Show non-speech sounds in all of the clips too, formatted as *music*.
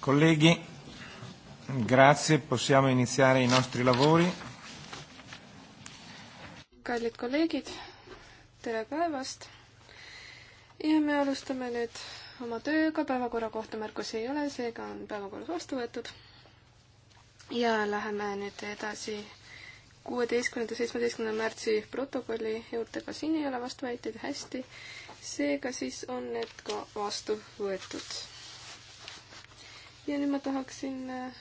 Colleghi, grazie, possiamo iniziare i nostri lavori. Kallid kolleegid, tere päevast! ja me alustame nüüd oma tööga, päevakorra kohta märkusi ei ole, seega on päevakord vastu võetud. ja läheme nüüd edasi kuueteistkümnenda, seitsmeteistkümnenda märtsi protokolli juurde, ka siin ei ole vastuväiteid, hästi. seega siis on need ka vastu võetud ja nüüd ma tahaksin äh,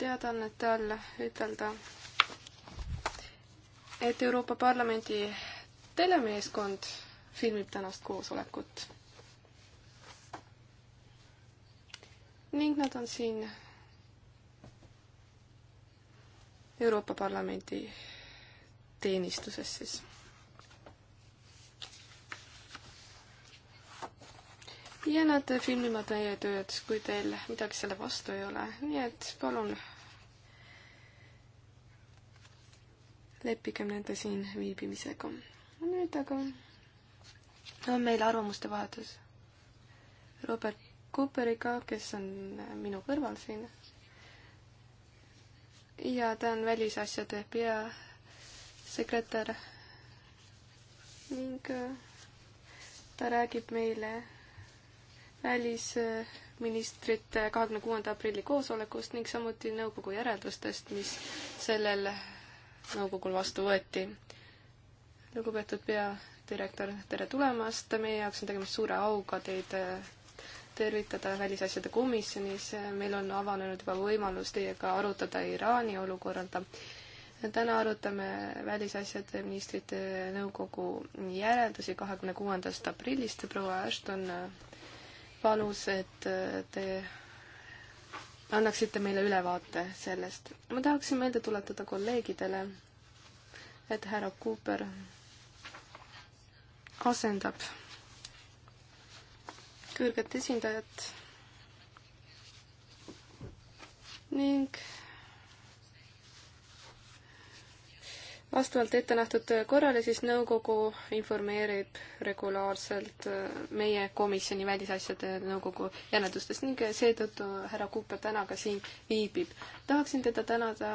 teadaannete all ütelda, et Euroopa Parlamendi telemeeskond filmib tänast koosolekut. ning nad on siin Euroopa Parlamendi teenistuses siis ja nad filmivad meie tööd, kui teil midagi selle vastu ei ole, nii et palun leppigem nende siin viibimisega. nüüd aga on meil arvamuste vahetus Robert Cooperiga, kes on minu kõrval siin. ja ta on välisasjade peasekretär ning äh, ta räägib meile välisministrite kahekümne kuuenda aprilli koosolekust ning samuti nõukogu järeldustest, mis sellel nõukogul vastu võeti. lugupeetud peadirektor, tere tulemast, meie jaoks on tegemist suure auga teid äh, tervitada Välisasjade komisjonis, meil on avanenud juba võimalus teiega arutada Iraani olukorda. täna arutame Välisasjade ministrite nõukogu järeldusi kahekümne kuuendast aprillist, proua Ashton äh, palus, et äh, te annaksite meile ülevaate sellest. ma tahaksin meelde tuletada kolleegidele, et härra Cooper asendab kõrget esindajat ning vastavalt ette nähtud korrale siis nõukogu informeerib regulaarselt äh, meie komisjoni välisasjade nõukogu järeldustest ning seetõttu härra Kuuper täna ka siin viibib. tahaksin teda tänada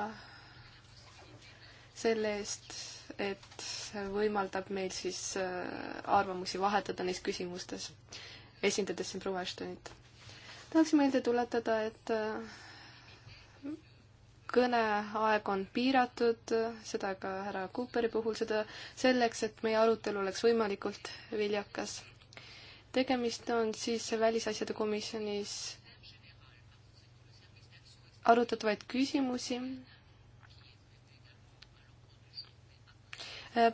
selle eest, et võimaldab meil siis äh, arvamusi vahetada neis küsimustes, esindades siin proua Ashtonit. tahaksin meelde tuletada, et äh, kõneaeg on piiratud, seda ka härra Cooperi puhul, seda selleks, et meie arutelu oleks võimalikult viljakas. tegemist on siis Välisasjade komisjonis arutatavaid küsimusi.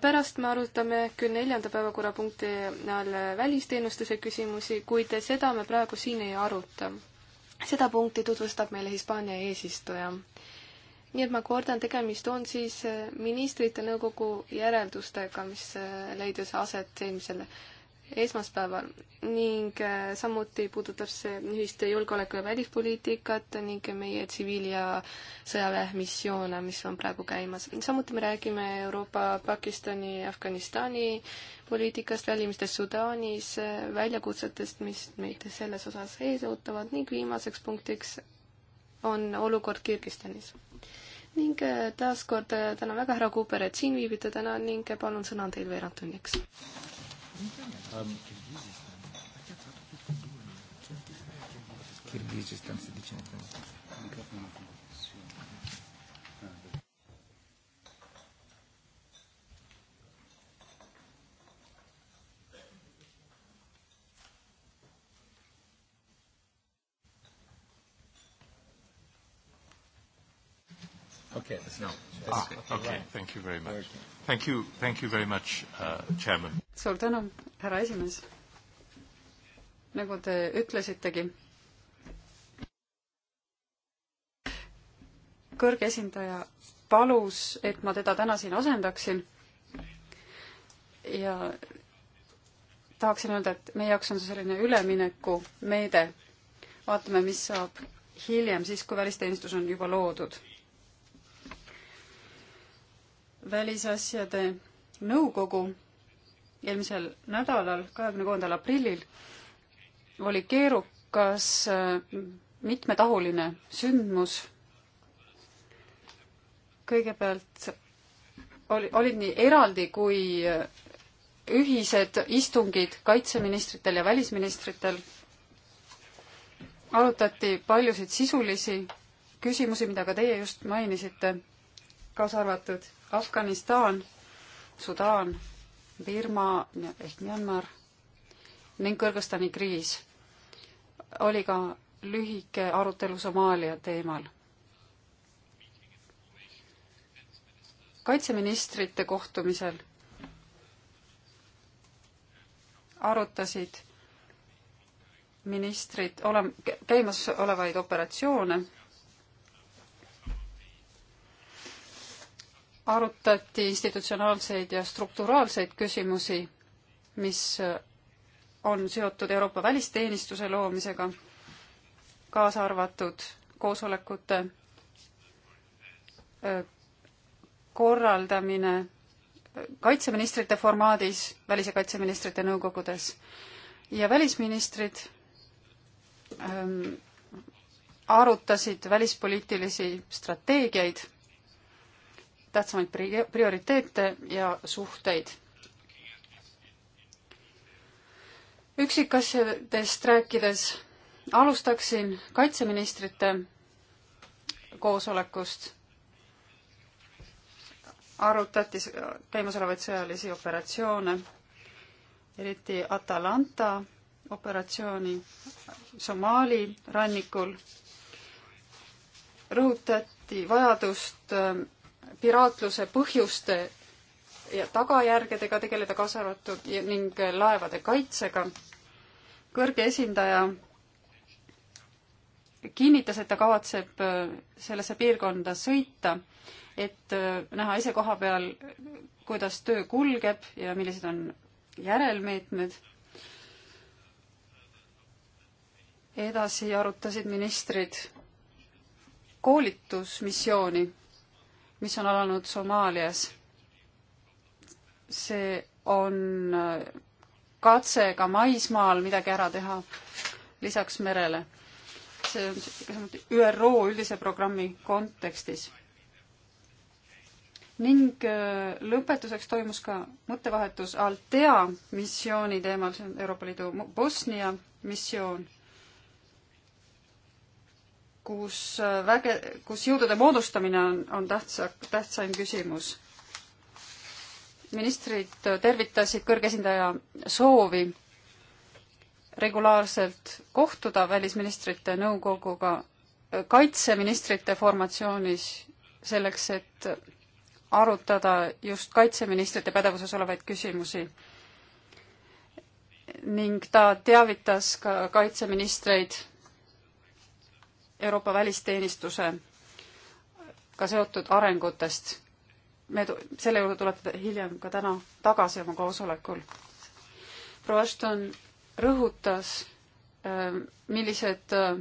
pärast me arutame küll neljanda päevakorrapunkti all välisteenistuse küsimusi, kuid seda me praegu siin ei aruta. seda punkti tutvustab meile Hispaania eesistuja nii et ma kordan, tegemist on siis äh, ministrite nõukogu järeldustega, mis äh, leidis aset eelmisel esmaspäeval ning äh, samuti puudutab see ühist julgeoleku- ja välispoliitikat ning meie tsiviil- ja sõjaväemissioone, mis on praegu käimas. samuti me räägime Euroopa, Pakistani, Afganistani poliitikast, välimistest Sudaanis, väljakutsetest, mis meid selles osas ees ootavad ning viimaseks punktiks on olukord Kirgistanis. ning äh, taaskord äh, tänan väga, härra Kuuper, et siin viibite täna ning äh, palun sõna on teil veerand tunniks um,. Kirgiisistan, see on. Okay, that's no. That's ah, okay, okay, thank you very much. Thank you, thank you very much uh,, chairman. suur tänu, härra esimees. nagu te ütlesitegi, kõrge esindaja palus, et ma teda täna siin asendaksin ja tahaksin öelda, et meie jaoks on see selline üleminekumeede. vaatame, mis saab hiljem, siis kui välisteenistus on juba loodud välisasjade nõukogu eelmisel nädalal, kahekümne kuuendal aprillil, oli keerukas äh, mitmetahuline sündmus. kõigepealt oli, olid nii eraldi kui äh, ühised istungid kaitseministritel ja välisministritel. arutati paljusid sisulisi küsimusi, mida ka teie just mainisite, kaasa arvatud Afganistan, Sudaan, Birma ehk Myanmar ning Kõrgõzstani kriis. oli ka lühike arutelu Somaalia teemal. kaitseministrite kohtumisel arutasid ministrid ole-, käimasolevaid operatsioone arutati institutsionaalseid ja strukturaalseid küsimusi, mis on seotud Euroopa välisteenistuse loomisega, kaasa arvatud koosolekute korraldamine kaitseministrite formaadis, välis- ja kaitseministrite nõukogudes ja välisministrid ähm, arutasid välispoliitilisi strateegiaid tähtsamaid prioriteete ja suhteid. üksikasjadest rääkides alustaksin kaitseministrite koosolekust. arutati käimasolevaid sõjalisi operatsioone, eriti Atalanta operatsiooni Somaali rannikul rõhutati vajadust äh, piraatluse põhjuste ja tagajärgedega tegeleda, kaasa arvatud ning laevade kaitsega. kõrge esindaja kinnitas, et ta kavatseb äh, sellesse piirkonda sõita, et äh, näha ise koha peal, kuidas töö kulgeb ja millised on järelmeetmed. edasi arutasid ministrid koolitusmissiooni mis on alanud Somaalias. see on äh, katse ka maismaal midagi ära teha lisaks merele. see on samuti ÜRO üldise programmi kontekstis. ning äh, lõpetuseks toimus ka mõttevahetus Altea missiooni teemal, see on Euroopa Liidu Bosnia missioon kus äh, väge, kus jõudude moodustamine on, on tähtsa, tähtsaim küsimus. ministrid tervitasid kõrgesindaja soovi regulaarselt kohtuda välisministrite nõukoguga äh, kaitseministrite formatsioonis selleks, et arutada just kaitseministrite pädevuses olevaid küsimusi. ning ta teavitas ka kaitseministreid Euroopa välisteenistusega seotud arengutest. me, selle juurde tulete hiljem ka täna tagasi oma koosolekul. proua Ashton rõhutas, äh, millised äh,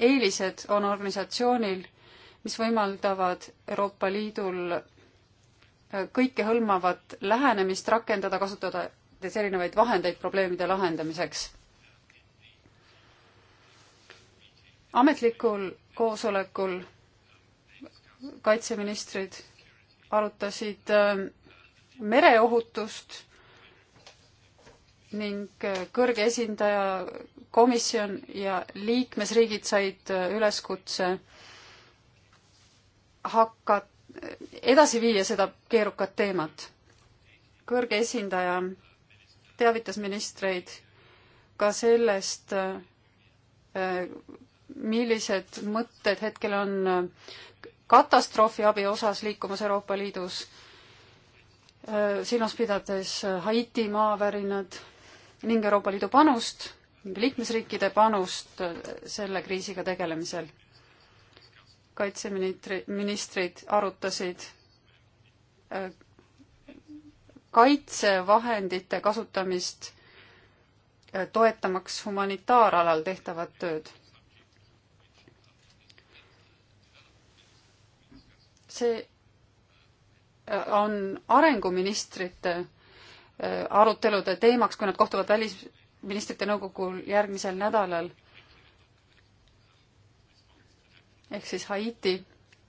eelised on organisatsioonil, mis võimaldavad Euroopa Liidul äh, kõikehõlmavat lähenemist rakendada, kasutades erinevaid vahendeid probleemide lahendamiseks ametlikul koosolekul kaitseministrid arutasid äh, mereohutust ning äh, kõrge esindaja komisjon ja liikmesriigid said äh, üleskutse hakka, edasi viia seda keerukat teemat. kõrge esindaja teavitas ministreid ka sellest, millised mõtted hetkel on katastroofiabi osas liikumas Euroopa Liidus, äh, silmas pidades Haiti maavärinad ning Euroopa Liidu panust, liikmesriikide panust äh, selle kriisiga tegelemisel. kaitseministri, ministrid arutasid äh, kaitsevahendite kasutamist toetamaks humanitaaralal tehtavat tööd see äh, on arenguministrite äh, arutelude teemaks, kui nad kohtuvad välisministrite nõukogul järgmisel nädalal. ehk siis Haiti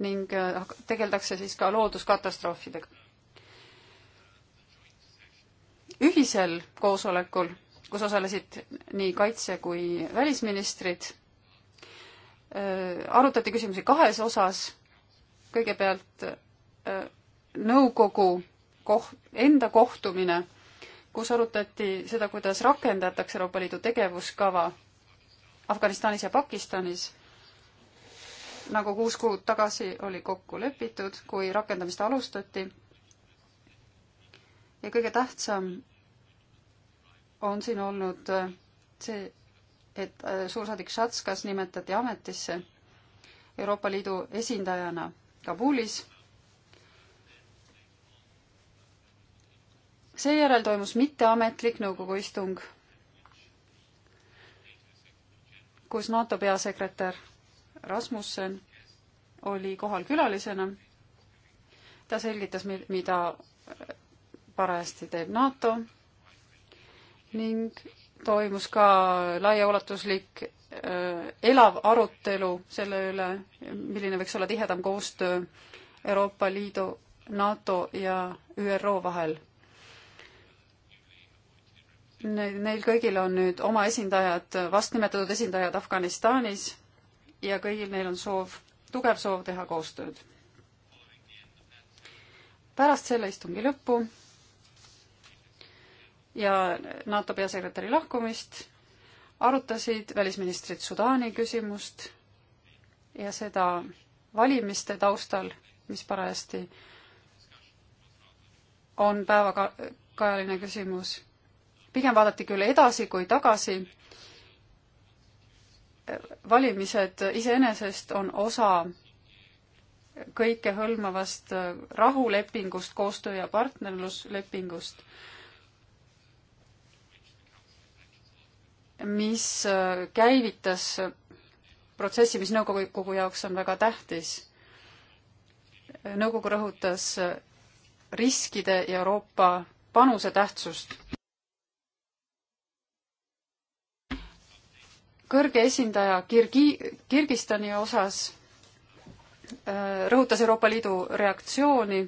ning äh, tegeldakse siis ka looduskatastroofidega. ühisel koosolekul, kus osalesid nii kaitse- kui välisministrid, arutati küsimusi kahes osas kõigepealt äh, nõukogu koht, enda kohtumine, kus arutati seda, kuidas rakendatakse Euroopa Liidu tegevuskava Afganistanis ja Pakistanis, nagu kuus kuud tagasi oli kokku lepitud, kui rakendamist alustati. ja kõige tähtsam on siin olnud äh, see, et äh, suursaadik Šatskas nimetati ametisse Euroopa Liidu esindajana Kabulis. seejärel toimus mitteametlik nõukogu istung, kus NATO peasekretär Rasmussen oli kohal külalisena. ta selgitas, mida parajasti teeb NATO ning toimus ka laiaulatuslik Äh, elav arutelu selle üle, milline võiks olla tihedam koostöö Euroopa Liidu, NATO ja ÜRO vahel. Neil kõigil on nüüd oma esindajad, vastnimetatud esindajad Afganistanis ja kõigil neil on soov, tugev soov teha koostööd. pärast selle istungi lõppu ja NATO peasekretäri lahkumist arutasid välisministrid Sudaani küsimust ja seda valimiste taustal, mis parajasti on päevakajaline küsimus. pigem vaadati küll edasi kui tagasi. valimised iseenesest on osa kõikehõlmavast rahulepingust, koostöö- ja partnerluslepingust mis äh, käivitas protsessi, mis nõukogu jaoks on väga tähtis. nõukogu rõhutas riskide ja Euroopa panuse tähtsust. kõrge esindaja Kirgi-, Kirgistani osas äh, rõhutas Euroopa Liidu reaktsiooni,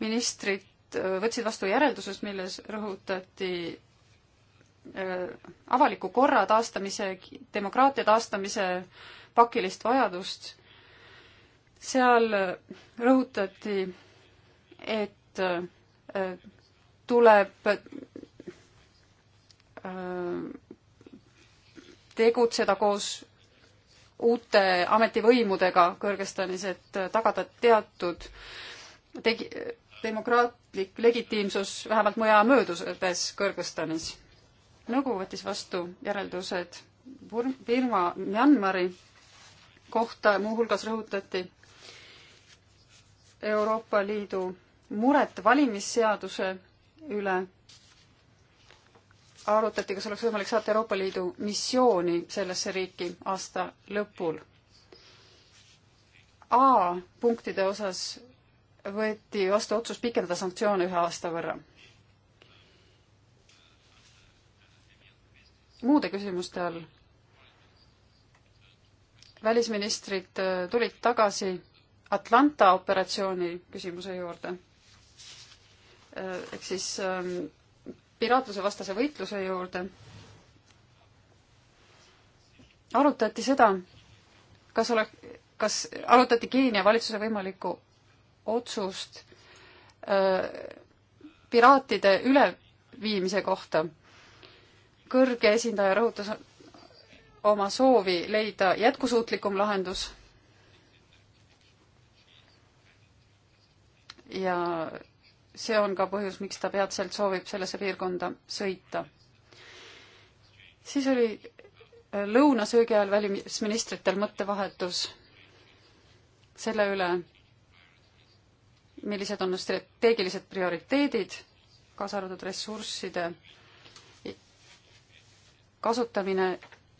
ministrid äh, võtsid vastu järelduses, milles rõhutati avaliku korra taastamise, demokraatia taastamise pakilist vajadust. seal rõhutati, et äh, tuleb äh, tegutseda koos uute ametivõimudega Kõrgõzstanis, et tagada teatud tegi-, demokraatlik legitiimsus vähemalt mõne aja möödudes Kõrgõzstanis nõukogu võttis vastu järeldused Birma, Myanmari kohta, muuhulgas rõhutati Euroopa Liidu muret valimisseaduse üle. arutati, kas oleks võimalik saata Euroopa Liidu missiooni sellesse riiki aasta lõpul. A punktide osas võeti vastu otsus pikendada sanktsioone ühe aasta võrra muude küsimuste all. välisministrid äh, tulid tagasi Atlanta operatsiooni küsimuse juurde. Äh, ehk siis ähm, piraatluse vastase võitluse juurde. arutati seda, kas ole, kas arutati Keenia valitsuse võimalikku otsust öö, äh, piraatide üleviimise kohta kõrge esindaja rõhutas oma soovi leida jätkusuutlikum lahendus ja see on ka põhjus, miks ta peatselt soovib sellesse piirkonda sõita. siis oli lõunasöögi ajal välisministritel mõttevahetus selle üle, millised on strateegilised prioriteedid, kaasa arvatud ressursside kasutamine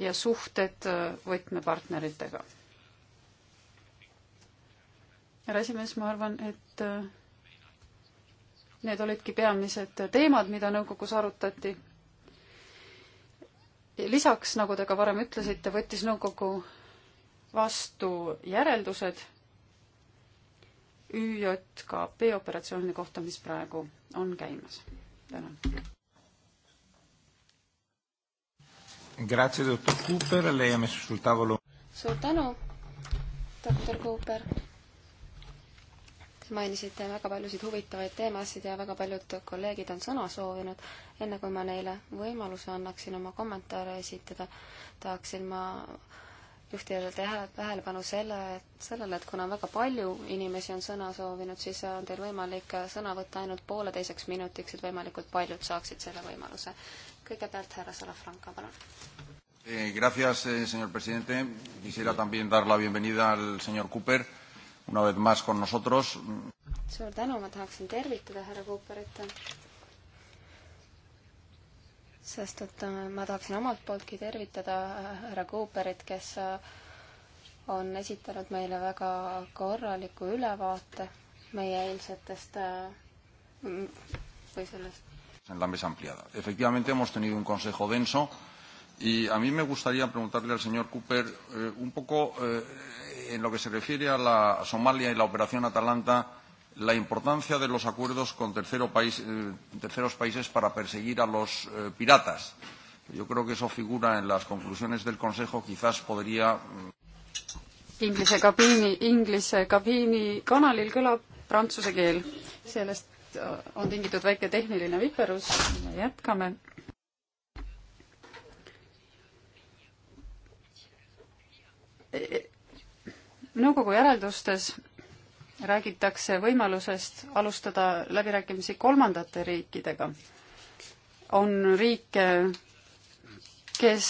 ja suhted äh, võtmepartneritega. härra esimees, ma arvan, et äh, need olidki peamised teemad, mida nõukogus arutati. lisaks, nagu te ka varem ütlesite, võttis nõukogu vastu järeldused ÜJKP operatsioonide kohta, mis praegu on käimas. tänan. Grazie, doktor Cooper, lei ha messo sul tavolo. suur tänu, doktor Cooper. Te mainisite väga paljusid huvitavaid teemasid ja väga paljud kolleegid on sõna soovinud. enne kui ma neile võimaluse annaksin oma kommentaare esitada, tahaksin ma juhtida tähelepanu selle, sellele, et kuna väga palju inimesi on sõna soovinud, siis on teil võimalik sõna võtta ainult pooleteiseks minutiks, et võimalikult paljud saaksid selle võimaluse kõigepealt härra Salafranca, palun. Eh, gracias, eh, señor presidente. Quisiera también dar la bienvenida al señor Cooper una vez más con nosotros. suur tänu, ma tahaksin tervitada härra Cooperit. sest et eh, ma tahaksin omalt pooltki tervitada eh, härra Cooperit, kes eh, on esitanud meile väga korraliku ülevaate meie eilsetest või sellest en la mesa ampliada. Efectivamente, hemos tenido un consejo denso y a mí me gustaría preguntarle al señor Cooper eh, un poco eh, en lo que se refiere a, la, a Somalia y la operación Atalanta, la importancia de los acuerdos con tercero país, eh, terceros países para perseguir a los eh, piratas. Yo creo que eso figura en las conclusiones del Consejo, quizás podría. Mm, Inglise kabiini, Inglise kabiini kanalil kõlab prantsuse keel. sellest sellest äh, on tingitud väike tehniline viperus, jätkame. E, e, nõukogu järeldustes räägitakse võimalusest alustada läbirääkimisi kolmandate riikidega. on riike, kes,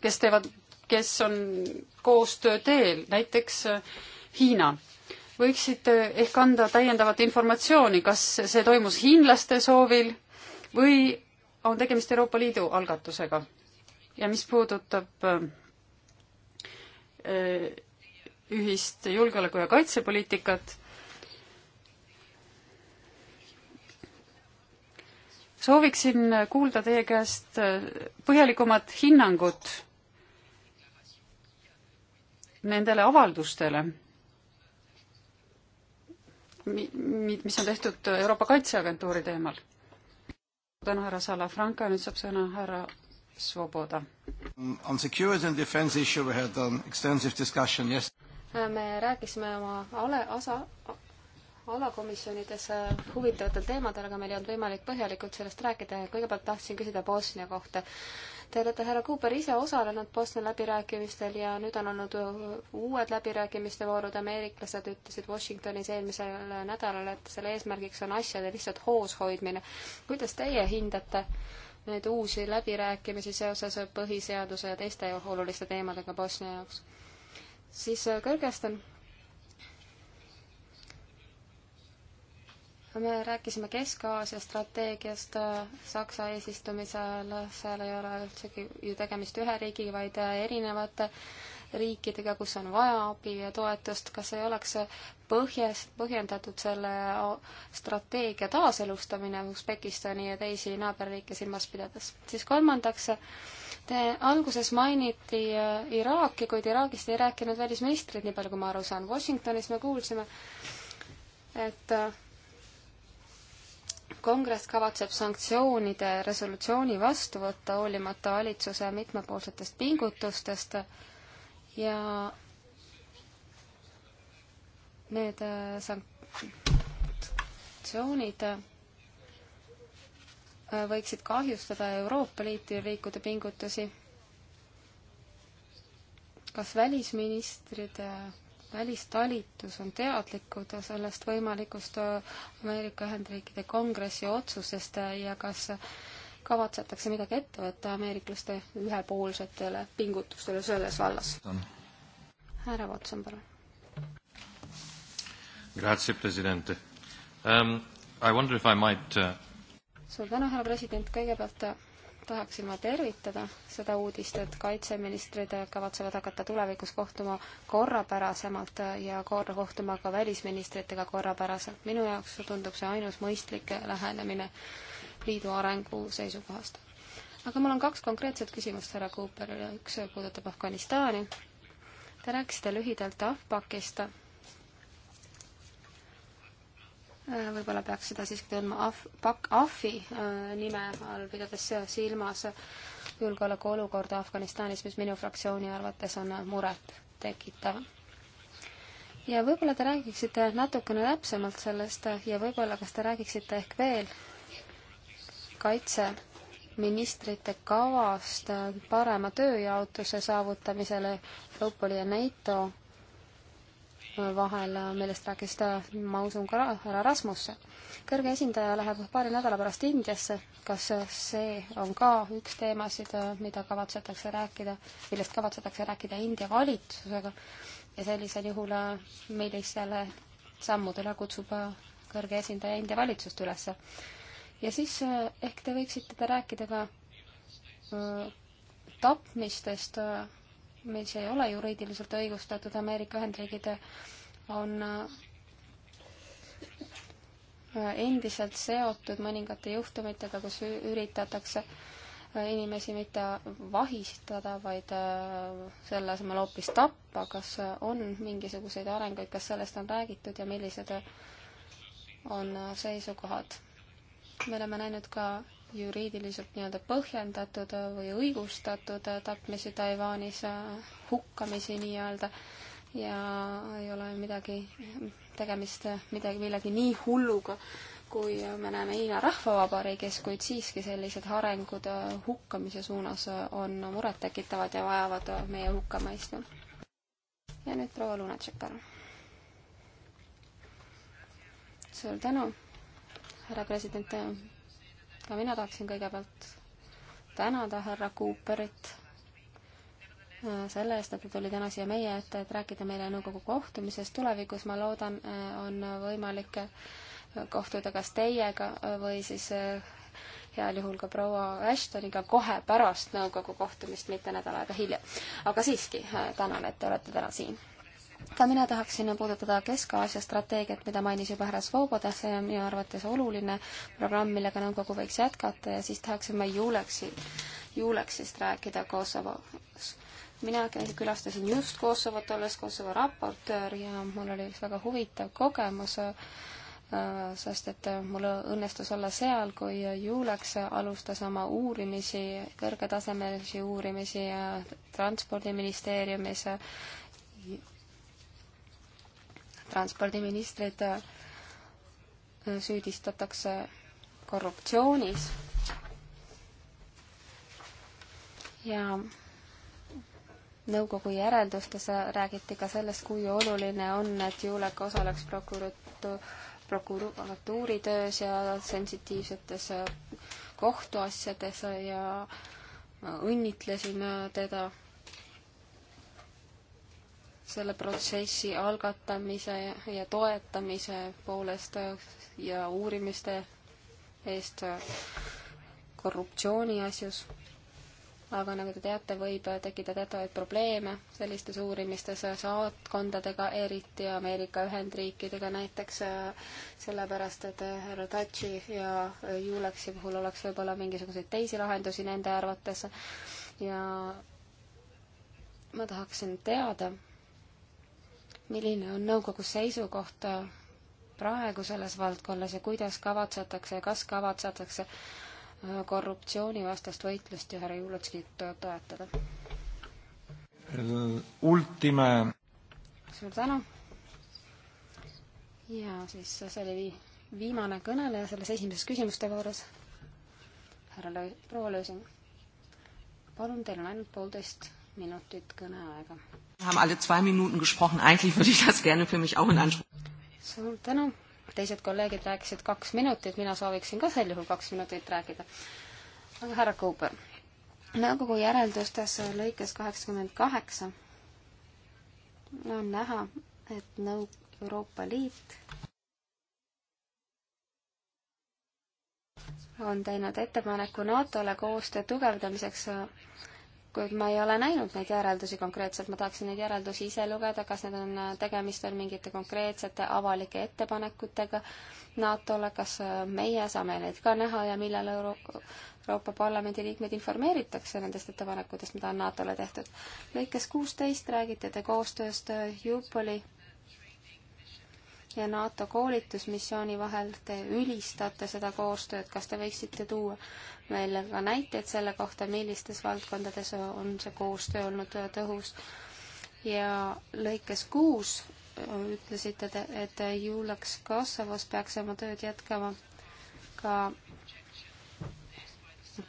kes teevad, kes on koostöö teel, näiteks Hiina võiksite ehk anda täiendavat informatsiooni, kas see toimus hiinlaste soovil või on tegemist Euroopa Liidu algatusega? ja mis puudutab äh, ühist julgeoleku- ja kaitsepoliitikat, sooviksin kuulda teie käest äh, põhjalikumat hinnangut nendele avaldustele mis on tehtud Euroopa Kaitseagentuuri teemal. tänan, härra Salafranca, nüüd saab sõna härra Svoboda. Um, on security and defense issue we had an extensive discussion yes-. Äh, me rääkisime oma ale-, asa-, alakomisjonides äh, huvitavatel teemadel, aga meil ei olnud võimalik põhjalikult sellest rääkida ja kõigepealt tahtsin küsida Bosnia kohta. Te olete, härra Cooper, ise osalenud Bosnia läbirääkimistel ja nüüd on olnud uued läbirääkimiste voorud. ameeriklased ütlesid Washingtonis eelmisel nädalal, et selle eesmärgiks on asjade lihtsalt hoos hoidmine. kuidas teie hindate neid uusi läbirääkimisi seoses põhiseaduse ja teiste oluliste teemadega Bosnia jaoks? siis äh, Kõrgõzstan me rääkisime Kesk-Aasia strateegiast Saksa eesistumisel, seal ei ole üldsegi ju tegemist ühe riigiga, vaid erinevate riikidega, kus on vaja abi ja toetust, kas ei oleks põhjas, põhjendatud selle strateegia taaselustamine Usbekistani ja teisi naaberriike silmas pidades? siis kolmandaks, te alguses mainiti äh, Iraaki, kuid Iraagist ei rääkinud välisministrid, nii palju kui ma aru saan. Washingtonis me kuulsime, et äh, kongress kavatseb sanktsioonide resolutsiooni vastu võtta, hoolimata valitsuse mitmepoolsetest pingutustest ja need äh, sanktsioonid äh, võiksid kahjustada Euroopa Liitu riikide pingutusi. kas välisministrid äh, välistalitus on teadlikud sellest võimalikust äh, Ameerika Ühendriikide kongressi otsusest äh, ja kas kavatsetakse midagi ette võtta ameeriklaste ühepoolsetele pingutustele selles vallas? härra Watson, palun. Grazie, president um,. I wonder if I might uh... suur tänu, härra president, kõigepealt äh, tahaksin ma tervitada seda uudist, et kaitseministrid kavatsevad hakata tulevikus kohtuma korrapärasemalt ja korra kohtuma ka välisministritega korrapäraselt. minu jaoks tundub see ainus mõistlik lähenemine liidu arengu seisukohast. aga mul on kaks konkreetset küsimust härra Cooperile, üks puudutab Afganistani. Te rääkisite lühidalt Afpakist Äh, võib-olla peaks seda siiski tundma Af-, Pak-, Afi äh, nime all, pidades silmas julgeolekuolukorda Afganistanis, mis minu fraktsiooni arvates on muret tekitav. ja võib-olla te räägiksite natukene täpsemalt sellest ja võib-olla kas te räägiksite ehk veel kaitseministrite kavast parema tööjaotuse saavutamisele Europoli ja NATO vahel, millest rääkis ta, ma usun, ka härra Rasmusse. kõrge esindaja läheb paari nädala pärast Indiasse, kas see on ka üks teemasid, mida kavatsetakse rääkida, millest kavatsetakse rääkida India valitsusega ja sellisel juhul millistele sammudele kutsub kõrge esindaja India valitsust üles. ja siis eh, ehk te võiksite rääkida ka eh, tapmistest mis ei ole juriidiliselt õigustatud, Ameerika Ühendriigid on äh, endiselt seotud mõningate juhtumitega, kus üritatakse äh, inimesi mitte vahistada, vaid äh, selle asemel hoopis tappa, kas on mingisuguseid arenguid, kas sellest on räägitud ja millised on seisukohad? me oleme näinud ka juriidiliselt nii-öelda põhjendatud või õigustatud tapmisi Taiwanis, hukkamisi nii-öelda ja ei ole midagi tegemist midagi, millegi nii hulluga, kui me näeme Hiina Rahvavabariigis, kuid siiski sellised arengud hukkamise suunas on murettekitavad ja vajavad meie hukkamõistu. ja nüüd proua Lunatšek, palun. suur tänu, härra president ka mina tahaksin kõigepealt tänada härra Cooperit äh, selle eest, et ta tuli täna siia meie ette, et rääkida meile nõukogu kohtumisest. tulevikus, ma loodan, äh, on võimalik äh, kohtuda kas teiega või siis heal juhul ka proua Ashtoniga kohe pärast nõukogu kohtumist, mitte nädal aega hiljem. aga siiski, tänan, et te olete täna siin ka mina tahaksin puudutada Kesk-Aasia strateegiat, mida mainis juba härra Svoboda, see on minu arvates oluline programm, millega nõukogu võiks jätkata ja siis tahaksime Juleksi, Juleksist rääkida Kosovos mina külastasin just Kosovot, olles Kosovo raportöör ja mul oli üks väga huvitav kogemus, äh, sest et mul õnnestus olla seal, kui Julex alustas oma uurimisi, kõrgetasemelisi uurimisi Transpordiministeeriumis transpordiministrid äh, süüdistatakse korruptsioonis ja nõukogu järeldustes räägiti ka sellest, kui oluline on, et Julek osaleks prokuratu-, prokuratuuri töös ja sensitiivsetes kohtuasjades ja õnnitlesime teda selle protsessi algatamise ja toetamise poolest ja uurimiste eest korruptsiooniasjus. aga nagu te teate, võib tekkida teatavaid probleeme sellistes uurimistes saatkondadega, eriti Ameerika Ühendriikidega näiteks, sellepärast et härra Tachi ja Juleksi puhul oleks võib-olla mingisuguseid teisi lahendusi nende arvates ja ma tahaksin teada milline on nõukogu seisukoht praegu selles valdkonnas ja kuidas kavatsetakse ja kas kavatsetakse äh, korruptsioonivastast võitlust ja härra Julotskit toetada? Äh, ultime. suur tänu. ja siis see oli viimane kõneleja selles esimeses küsimuste voorus. härra Lõi-, proua Lõõsing, palun, teil on ainult poolteist minutit kõneaega. Haben alle zwei Minuten gesprochen, eigentlich würde ich das gerne für mich auch in Anspruch. suur tänu, teised kolleegid rääkisid kaks minutit, mina sooviksin ka sel juhul kaks minutit rääkida. aga härra Kuuber, nõukogu järeldustes lõikes kaheksakümmend kaheksa on näha, et nõu-, Euroopa Liit on teinud ettepaneku NATO-le koostöö tugevdamiseks kuid ma ei ole näinud neid järeldusi konkreetselt, ma tahaksin neid järeldusi ise lugeda, kas need on, äh, tegemist on mingite konkreetsete avalike ettepanekutega NATO-le, kas äh, meie saame neid ka näha ja millal Euro Euroopa Parlamendi liikmeid informeeritakse nendest ettepanekutest, mida on NATO-le tehtud. lõikes kuusteist räägite te koostööst äh, Juupoli ja NATO koolitusmissiooni vahel. Te ülistate seda koostööd, kas te võiksite tuua meile ka näiteid selle kohta, millistes valdkondades on see koostöö olnud tõhus? ja lõikes kuus ütlesite te, et Juleks Kosovos peaks oma tööd jätkama ka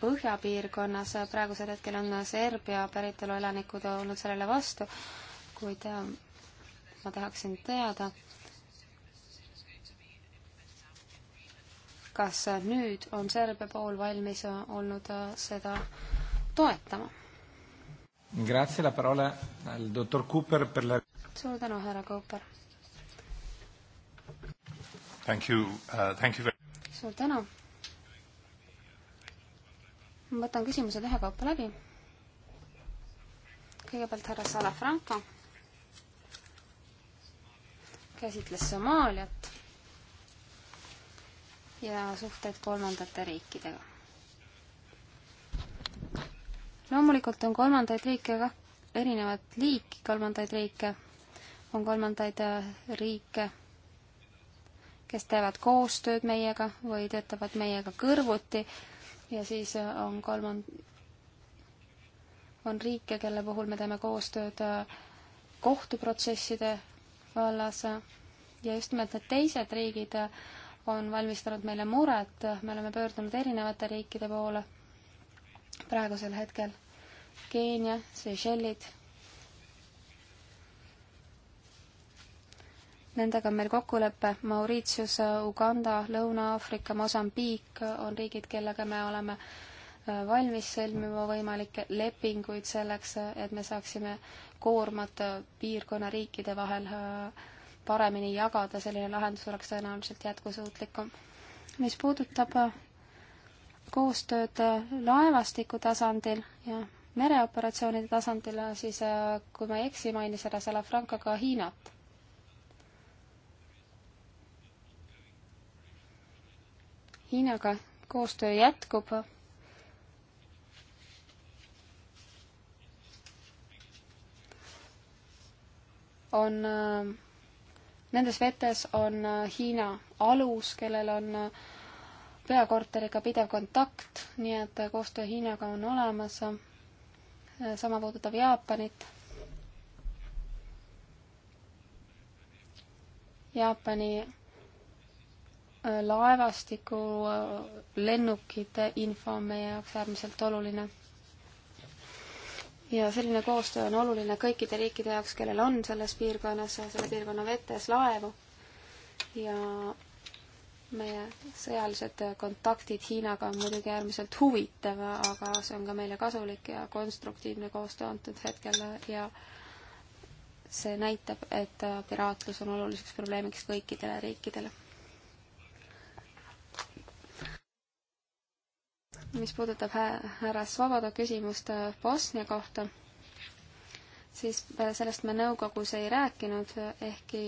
põhjapiirkonnas, praegusel hetkel on Serbia päritolu elanikud olnud sellele vastu, kuid äh, ma tahaksin teada, kas nüüd on Serbia pool valmis äh, olnud äh, seda toetama? Grazie, la parola al dottor Cooper per la... suur tänu, härra Cooper! Thank you uh,, thank you very suur tänu! ma võtan küsimused ühekaupa läbi. kõigepealt härra Salafranco käsitles Somaaliat ja suhteid kolmandate riikidega. loomulikult on kolmandaid riike ka erinevat liiki kolmandaid riike, on kolmandaid äh, riike, kes teevad koostööd meiega või töötavad meiega kõrvuti ja siis äh, on kolmand-, on riike, kelle puhul me teeme koostööd äh, kohtuprotsesside vallas ja just nimelt need teised riigid on valmistanud meile muret, me oleme pöördunud erinevate riikide poole praegusel hetkel. Keenia, Seychellid. Nendega on meil kokkulepe, Mauritius, Uganda, Lõuna-Aafrika, Mosambiik on riigid, kellega me oleme äh, valmis sõlmima võimalikke lepinguid selleks, äh, et me saaksime koormat äh, piirkonna riikide vahel äh, paremini jagada, selline lahendus oleks tõenäoliselt jätkusuutlikum. mis puudutab äh, koostööd äh, laevastiku tasandil ja mereoperatsioonide tasandil, äh, siis kui ma ei eksi, mainis härra Salafranca ka Hiinat. Hiinaga koostöö jätkub on Nendes vetes on äh, Hiina alus, kellel on äh, peakorteriga pidev kontakt, nii et äh, koostöö Hiinaga on olemas. sama puudutab Jaapanit. Jaapani laevastiku lennukite info on meie jaoks äärmiselt oluline ja selline koostöö on oluline kõikide riikide jaoks, kellel on selles piirkonnas, selle piirkonna vetes laevu ja meie sõjalised kontaktid Hiinaga on muidugi äärmiselt huvitav, aga see on ka meile kasulik ja konstruktiivne koostöö antud hetkel ja see näitab, et piraatlus on oluliseks probleemiks kõikidele riikidele mis puudutab härra Svoboda küsimust äh, Bosnia kohta, siis äh, sellest me nõukogus ei rääkinud, ehkki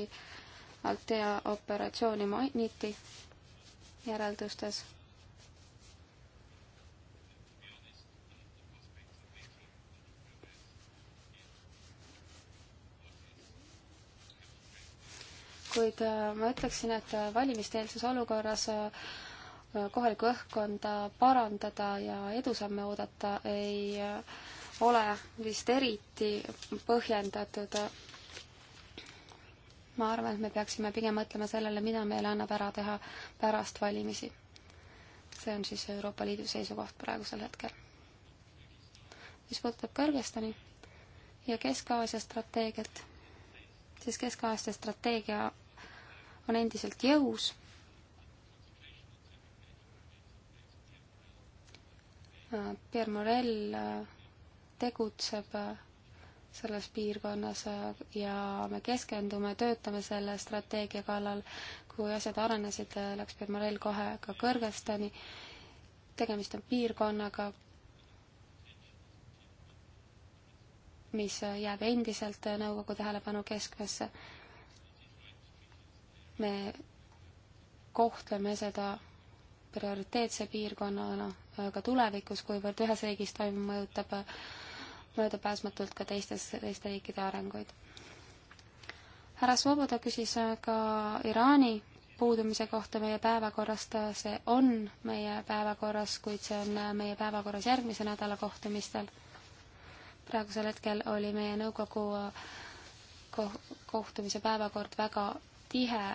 Altea operatsiooni mainiti järeldustes. kuid äh, ma ütleksin, et valimiste-eelses olukorras kohalikku õhkkonda parandada ja edusamme oodata ei ole vist eriti põhjendatud. ma arvan, et me peaksime pigem mõtlema sellele, mida meil annab ära teha pärast valimisi. see on siis Euroopa Liidu seisukoht praegusel hetkel. mis puudutab Kõrgõzstani ja Kesk-Aasia strateegiat, siis Kesk-Aasia strateegia on endiselt jõus Pierre Morel äh, tegutseb äh, selles piirkonnas äh, ja me keskendume, töötame selle strateegia kallal. kui asjad arenesid, läks Pierre Morel kohe ka Kõrgõzstani. tegemist on piirkonnaga, mis jääb endiselt nõukogu tähelepanu keskmesse. me kohtleme seda prioriteetse piirkonnana ka tulevikus, kuivõrd ühes riigis toimuv mõjutab möödapääsmatult ka teistes, teiste riikide arenguid. härra Svoboda küsis ka Iraani puudumise kohta meie päevakorrast, see on meie päevakorras, kuid see on meie päevakorras järgmise nädala kohtumistel. praegusel hetkel oli meie nõukogu kohtumise päevakord väga tihe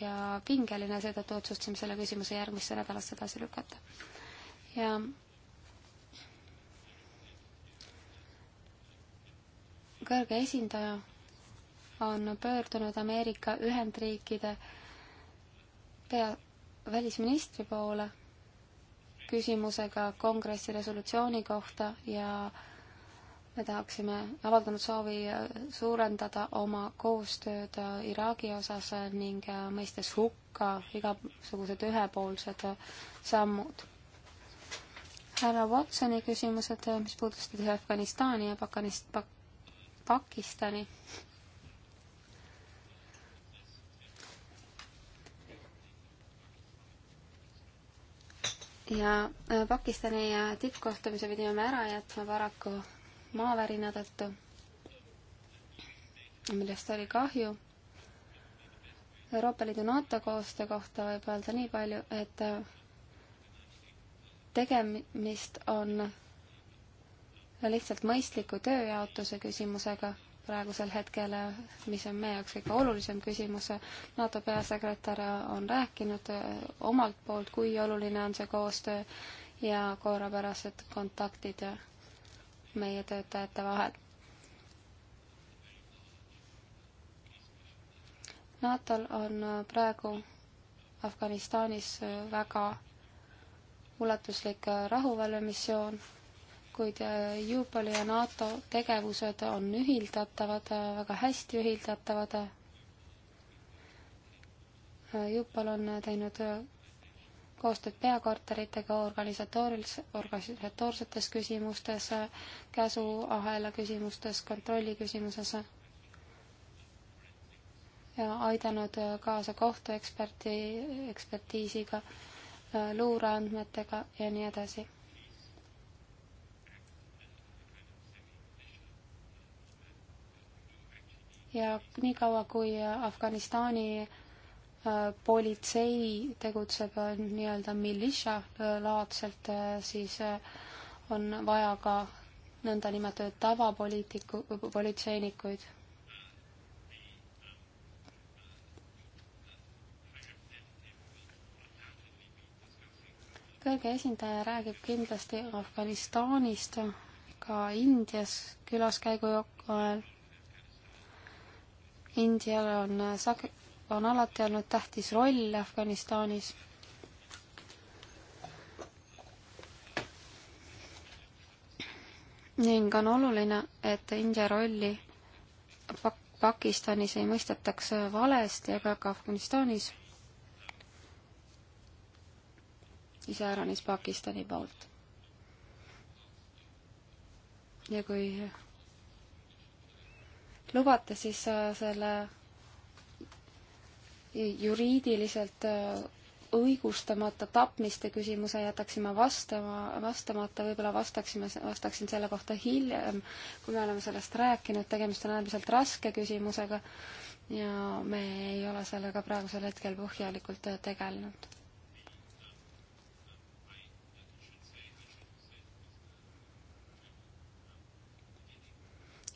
ja pingeline, seetõttu otsustasime selle küsimuse järgmisse nädalasse edasi lükata ja kõrge esindaja on pöördunud Ameerika Ühendriikide pea välisministri poole küsimusega kongressi resolutsiooni kohta ja me tahaksime, avaldanud soovi suurendada oma koostööd Iraagi osas ning mõistes hukka igasugused ühepoolsed sammud härra Watsoni küsimused, eh, mis puudutasid Afganistani ja Pakanist-, Pak-, Pakistani. ja eh, Pakistani tippkohtumise pidime me ära jätma paraku maavärina tõttu, millest oli kahju Euroopa Liidu NATO koostöö kohta võib öelda nii palju, et eh, tegemist on lihtsalt mõistliku tööjaotuse küsimusega praegusel hetkel, mis on meie jaoks kõige olulisem küsimus. NATO peasekretär on rääkinud eh, omalt poolt, kui oluline on see koostöö ja korrapärased kontaktid meie töötajate vahel. NATO-l on praegu Afganistanis väga ulatuslik äh, rahuvalvemissioon, kuid äh, Juupoli ja NATO tegevused on ühildatavad, äh, väga hästi ühildatavad. Juupol on teinud koostööd peakorteritega organisatoorilis-, organisatoorsetes küsimustes, käsuahela küsimustes, kontrolli küsimuses ja aidanud kaasa kohtueksperti, ekspertiisiga luureandmetega ja nii edasi. ja niikaua, kui Afganistani äh, politsei tegutseb äh, nii-öelda militia äh, laadselt, siis on vaja ka nõndanimetatud tavapoliitiku, politseinikuid kõrge esindaja räägib kindlasti Afganistanist ka Indias külaskäigu ajal. Indial on sag-, on alati olnud tähtis roll Afganistanis ning on oluline, et India rolli Pak-, Pakistanis ei mõistetaks valesti, aga ka Afganistanis. iseäranis Pakistani poolt. ja kui lubate, siis äh, selle juriidiliselt äh, õigustamata tapmiste küsimuse jätaksime vastama, vastamata, võib-olla vastaksime, vastaksin selle kohta hiljem, kui me oleme sellest rääkinud, tegemist on äärmiselt raske küsimusega ja me ei ole sellega praegusel hetkel põhjalikult äh, tegelenud.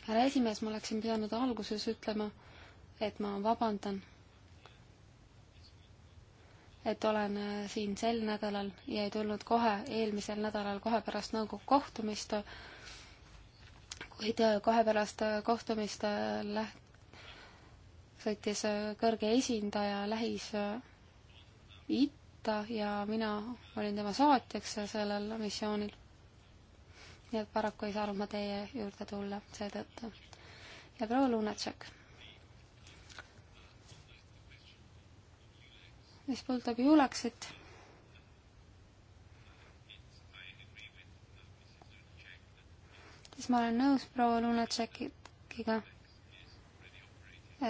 härra esimees, ma oleksin pidanud alguses ütlema, et ma vabandan, et olen äh, siin sel nädalal ja ei tulnud kohe, eelmisel nädalal kohe pärast nõukogu kohtumist, kuid äh, kohe pärast äh, kohtumist läht-, sõitis kõrge esindaja Lähis Itta ja mina olin tema saatjaks sellel missioonil nii et paraku ei saanud ma teie juurde tulla seetõttu. ja proua Lunatšek. mis puudutab Juleksit, siis ma olen nõus proua Lunatšekiga,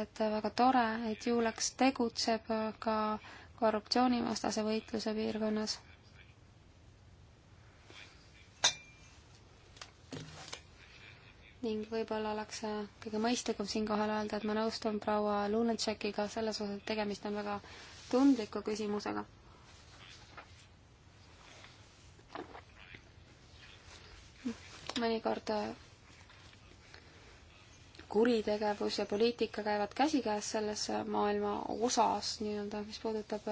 et väga tore, et Juleks tegutseb ka korruptsioonivastase võitluse piirkonnas ning võib-olla oleks äh, kõige mõistlikum siinkohal öelda, et ma nõustun proua Lunatšekiga selles osas, et tegemist on väga tundliku küsimusega. mõnikord äh, kuritegevus ja poliitika käivad käsikäes selles äh, maailma osas nii-öelda, mis puudutab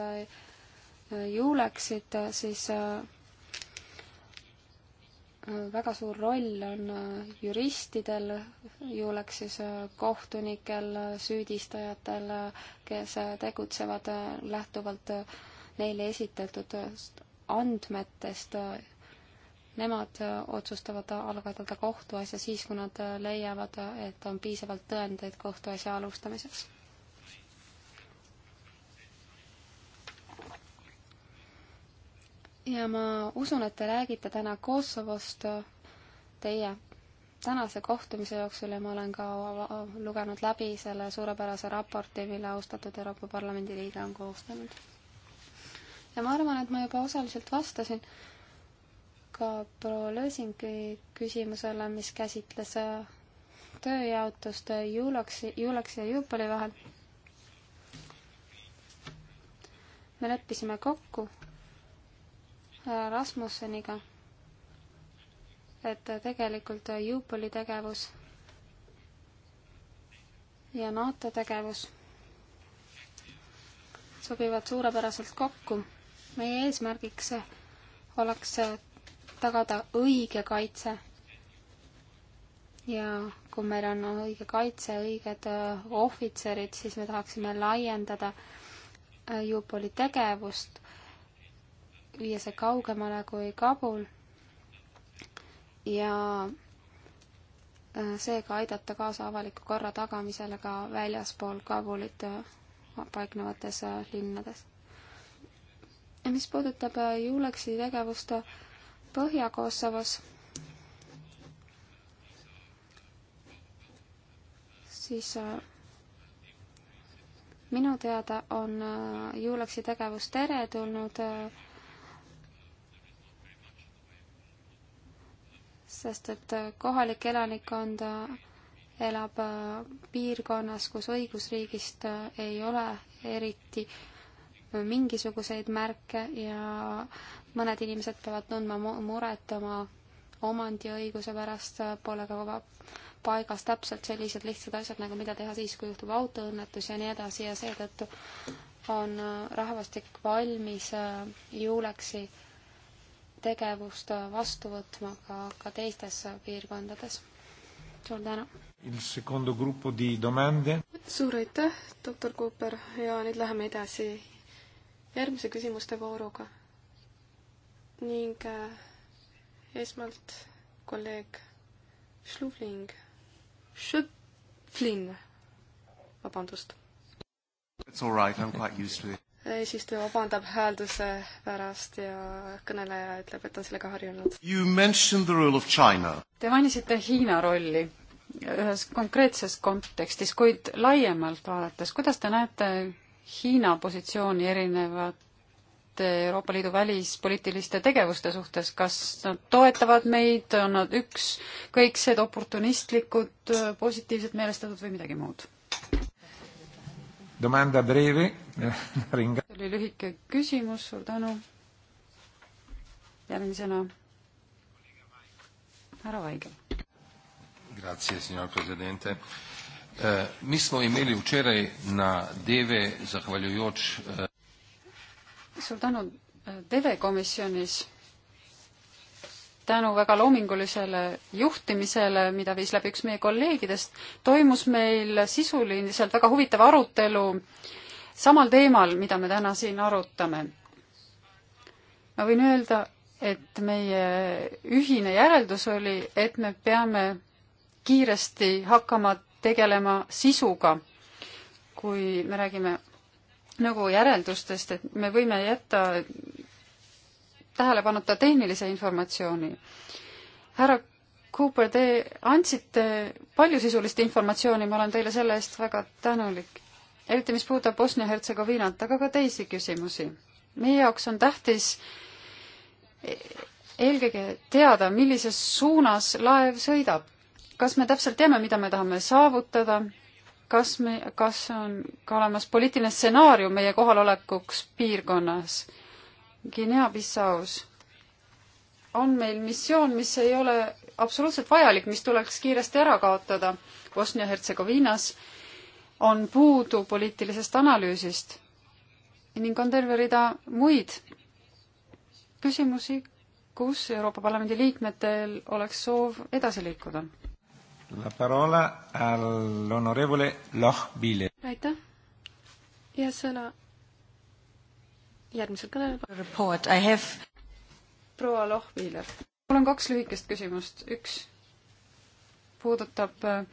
juuleksit, siis väga suur roll on äh, juristidel, ju oleks siis äh, kohtunikel, süüdistajatel, äh, kes tegutsevad lähtuvalt neile esitatud andmetest. Nemad otsustavad algatada kohtuasja siis, kui nad leiavad, et on piisavalt tõendeid kohtuasja alustamiseks ja ma usun, et te räägite täna Kosovost äh, teie tänase kohtumise jooksul ja ma olen ka lugenud läbi selle suurepärase raporti, mille austatud Euroopa Parlamendi liige on koostanud. ja ma arvan, et ma juba osaliselt vastasin ka proua Lösingi küsimusele, mis käsitles äh, tööjaotust Juulaksi, Juulaksi ja Juupoli vahel. me leppisime kokku Rasmusseniga, et tegelikult Juupoli tegevus ja NATO tegevus sobivad suurepäraselt kokku. meie eesmärgiks oleks tagada õige kaitse. ja kui meil on õige kaitse, õiged ohvitserid, siis me tahaksime laiendada Juupoli tegevust viia see kaugemale kui Kabul ja äh, seega aidata kaasa avaliku korra tagamisele ka väljaspool Kabulit äh, paiknevates äh, linnades. mis puudutab Juleksi tegevust Põhja-Kosovos, siis minu teada on Juleksi tegevus teretulnud sest et kohalik elanikkond elab äh, piirkonnas, kus õigusriigist äh, ei ole eriti äh, mingisuguseid märke ja mõned inimesed peavad tundma muret oma omandiõiguse pärast, pole ka paigas täpselt sellised lihtsad asjad, nagu mida teha siis, kui juhtub autoõnnetus ja nii edasi ja seetõttu on rahvastik valmis Juuleksi tegevust vastu võtma ka, ka teistes piirkondades. suur tänu! suur aitäh, doktor Cooper ja nüüd läheme edasi järgmise küsimuste vooruga. ning äh, esmalt kolleeg Schlufling, Schöpflin, vabandust. It's all right, I am quite used to it eesistuja vabandab häälduse pärast ja kõneleja ütleb, et on sellega harjunud. Te mainisite Hiina rolli ühes konkreetses kontekstis, kuid laiemalt vaadates, kuidas te näete Hiina positsiooni erinevate Euroopa Liidu välispoliitiliste tegevuste suhtes, kas nad toetavad meid, on nad ükskõiksed, oportunistlikud, positiivselt meelestatud või midagi muud? domanda breve *laughs* ringa-. see oli lühike küsimus, suur tänu. järgmisena härra Vaigel. Grazie, signor presidente. Eh, mi smo imeli včeraj na DEVE zahvaljujoč eh, suur tänu, eh, DEVE komisjonis tänu väga loomingulisele juhtimisele, mida viis läbi üks meie kolleegidest, toimus meil sisuliselt väga huvitav arutelu samal teemal, mida me täna siin arutame. ma võin öelda, et meie ühine järeldus oli, et me peame kiiresti hakkama tegelema sisuga, kui me räägime nõukogu järeldustest, et me võime jätta tähelepanuta tehnilise informatsiooni. härra Cooper, te andsite palju sisulist informatsiooni, ma olen teile selle eest väga tänulik. eriti, mis puudutab Bosnia-Hertsegoviinat, aga ka teisi küsimusi. meie jaoks on tähtis e-, eelkõige teada, millises suunas laev sõidab. kas me täpselt teame, mida me tahame saavutada, kas me, kas on ka olemas poliitiline stsenaarium meie kohalolekuks piirkonnas Guinea-Bissaus on meil missioon, mis ei ole absoluutselt vajalik, mis tuleks kiiresti ära kaotada. Bosnia-Hertsegoviinas on puudu poliitilisest analüüsist ning on terve rida muid küsimusi, kus Euroopa Parlamendi liikmetel oleks soov edasi liikuda. aitäh ja sõna järgmisel kõnel. proua Lohviiler, mul on kaks lühikest küsimust, üks puudutab äh,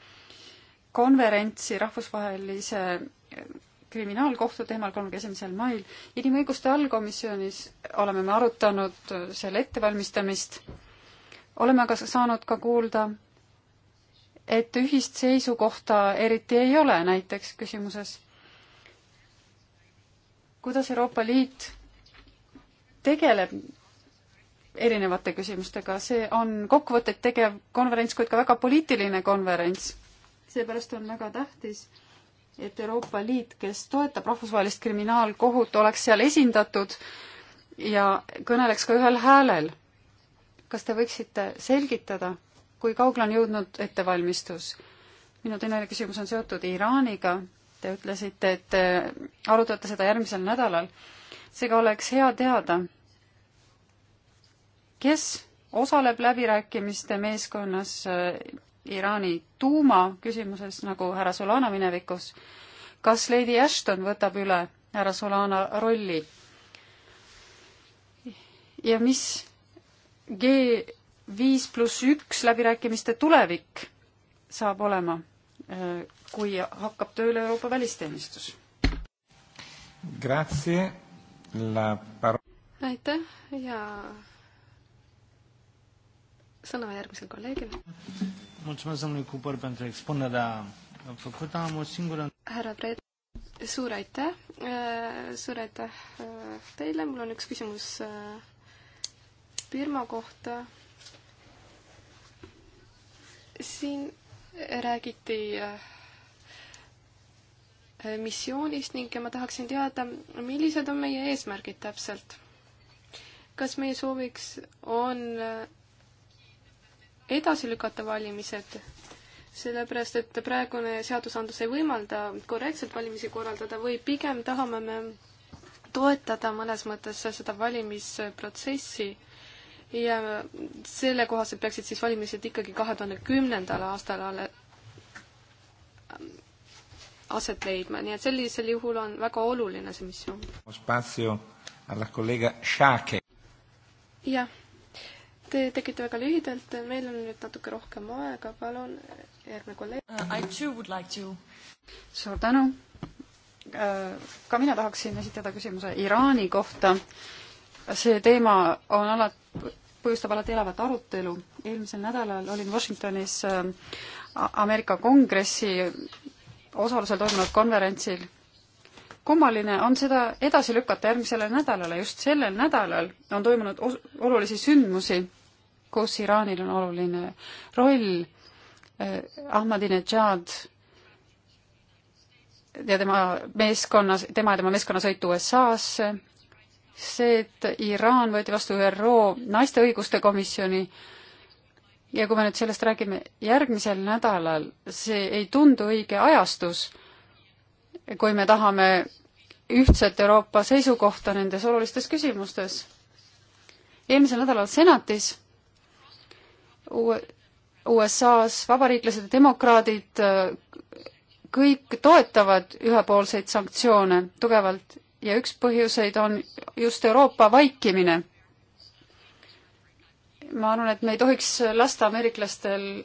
konverentsi rahvusvahelise äh, kriminaalkohtu teemal kolmekümne esimesel mail. inimõiguste allkomisjonis oleme me arutanud äh, selle ettevalmistamist. oleme aga saanud ka kuulda, et ühist seisukohta eriti ei ole näiteks küsimuses kuidas Euroopa Liit tegeleb erinevate küsimustega, see on kokkuvõtteid tegev konverents, kuid ka väga poliitiline konverents. seepärast on väga tähtis, et Euroopa Liit, kes toetab rahvusvahelist kriminaalkohut, oleks seal esindatud ja kõneleks ka ühel häälel. kas te võiksite selgitada, kui kaugele on jõudnud ettevalmistus? minu teine küsimus on seotud Iraaniga. Te ütlesite, et äh, arutate seda järgmisel nädalal. seega oleks hea teada, kes osaleb läbirääkimiste meeskonnas äh, Iraani tuumaküsimuses, nagu härra Solana minevikus. kas Lady Ashton võtab üle härra Solana rolli? ja mis G viis pluss üks läbirääkimiste tulevik saab olema? Äh, kui hakkab tööle Euroopa välisteenistus. aitäh ja sõna järgmisel kolleegil. härra Fred, suur aitäh, äh, suur aitäh äh, teile, mul on üks küsimus Birma kohta. siin räägiti äh, missioonist ning ma tahaksin teada, millised on meie eesmärgid täpselt. kas meie sooviks on äh, edasi lükata valimised, sellepärast et praegune seadusandlus ei võimalda korrektselt valimisi korraldada või pigem tahame me toetada mõnes mõttes seda valimisprotsessi ja selle kohaselt peaksid siis valimised ikkagi kahe tuhande kümnendal aastal alle ähm, aset leidma, nii et sellisel juhul on väga oluline see missioon. jah, te tegite väga lühidalt, meil on nüüd natuke rohkem aega, palun, järgmine kolleeg uh,. I too would like to. suur tänu. Äh, ka mina tahaksin esitada küsimuse Iraani kohta uh, see teema on alati, põhjustab alati elavat arutelu. eelmisel nädalal olin Washingtonis äh, Ameerika Kongressi osalusel toimunud konverentsil. kummaline on seda edasi lükata järgmisele nädalale, just sellel nädalal on toimunud olulisi sündmusi, kus Iraanil on oluline roll eh,, Ahmadinejad ja tema meeskonnas, tema ja tema meeskonna sõit USA-sse, see, et Iraan võeti vastu ÜRO naiste õiguste komisjoni ja kui me nüüd sellest räägime järgmisel nädalal, see ei tundu õige ajastus, kui me tahame ühtset Euroopa seisukohta nendes olulistes küsimustes. eelmisel nädalal senatis USA-s vabariiklased ja demokraadid äh, kõik toetavad ühepoolseid sanktsioone tugevalt ja üks põhjuseid on just Euroopa vaikimine. ma arvan, et me ei tohiks lasta ameeriklastel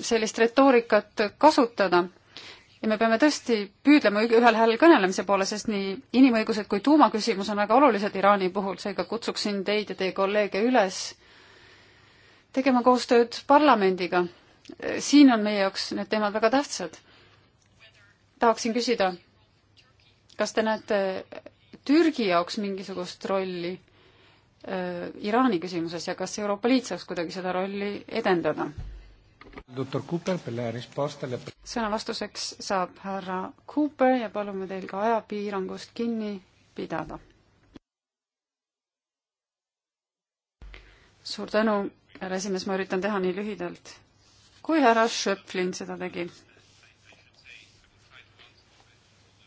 sellist retoorikat kasutada ja me peame tõesti püüdlema ühel häälel kõnelemise poole, sest nii inimõigused kui tuumaküsimus on väga olulised Iraani puhul, seega kutsuksin teid ja teie kolleege üles tegema koostööd parlamendiga. siin on meie jaoks need teemad väga tähtsad. tahaksin küsida, kas te näete Türgi jaoks mingisugust rolli äh, Iraani küsimuses ja kas Euroopa Liit saaks kuidagi seda rolli edendada? sõna vastuseks saab härra Cooper ja palume teil ka ajapiirangust kinni pidada. suur tänu, härra esimees, ma üritan teha nii lühidalt, kui härra Schöpflin seda tegi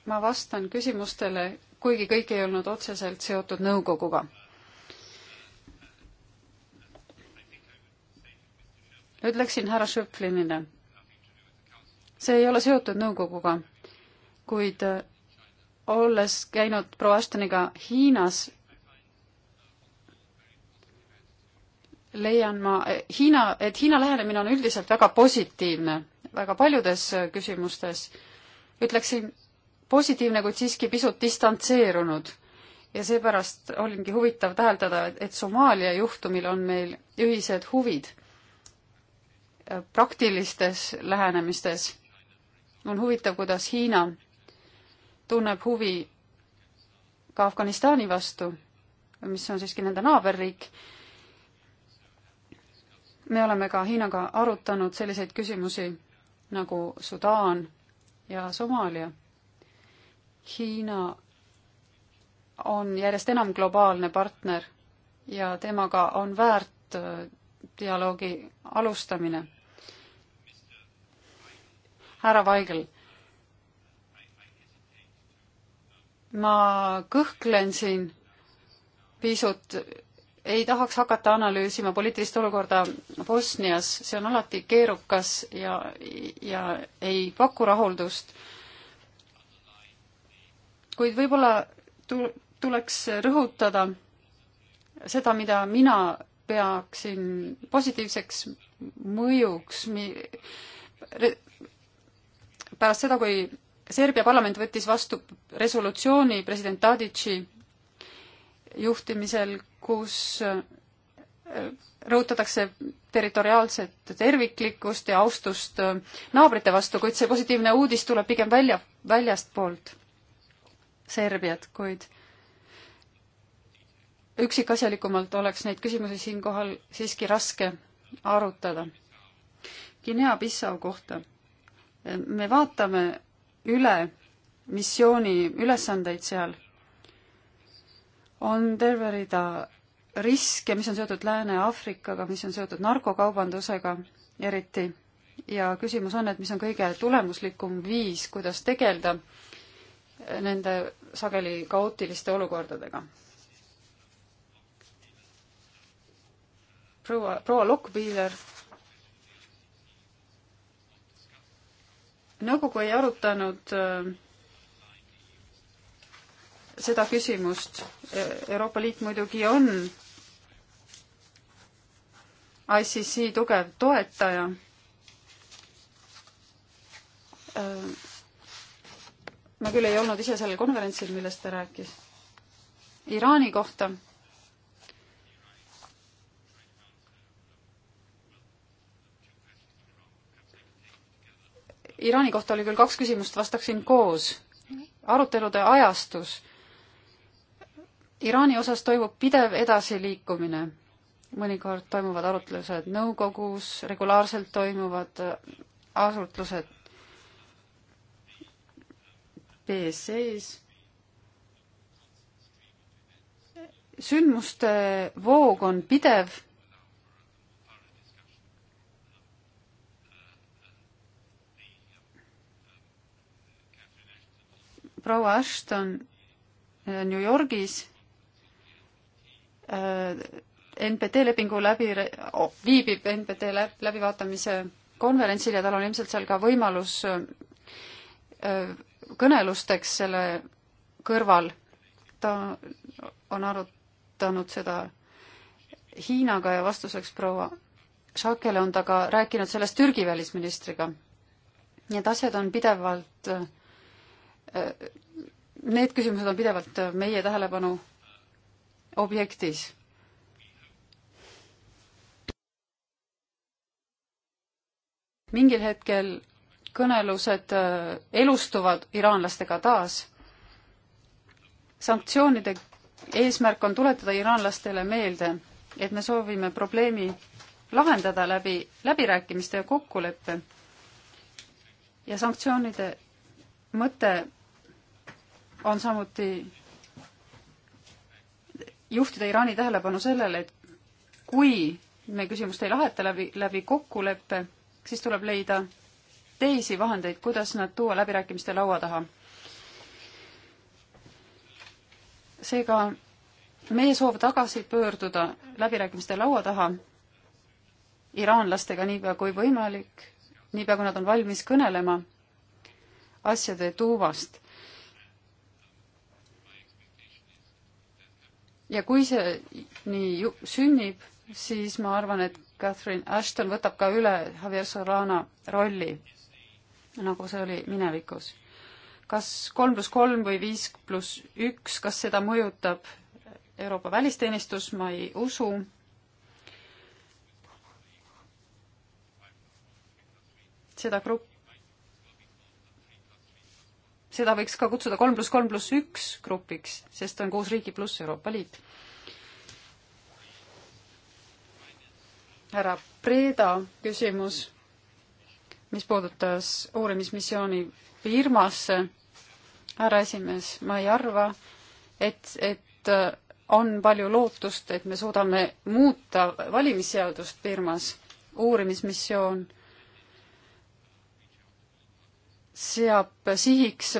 ma vastan küsimustele, kuigi kõik ei olnud otseselt seotud nõukoguga. ütleksin härra Schöpflinile, see ei ole seotud nõukoguga, kuid äh, olles käinud proua Ashtoniga Hiinas, leian ma Hiina, et Hiina lähenemine on üldiselt väga positiivne väga paljudes äh, küsimustes. ütleksin, positiivne, kuid siiski pisut distantseerunud. ja seepärast olingi huvitav täheldada, et Somaalia juhtumil on meil ühised huvid praktilistes lähenemistes. on huvitav, kuidas Hiina tunneb huvi ka Afganistani vastu, mis on siiski nende naaberriik. me oleme ka Hiinaga arutanud selliseid küsimusi nagu Sudaan ja Somaalia Hiina on järjest enam globaalne partner ja temaga on väärt äh, dialoogi alustamine. härra Vaigel, ma kõhklen siin pisut, ei tahaks hakata analüüsima poliitilist olukorda Bosnias, see on alati keerukas ja, ja ei paku rahuldust kuid võib-olla tuleks rõhutada seda, mida mina peaksin positiivseks mõjuks mi, re, pärast seda, kui Serbia parlament võttis vastu resolutsiooni president Tadici juhtimisel, kus äh, rõhutatakse territoriaalset terviklikkust ja austust äh, naabrite vastu, kuid see positiivne uudis tuleb pigem välja, väljastpoolt Serbiat, kuid üksikasjalikumalt oleks neid küsimusi siinkohal siiski raske arutada. Guinea-Bissau kohta. me vaatame üle missiooni ülesandeid seal. on terve rida riske, mis on seotud Lääne-Aafrikaga, mis on seotud narkokaubandusega eriti ja küsimus on, et mis on kõige tulemuslikum viis, kuidas tegeleda nende sageli kaootiliste olukordadega. proua, proua Lokkpiiler. nõukogu ei arutanud äh, seda küsimust. E, Euroopa Liit muidugi on ICC tugev toetaja äh, ma küll ei olnud ise sellel konverentsil, millest ta rääkis. Iraani kohta. Iraani kohta oli küll kaks küsimust, vastaksin koos. arutelude ajastus. Iraani osas toimub pidev edasiliikumine. mõnikord toimuvad arutlused nõukogus, regulaarselt toimuvad arutlused BSE-s sündmuste voog on pidev. proua Ashton äh, New Yorgis äh, NPT lepingu läbi oh,, viibib NPT läbivaatamise konverentsil ja tal on ilmselt seal ka võimalus äh, kõnelusteks selle kõrval. ta on arutanud seda Hiinaga ja vastuseks proua Šakele on ta ka rääkinud sellest Türgi välisministriga. nii et asjad on pidevalt, äh, need küsimused on pidevalt meie tähelepanu objektis mingil hetkel kõnelused äh, elustuvad iraanlastega taas. sanktsioonide eesmärk on tuletada iraanlastele meelde, et me soovime probleemi lahendada läbi läbirääkimiste ja kokkuleppe. ja sanktsioonide mõte on samuti juhtida Iraani tähelepanu sellele, et kui me küsimust ei laheta läbi, läbi kokkuleppe, siis tuleb leida teisi vahendeid, kuidas nad tuua läbirääkimiste laua taha. seega meie soov tagasi pöörduda läbirääkimiste laua taha iraanlastega niipea kui võimalik, niipea kui nad on valmis kõnelema asjade tuumast. ja kui see nii ju, sünnib, siis ma arvan, et Catherine Ashton võtab ka üle Javier Solana rolli nagu see oli minevikus. kas kolm pluss kolm või viis pluss üks, kas seda mõjutab Euroopa välisteenistus, ma ei usu. seda grupp, seda võiks ka kutsuda kolm pluss kolm pluss üks grupiks, sest on kuus riiki pluss Euroopa Liit. härra Preeda küsimus mis puudutas uurimismissiooni Birmasse. härra esimees, ma ei arva, et, et äh, on palju lootust, et me suudame muuta valimisseadust Birmas. uurimismissioon seab sihiks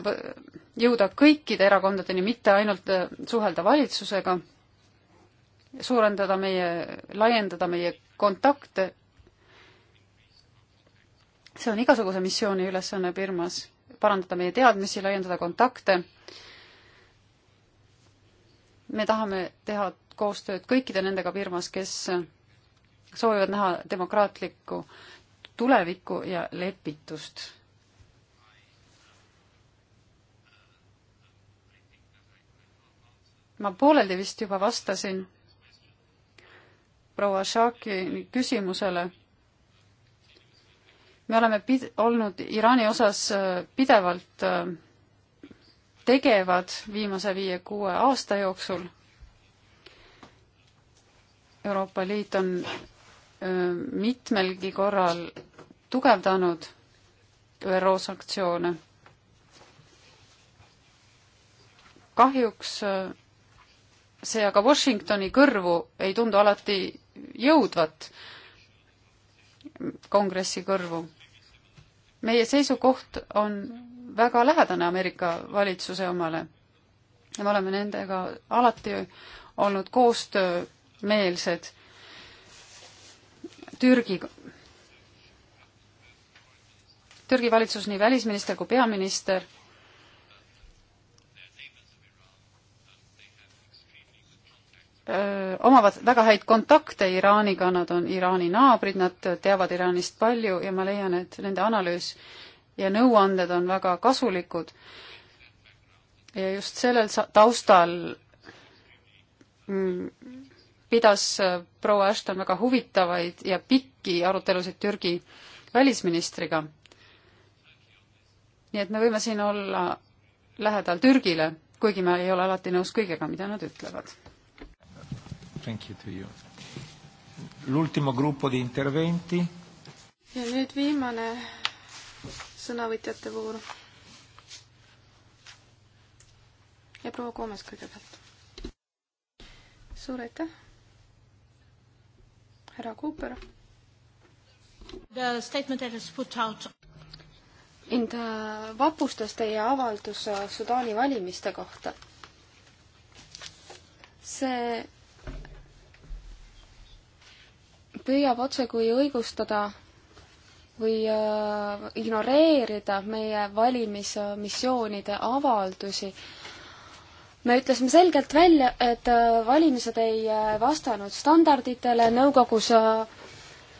jõuda kõikide erakondadeni, mitte ainult äh, suhelda valitsusega, suurendada meie, laiendada meie kontakte see on igasuguse missiooni ülesanne Birmas, parandada meie teadmisi, laiendada kontakte. me tahame teha koostööd kõikide nendega Birmas, kes soovivad näha demokraatlikku tulevikku ja lepitust. ma pooleldi vist juba vastasin proua Šaki küsimusele me oleme pid-, olnud Iraani osas äh, pidevalt äh, tegevad viimase viie-kuue aasta jooksul. Euroopa Liit on äh, mitmelgi korral tugevdanud ÜRO sanktsioone. kahjuks see aga Washingtoni kõrvu ei tundu alati jõudvat, kongressi kõrvu meie seisukoht on väga lähedane Ameerika valitsuse omale ja me oleme nendega alati olnud koostöömeelsed Türgiga. Türgi valitsus, nii välisminister kui peaminister omavad väga häid kontakte Iraaniga, nad on Iraani naabrid, nad teavad Iraanist palju ja ma leian, et nende analüüs ja nõuanded on väga kasulikud. ja just sellel taustal mm, pidas proua Ashton väga huvitavaid ja pikki arutelusid Türgi välisministriga. nii et me võime siin olla lähedal Türgile, kuigi me ei ole alati nõus kõigega, mida nad ütlevad Thank you to you. L'ultimo gruppo di interventi. ja nüüd viimane sõnavõtjate voor. ja proua Koomes kõigepealt. suur aitäh, härra Cooper. The statement that is put out mind vapustas teie avaldus Sudaani valimiste kohta. see püüab otsekui õigustada või äh, ignoreerida meie valimismissioonide avaldusi. me ütlesime selgelt välja, et äh, valimised ei äh, vastanud standarditele, nõukogus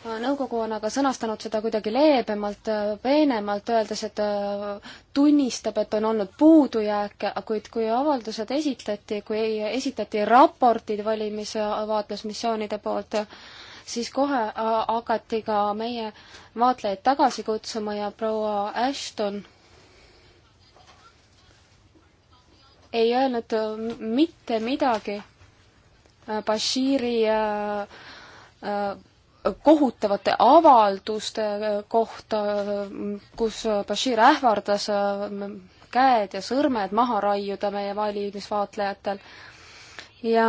nõukogu on aga sõnastanud seda kuidagi leebemalt, peenemalt, öeldes, et tunnistab, et on olnud puudujääke, kuid kui avaldused esitati, kui esitati raportid valimisvaatlusmissioonide poolt, siis kohe äh, hakati ka meie vaatlejaid tagasi kutsuma ja proua Ashton ei öelnud äh, mitte midagi äh, Bashiri kohutavate avalduste kohta, kus Bashir ähvardas käed ja sõrmed maha raiuda meie valimisvaatlejatel. ja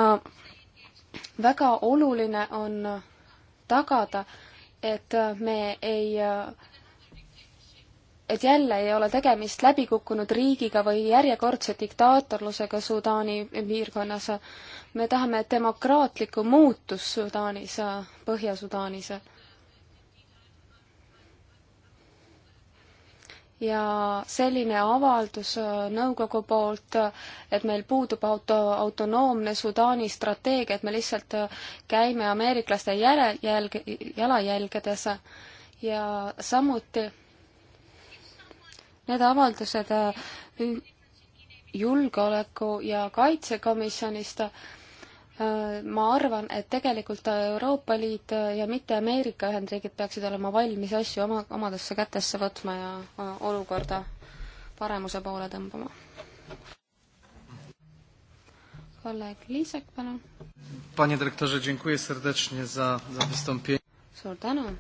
väga oluline on tagada, et me ei et jälle ei ole tegemist läbikukkunud riigiga või järjekordse diktaatorlusega Sudaani piirkonnas. me tahame demokraatlikku muutust Sudaanis, Põhja-Sudaanis ja selline avaldus äh, nõukogu poolt, äh, et meil puudub auto, autonoomne Sudaani strateegia, et me lihtsalt äh, käime ameeriklaste järel, jälg, jalajälgedes ja samuti need avaldused julgeoleku- ja kaitsekomisjonist Äh, ma arvan, et tegelikult Euroopa Liit ja mitte Ameerika Ühendriigid peaksid olema valmis asju oma, omadesse kätesse võtma ja olukorda paremuse poole tõmbama. kolleeg Liisek, palun. Panie dyrektorze, dziękuję serdecznie za, za wystąpienie. suur tänu.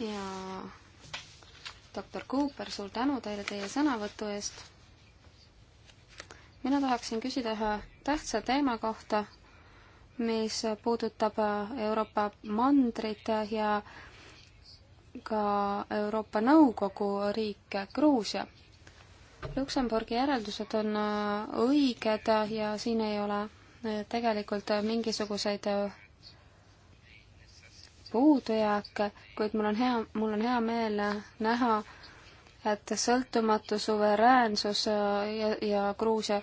ja doktor Cooper, suur tänu teile teie sõnavõtu eest. mina tahaksin küsida ühe tähtsa teema kohta, mis puudutab Euroopa mandrit ja ka Euroopa Nõukogu riike, Gruusia. Luksemburgi järeldused on õiged ja siin ei ole tegelikult mingisuguseid puudujääke, kuid mul on hea, mul on hea meel näha, et sõltumatu suveräänsus ja, ja Gruusia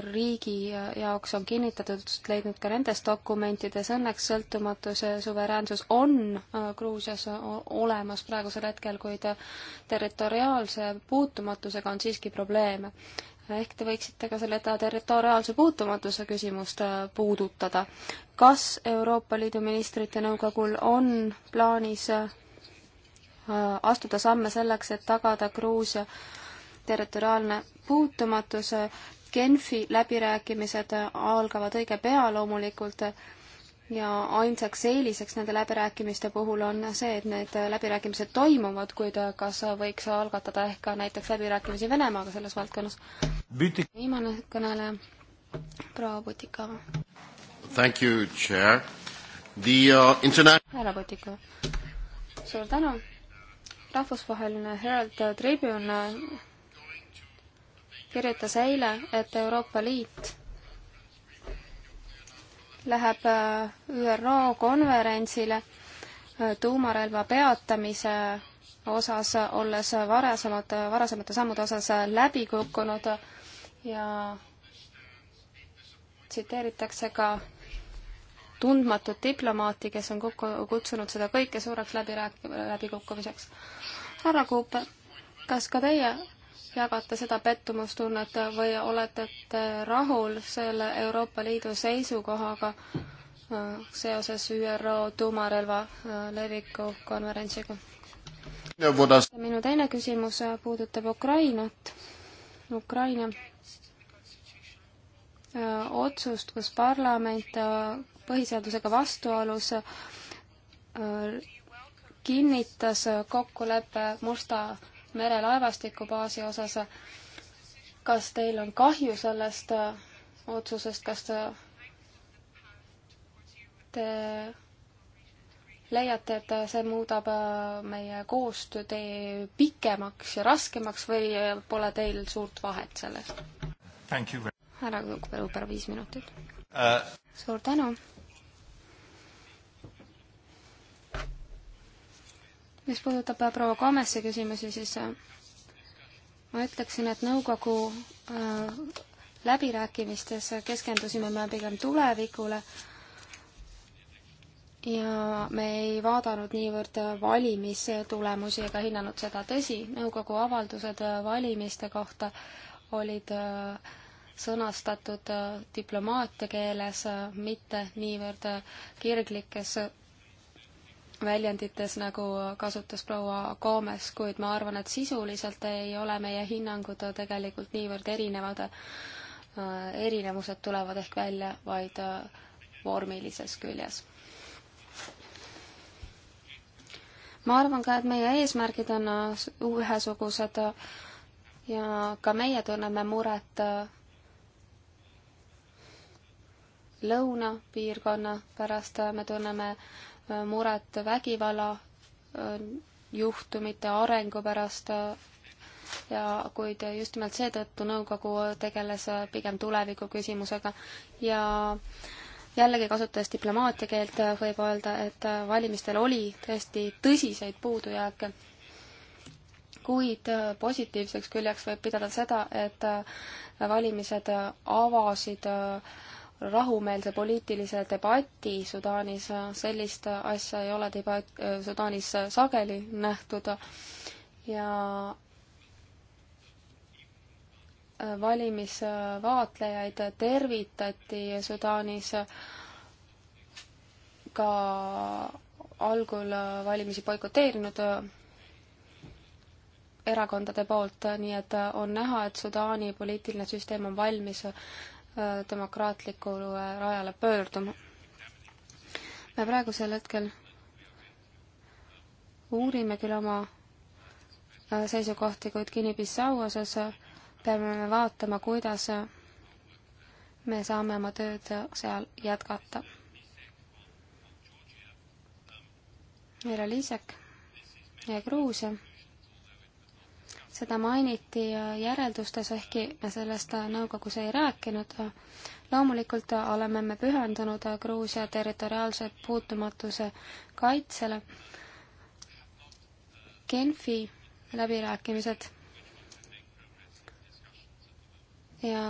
riigi jaoks on kinnitatust leidnud ka nendes dokumentides, õnneks sõltumatus ja suveräänsus on äh, Gruusias olemas praegusel hetkel, kuid territoriaalse puutumatusega on siiski probleeme. ehk te võiksite ka selle territoriaalse puutumatuse küsimust äh, puudutada. kas Euroopa Liidu ministrite nõukogul on plaanis äh, astuda samme selleks, et tagada Gruusia territoriaalne puutumatus Genfi läbirääkimised algavad õige pea loomulikult ja ainsaks eeliseks nende läbirääkimiste puhul on see, et need läbirääkimised toimuvad, kuid kas võiks algatada ehk ka näiteks läbirääkimisi Venemaaga selles valdkonnas? viimane kõneleja, proua Putikava. Thank you, chair. The uh, internet-. härra Putikava. suur tänu. rahvusvaheline Herald Tribune kirjutas eile, et Euroopa Liit läheb äh, ÜRO konverentsile äh, tuumarelva peatamise osas, olles varasemad, varasemate sammude osas läbi kukkunud ja tsiteeritakse ka tundmatut diplomaati, kes on kukku, kutsunud seda kõike suureks läbirääk-, läbikukkumiseks. härra Kuuper, kas ka teie jagate seda pettumustunnet või olete te rahul selle Euroopa Liidu seisukohaga äh, seoses ÜRO tuumarelva äh, leviku konverentsiga? minu teine küsimus äh, puudutab Ukrainat. Ukraina otsust, kus parlament põhiseadusega vastuolus kinnitas kokkuleppe Musta merelaevastiku baasi osas. kas teil on kahju sellest äh, otsusest, kas äh, te leiate, et äh, see muudab meie koostöötee pikemaks ja raskemaks või pole teil suurt vahet selles? härra Kõuperuuper, viis minutit uh.... suur tänu mis puudutab äh, proua Kamesse küsimusi, siis äh, ma ütleksin, et nõukogu äh, läbirääkimistes keskendusime me pigem tulevikule ja me ei vaadanud niivõrd valimistulemusi ega hinnanud seda. tõsi, nõukogu avaldused valimiste kohta olid sõnastatud diplomaatia keeles, mitte niivõrd kirglikes väljendites, nagu kasutas proua Koomes, kuid ma arvan, et sisuliselt ei ole meie hinnangud tegelikult niivõrd erinevad. Äh, erinevused tulevad ehk välja vaid äh, vormilises küljes. ma arvan ka, et meie eesmärgid on äh, ühesugused ja ka meie tunneme muret lõunapiirkonna pärast, me tunneme muret vägivalla äh, juhtumite arengu pärast äh, ja kuid just nimelt seetõttu nõukogu tegeles äh, pigem tuleviku küsimusega ja jällegi kasutades diplomaatia keelt, võib öelda, et valimistel oli tõesti tõsiseid puudujääke. kuid positiivseks küljeks võib pidada seda, et valimised avasid äh, rahumeelse poliitilise debati Sudaanis, sellist asja ei ole debat-, Sudaanis sageli nähtud ja valimisvaatlejaid tervitati Sudaanis ka algul valimisi boikoteerinud erakondade poolt, nii et on näha, et Sudaani poliitiline süsteem on valmis demokraatlikule rajale pöörduma. me praegusel hetkel uurime küll oma äh, seisukohti, kuid Guinea-Bissau osas äh, peame me vaatama, kuidas äh, me saame oma tööd seal jätkata. Meile Liisek ja Gruusia seda mainiti järeldustes, ehkki me sellest nõukogus ei rääkinud. loomulikult oleme me pühendunud Gruusia territoriaalse puutumatuse kaitsele. Genfi läbirääkimised ja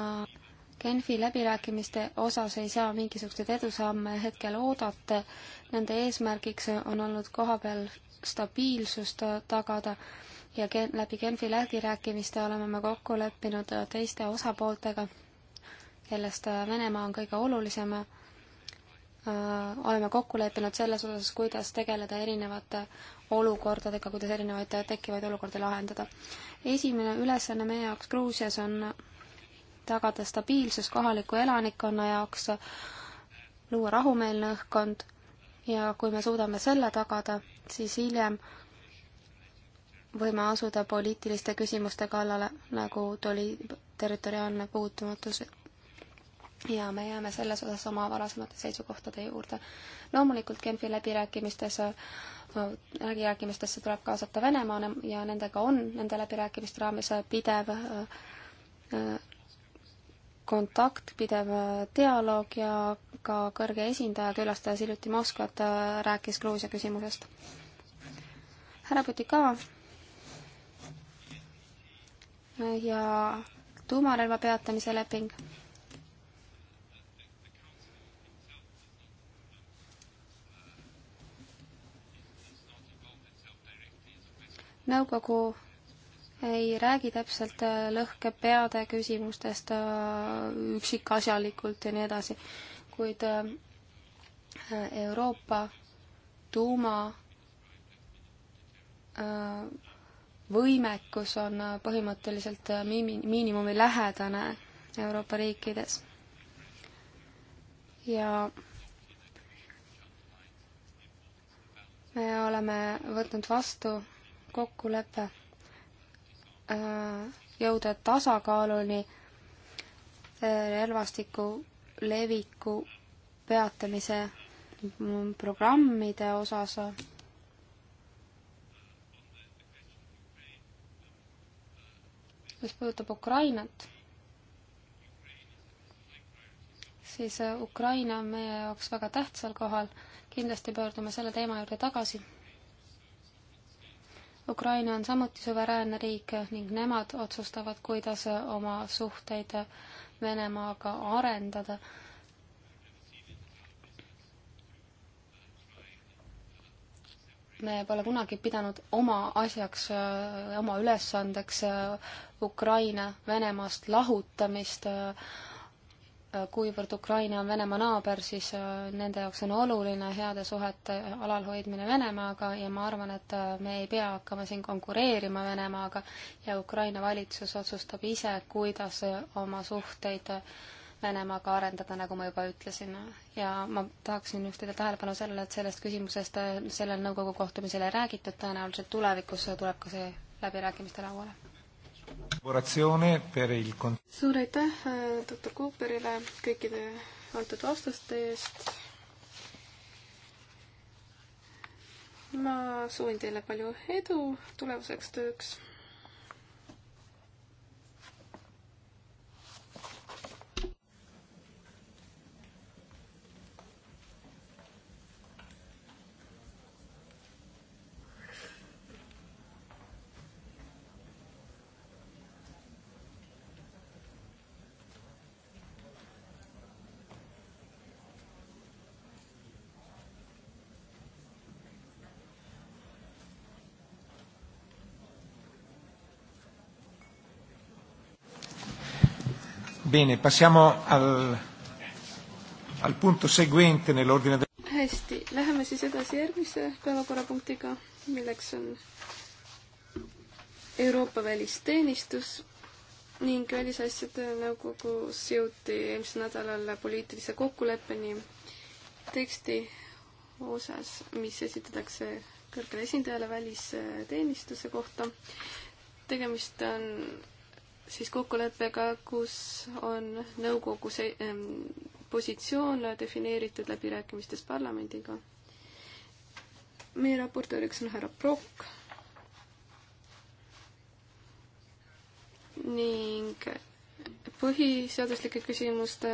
Genfi läbirääkimiste osas ei saa mingisuguseid edusamme hetkel oodata. Nende eesmärgiks on olnud kohapeal stabiilsust tagada ja läbi Genfi läbirääkimiste oleme me kokku leppinud teiste osapooltega, kellest Venemaa on kõige olulisem. Äh, oleme kokku leppinud selles osas, kuidas tegeleda erinevate olukordadega, kuidas erinevaid tekkivaid olukordi lahendada. esimene ülesanne meie jaoks Gruusias on tagada stabiilsus kohaliku elanikkonna jaoks, luua rahumeelne õhkkond ja kui me suudame selle tagada, siis hiljem võime asuda poliitiliste küsimuste kallale, nagu tuli territoriaalne puutumatus ja me jääme selles osas oma varasemate seisukohtade juurde. loomulikult Genfi läbirääkimistes, läbirääkimistesse tuleb kaasata Venemaa ja nendega on nende läbirääkimiste raames pidev äh, kontakt, pidev äh, dialoog ja ka kõrge esindaja külastas hiljuti Moskvat, äh, rääkis Gruusia küsimusest. härra Putikava ja tuumarelva peatamise leping. nõukogu ei räägi täpselt äh, lõhkepeade küsimustest äh, üksikasjalikult ja nii edasi, kuid äh, Euroopa tuuma võimekus on põhimõtteliselt miimi-, miinimumi lähedane Euroopa riikides. ja me oleme võtnud vastu kokkuleppe äh, jõuda tasakaaluni äh, relvastiku leviku peatamise programmide osas mis puudutab Ukrainat, siis äh, Ukraina on meie jaoks väga tähtsal kohal, kindlasti pöördume selle teema juurde tagasi. Ukraina on samuti suveräänne riik ning nemad otsustavad, kuidas äh, oma suhteid äh, Venemaaga arendada me pole kunagi pidanud oma asjaks, äh, oma ülesandeks äh, Ukraina Venemaast lahutamist, äh, kuivõrd Ukraina on Venemaa naaber, siis nende jaoks on oluline heade suhete alalhoidmine Venemaaga ja ma arvan, et me ei pea hakkama siin konkureerima Venemaaga ja Ukraina valitsus otsustab ise, kuidas oma suhteid Venemaaga arendada, nagu ma juba ütlesin. ja ma tahaksin juhtida tähelepanu sellele, et sellest küsimusest äh, sellel nõukogu kohtumisel ei räägitud, tõenäoliselt tulevikus tuleb ka see läbirääkimiste lauale. suur aitäh äh, doktor Cooperile kõikide antud vastuste eest. ma soovin teile palju edu tulevaseks tööks Bene, passiamo al, al punto seguente nell'ordine del... hästi, läheme siis edasi järgmise päevakorrapunktiga, milleks on Euroopa välisteenistus ning välisasjade nõukogus jõuti eelmisel nädalal poliitilise kokkuleppeni teksti osas, mis esitatakse kõrgele esindajale välisteenistuse kohta. tegemist on siis kokkuleppega, kus on nõukogu see, ähm, positsioon defineeritud läbirääkimistes parlamendiga. meie raportööriks on härra Prokk ning põhiseaduslike küsimuste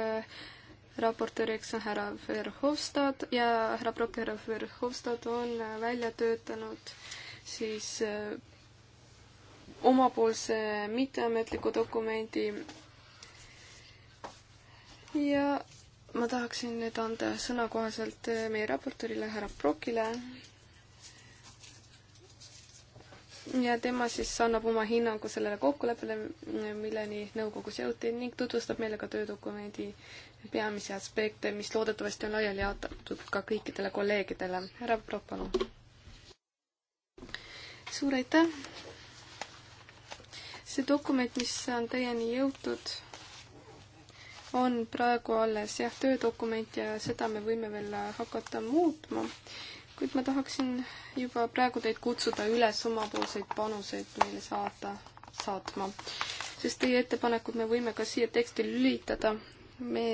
raportööriks on härra Verhofstadt ja härra prokurör Verhofstadt on välja töötanud siis omapoolse mitteametliku dokumendi. ja ma tahaksin nüüd anda sõna kohaselt meie raportöörile härra Prokile. ja tema siis annab oma hinnangu sellele kokkuleppele, milleni nõukogus jõuti ning tutvustab meile ka töödokumendi peamisi aspekte, mis loodetavasti on laiali jaotatud ka kõikidele kolleegidele. härra Prok, palun. suur aitäh see dokument, mis on teieni jõutud, on praegu alles jah, töödokument ja seda me võime veel hakata muutma, kuid ma tahaksin juba praegu teid kutsuda üles omapoolseid panuseid meile saata, saatma, sest teie ettepanekud me võime ka siia teksti lülitada. me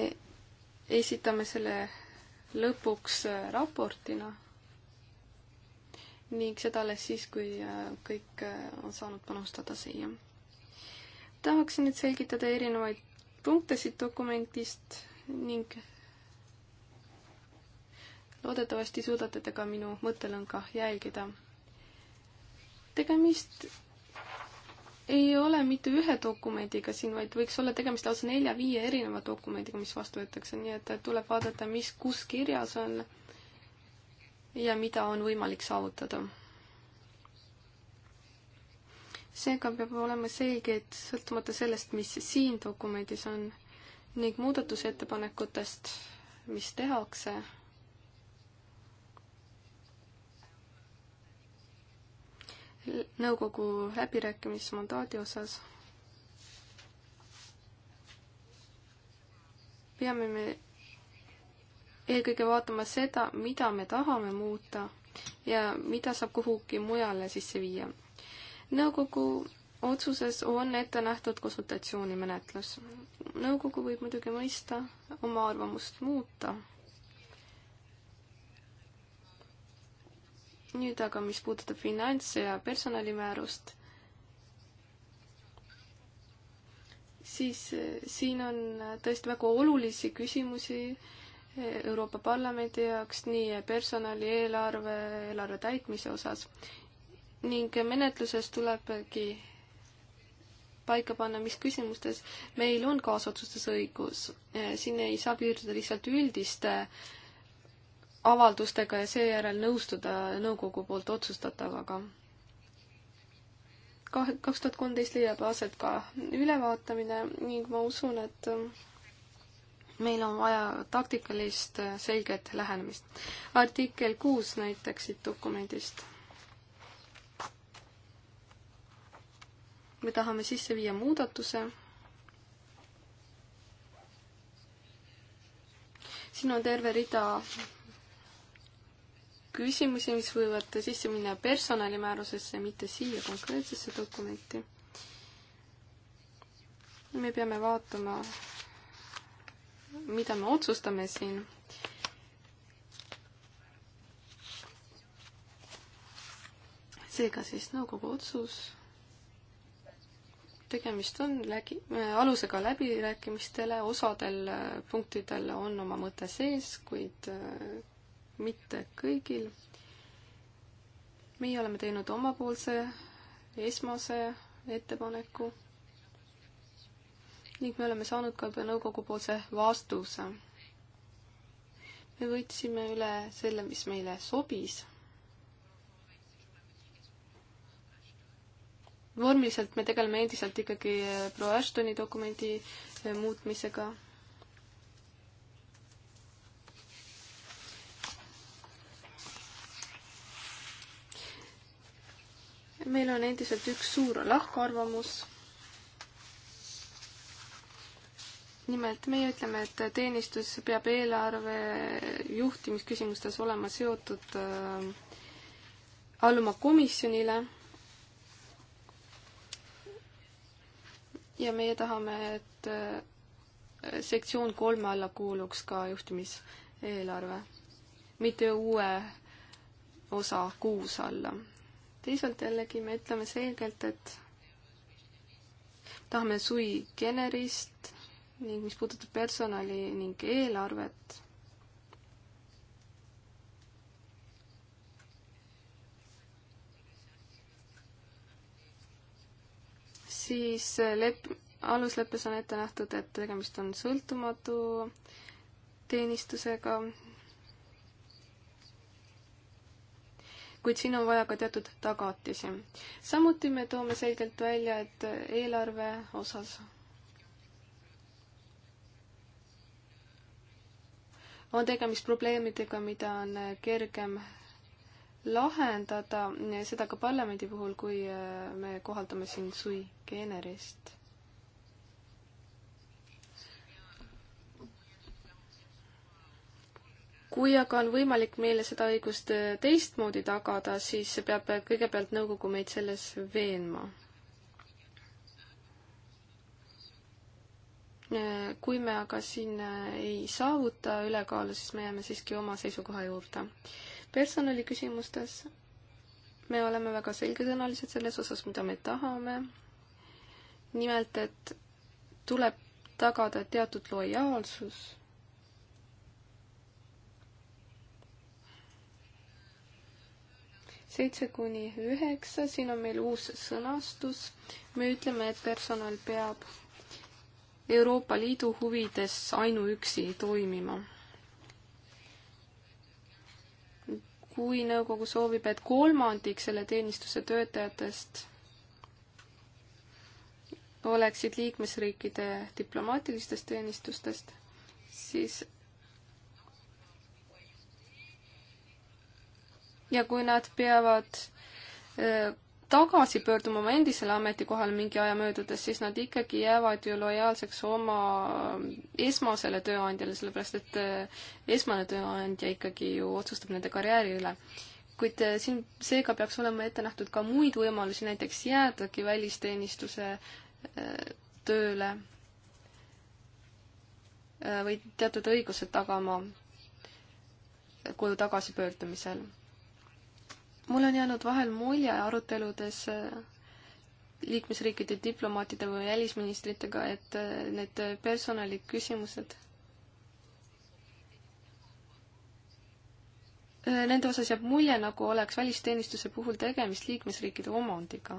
esitame selle lõpuks äh, raportina ning seda alles siis, kui äh, kõik äh, on saanud panustada siia tahaksin nüüd selgitada erinevaid punkte siit dokumendist ning loodetavasti suudate te ka minu mõttelõnga jälgida. tegemist ei ole mitte ühe dokumendiga siin, vaid võiks olla tegemist lausa nelja-viie erineva dokumendiga, mis vastu võetakse, nii et tuleb vaadata, mis kus kirjas on ja mida on võimalik saavutada seega peab olema selge, et sõltumata sellest, mis siin dokumendis on ning muudatusettepanekutest, mis tehakse, nõukogu läbirääkimismandaadi osas peame me eelkõige vaatama seda, mida me tahame muuta ja mida saab kuhugi mujale sisse viia nõukogu otsuses on ette nähtud konsultatsioonimenetlus. nõukogu võib muidugi mõista oma arvamust muuta. nüüd aga, mis puudutab finants- ja personalimäärust, siis eh, siin on eh, tõesti väga olulisi küsimusi eh, Euroopa Parlamendi jaoks nii personali, eelarve, eelarve täitmise osas ning menetluses tulebki paika panna, mis küsimustes meil on kaasotsustusõigus. Eh, siin ei saa piirduda lihtsalt üldiste avaldustega ja seejärel nõustuda nõukogu poolt otsustatavaga. kahe, kaks tuhat kolmteist leiab aset ka ülevaatamine ning ma usun, et meil on vaja taktikalist selget lähenemist. artikkel kuus näiteks siit dokumendist me tahame sisse viia muudatuse. siin on terve rida küsimusi, mis võivad sisse minna personalimäärusesse, mitte siia konkreetsesse dokumenti. me peame vaatama, mida me otsustame siin seega siis nõukogu otsus tegemist on lägi, alusega läbirääkimistele, osadel äh, punktidel on oma mõte sees, kuid äh, mitte kõigil. meie oleme teinud omapoolse esmase ettepaneku ning me oleme saanud ka nõukogu poolse vastuse. me võtsime üle selle, mis meile sobis vormiliselt me tegeleme endiselt ikkagi eh, proua Ashtoni dokumendi eh, muutmisega. meil on endiselt üks suur lahkarvamus. nimelt meie ütleme, et teenistus peab eelarve juhtimisküsimustes olema seotud äh, alluma komisjonile ja meie tahame, et äh, sektsioon kolme alla kuuluks ka juhtimiseelarve, mitte uue osa kuus alla. teisalt jällegi me ütleme selgelt, et tahame sui generist ning mis puudutab personali ning eelarvet siis lep-, alusleppes on ette nähtud, et tegemist on sõltumatu teenistusega, kuid siin on vaja ka teatud tagatisi. samuti me toome selgelt välja, et eelarve osas on tegemist probleemidega, mida on kergem lahendada, seda ka parlamendi puhul, kui äh, me kohaldame siin sui generist. kui aga on võimalik meile seda õigust äh, teistmoodi tagada, siis peab kõigepealt nõukogu meid selles veenma. Äh, kui me aga siin ei saavuta ülekaalu, siis me jääme siiski oma seisukoha juurde personaliküsimustes me oleme väga selgesõnalised selles osas, mida me tahame. nimelt, et tuleb tagada teatud lojaalsus. seitse kuni üheksa, siin on meil uus sõnastus. me ütleme, et personal peab Euroopa Liidu huvides ainuüksi toimima kui nõukogu soovib, et kolmandik selle teenistuse töötajatest oleksid liikmesriikide diplomaatilistest teenistustest, siis ja kui nad peavad äh, tagasi pöörduma oma endisele ametikohale mingi aja möödudes, siis nad ikkagi jäävad ju lojaalseks oma ähm, esmasele tööandjale, sellepärast et äh, esmane tööandja ikkagi ju otsustab nende karjääri üle. kuid äh, siin seega peaks olema ette nähtud ka muid võimalusi, näiteks jäädagi välisteenistuse äh, tööle või teatud õigused tagama koju tagasipöördumisel mul on jäänud vahel mulje aruteludes äh, liikmesriikide diplomaatide või välisministritega, et äh, need personaliküsimused, äh, nende osas jääb mulje, nagu oleks välisteenistuse puhul tegemist liikmesriikide omandiga.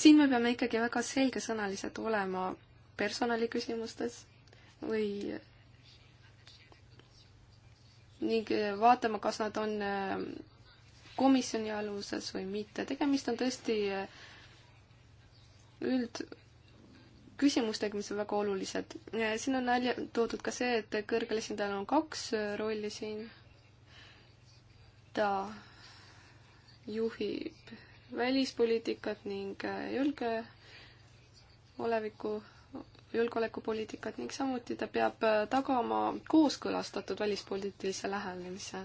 siin me peame ikkagi väga selgesõnalised olema personaliküsimustes või ning vaatama, kas nad on äh, komisjoni aluses või mitte. tegemist on tõesti äh, üldküsimustega, mis on väga olulised. siin on välja toodud ka see, et kõrgel esindajal on kaks äh, rolli siin. ta juhib välispoliitikat ning julgeoleku julgeolekupoliitikat ning samuti ta peab äh, tagama kooskõlastatud välispoliitilise lähenemise.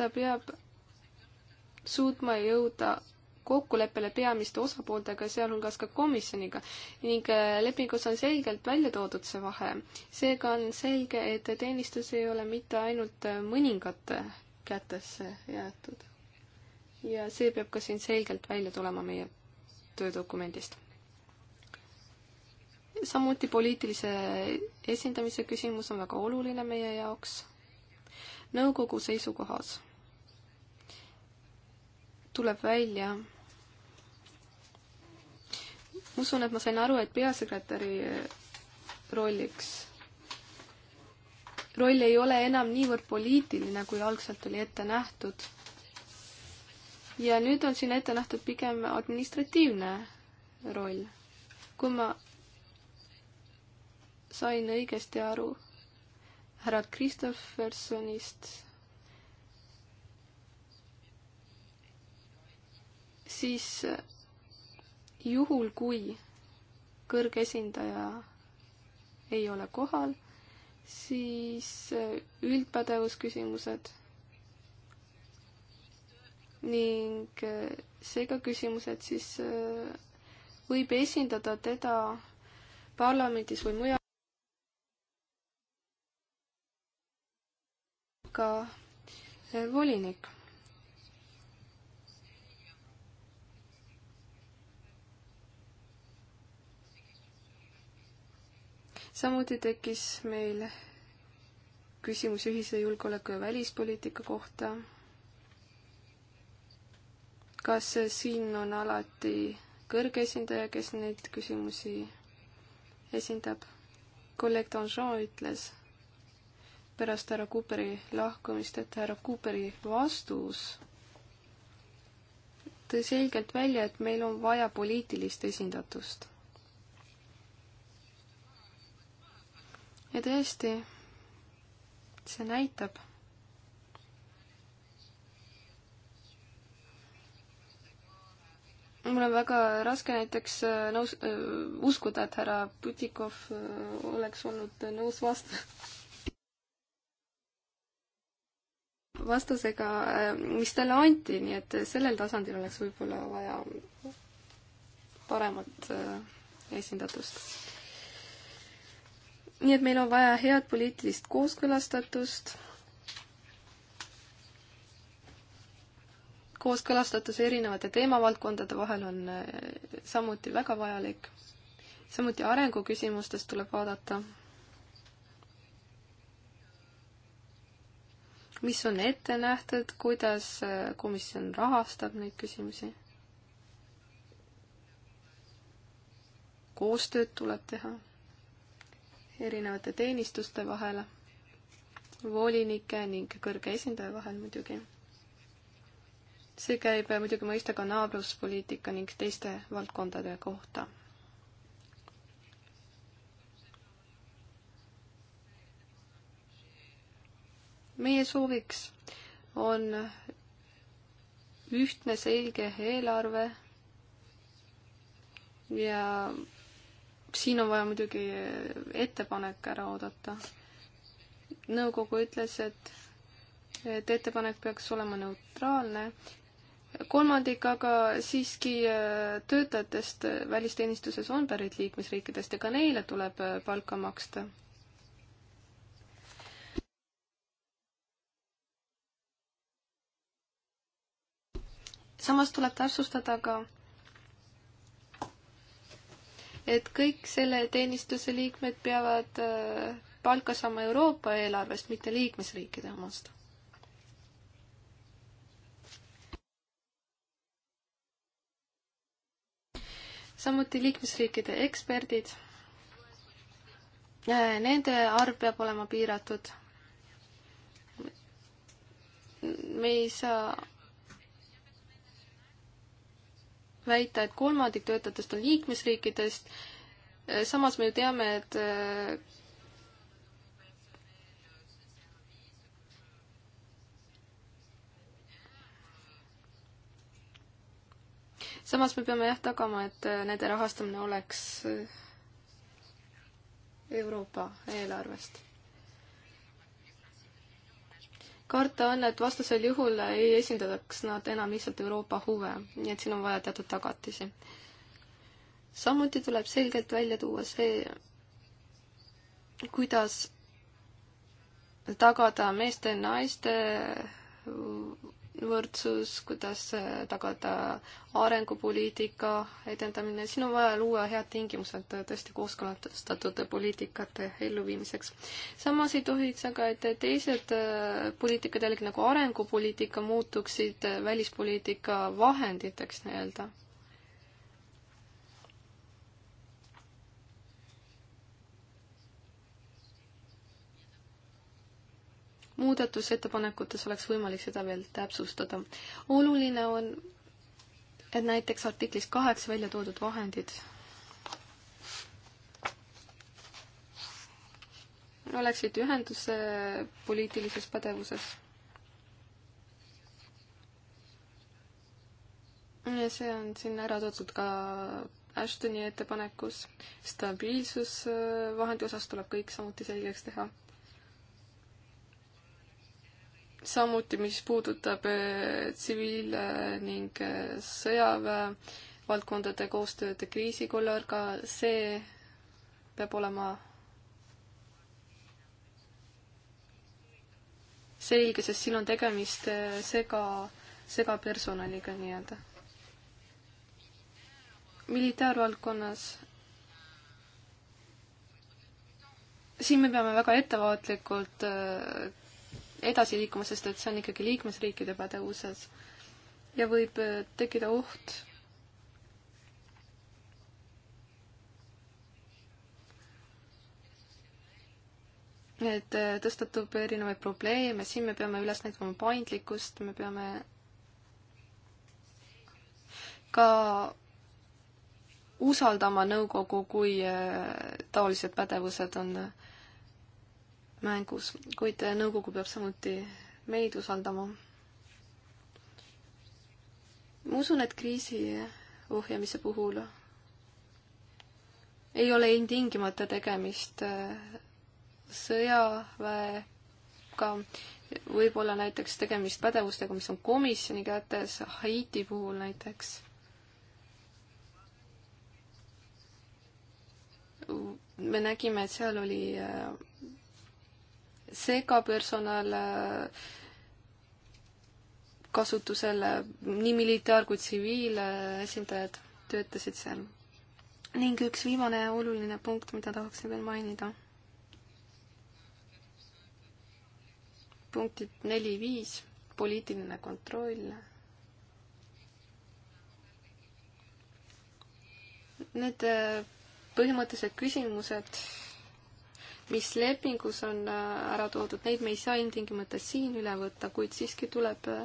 ta peab suutma jõuda kokkuleppele peamiste osapooltega, sealhulgas ka komisjoniga ning äh, lepingus on selgelt välja toodud see vahe. seega on selge, et teenistus ei ole mitte ainult äh, mõningate kätesse jäetud ja see peab ka siin selgelt välja tulema meie töödokumendist. samuti poliitilise esindamise küsimus on väga oluline meie jaoks. nõukogu seisukohas tuleb välja ma usun, et ma sain aru, et peasekretäri rolliks, roll ei ole enam niivõrd poliitiline, kui algselt oli ette nähtud ja nüüd on siin ette nähtud pigem administratiivne roll. kui ma sain õigesti aru härra Kristoffersonist, siis juhul, kui kõrge esindaja ei ole kohal, siis üldpädevusküsimused ning eh, seega küsimus, et siis eh, võib esindada teda parlamendis või mujal ka eh, volinik. samuti tekkis meil küsimus ühise julgeoleku ja välispoliitika kohta kas siin on alati kõrge esindaja, kes neid küsimusi esindab? kolleeg Donjon ütles pärast härra Cooperi lahkumist, et härra Cooperi vastus tõi selgelt välja, et meil on vaja poliitilist esindatust. ja tõesti, see näitab mul on väga raske näiteks äh, nõus äh,, uskuda, et härra Putikov äh, oleks olnud nõus vast-, vastusega, äh, mis talle anti, nii et sellel tasandil oleks võib-olla vaja paremat äh, esindatust. nii et meil on vaja head poliitilist kooskõlastatust kooskõlastatuse erinevate teemavaldkondade vahel on eh, samuti väga vajalik. samuti arenguküsimustest tuleb vaadata, mis on ette nähtud, kuidas eh, komisjon rahastab neid küsimusi. koostööd tuleb teha erinevate teenistuste vahel, volinike ning kõrge esindaja vahel muidugi see käib muidugi mõista ka naabruspoliitika ning teiste valdkondade kohta. meie sooviks on ühtne selge eelarve ja siin on vaja muidugi ettepanek ära oodata. nõukogu ütles, et et ettepanek peaks olema neutraalne kolmandik aga siiski äh, töötajatest äh, välisteenistuses on pärit liikmesriikidest ja ka neile tuleb äh, palka maksta samas tuleb täpsustada ka, et kõik selle teenistuse liikmed peavad palka saama Euroopa eelarvest, mitte liikmesriikide omast. samuti liikmesriikide eksperdid. Äh, nende arv peab olema piiratud. me ei saa väita, et kolmandik töötajatest on liikmesriikidest. Äh, samas me ju teame, et äh, samas me peame jah tagama, et äh, nende rahastamine oleks äh, Euroopa eelarvest. karta on, et vastasel juhul ei esindataks nad enam lihtsalt Euroopa huve, nii et siin on vaja teatud tagatisi. samuti tuleb selgelt välja tuua see, kuidas tagada meeste ja naiste võrdsus, kuidas äh, tagada arengupoliitika edendamine, siin on vaja luua head tingimused äh, tõesti kooskõlastatud poliitikate elluviimiseks. samas ei tohiks aga, et teised äh, poliitikad jällegi nagu arengupoliitika muutuksid välispoliitika vahenditeks nii-öelda. muudatusettepanekutes oleks võimalik seda veel täpsustada. oluline on, et näiteks artiklis kaheksa välja toodud vahendid oleksid ühenduse poliitilises pädevuses. ja see on siin ära toodud ka Ashtoni ettepanekus. stabiilsusvahendi äh, osas tuleb kõik samuti selgeks teha samuti, mis puudutab eh, tsiviil- ning eh, sõjaväe valdkondade koostööd kriisikollarga, see peab olema selge, sest siin on tegemist eh, sega, segapersonaliga nii-öelda. militaarvaldkonnas siin me peame väga ettevaatlikult edasi liikuma, sest et see on ikkagi liikmesriikide pädevuses. ja võib äh, tekkida oht, et äh, tõstatub erinevaid probleeme, siin me peame üles näitama paindlikkust, me peame ka usaldama nõukogu, kui äh, taolised pädevused on äh, mängus, kuid nõukogu peab samuti meid usaldama. ma usun, et kriisi ohjamise puhul ei ole ilmtingimata tegemist äh, sõjaväega, võib olla näiteks tegemist pädevustega, mis on komisjoni kätes, Haiti puhul näiteks me nägime, et seal oli äh, segapersonal äh, kasutusele, nii militaar- kui tsiviilesindajad töötasid seal. ning üks viimane oluline punkt, mida tahaksin veel mainida. punktid neli-viis, poliitiline kontroll need äh, põhimõttelised küsimused mis lepingus on äh, ära toodud, neid me ei saa ilmtingimata siin üle võtta, kuid siiski tuleb äh,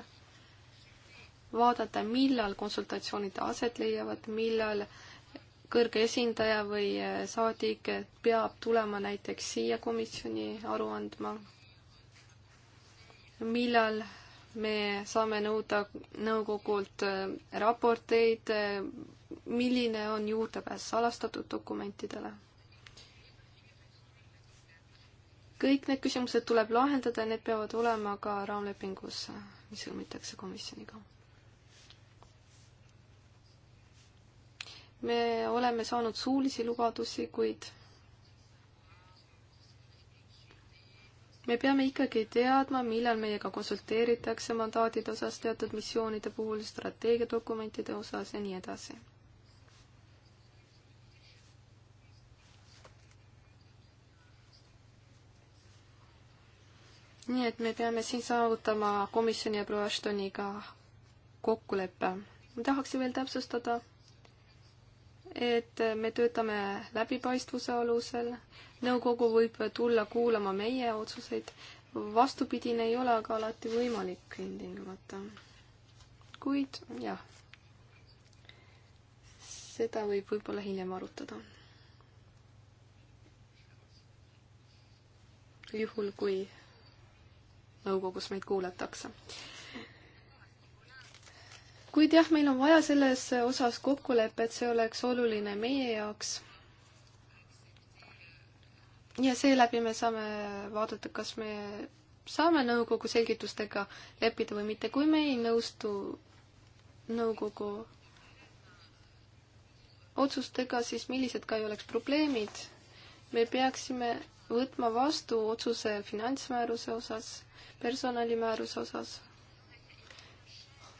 vaadata, millal konsultatsioonid aset leiavad, millal kõrge esindaja või äh, saadik peab tulema näiteks siia komisjoni aru andma, millal me saame nõuda nõukogult raporteid, milline on juurdepääs salastatud dokumentidele kõik need küsimused tuleb lahendada ja need peavad olema ka raamlepingus, mis sõlmitakse komisjoniga. me oleme saanud suulisi lubadusi, kuid me peame ikkagi teadma, millal meiega konsulteeritakse mandaatide osas teatud missioonide puhul, strateegiadokumentide osas ja nii edasi nii et me peame siin saavutama komisjoni ja proua Ashtoniga kokkuleppe. ma tahaksin veel täpsustada, et me töötame läbipaistvuse alusel, nõukogu võib tulla kuulama meie otsuseid, vastupidine ei ole aga alati võimalik ilmtingimata. kuid jah, seda võib võib-olla hiljem arutada juhul, kui nõukogus meid kuulatakse. kuid jah, meil on vaja selles osas kokkulepet, see oleks oluline meie jaoks. ja seeläbi me saame vaadata, kas me saame nõukogu selgitustega leppida või mitte, kui me ei nõustu nõukogu otsustega, siis millised ka ei oleks probleemid, me peaksime võtma vastu otsuse finantsmääruse osas, personalimääruse osas.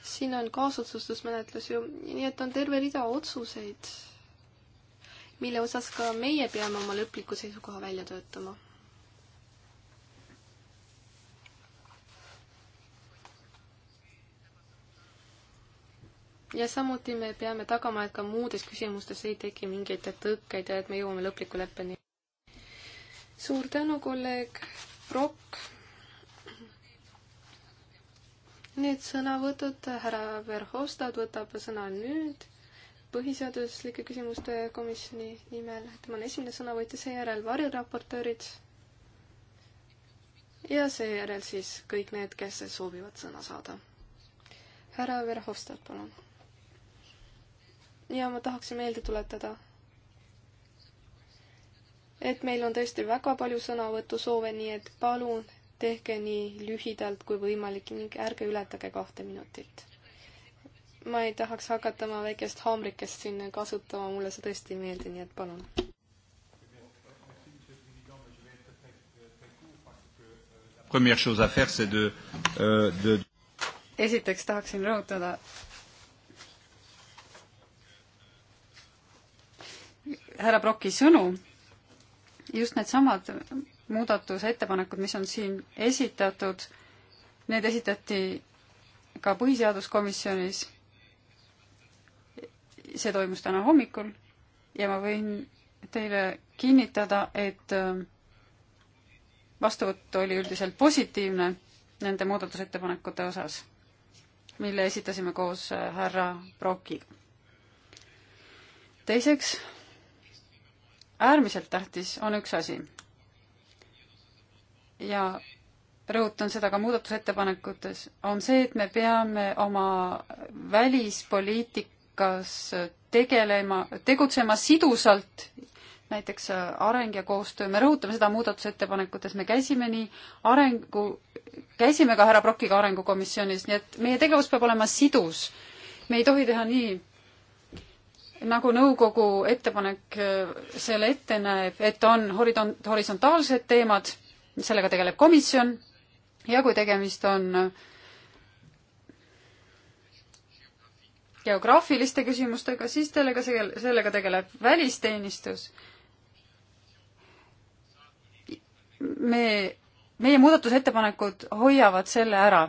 siin on kaasotsustusmenetlus ju, nii et on terve rida otsuseid, mille osas ka meie peame oma lõpliku seisukoha välja töötama. ja samuti me peame tagama, et ka muudes küsimustes ei teki mingeid tõkkeid ja et me jõuame lõpliku leppeni suur tänu, kolleeg Brock. Need sõnavõtud, härra Verhofstadt võtab sõna nüüd põhiseaduslike küsimuste komisjoni nimel, tema on esimene sõnavõtja, seejärel variraportöörid ja seejärel siis kõik need, kes soovivad sõna saada. härra Verhofstadt, palun. ja ma tahaksin meelde tuletada, et meil on tõesti väga palju sõnavõtusoove, nii et palun tehke nii lühidalt kui võimalik ning ärge ületage kahte minutit. ma ei tahaks hakata oma väikest haamrikest siin kasutama, mulle see tõesti ei meeldi, nii et palun. Euh, esiteks tahaksin rõhutada, härra Broki sõnu, just needsamad muudatusettepanekud, mis on siin esitatud, need esitati ka põhiseaduskomisjonis. see toimus täna hommikul ja ma võin teile kinnitada, et äh, vastuvõtt oli üldiselt positiivne nende muudatusettepanekute osas, mille esitasime koos äh, härra Brokiga. teiseks äärmiselt tähtis on üks asi. ja rõhutan seda ka muudatusettepanekutes, on see, et me peame oma välispoliitikas tegelema, tegutsema sidusalt, näiteks areng ja koostöö, me rõhutame seda muudatusettepanekutes, me käisime nii arengu, käisime ka härra Brokiga Arengukomisjonis, nii et meie tegevus peab olema sidus. me ei tohi teha nii, nagu nõukogu ettepanek äh, selle ette näeb, et on horisont, horisontaalsed teemad, sellega tegeleb komisjon ja kui tegemist on äh, geograafiliste küsimustega, siis sellega, sellega tegeleb välisteenistus. me, meie muudatusettepanekud hoiavad selle ära.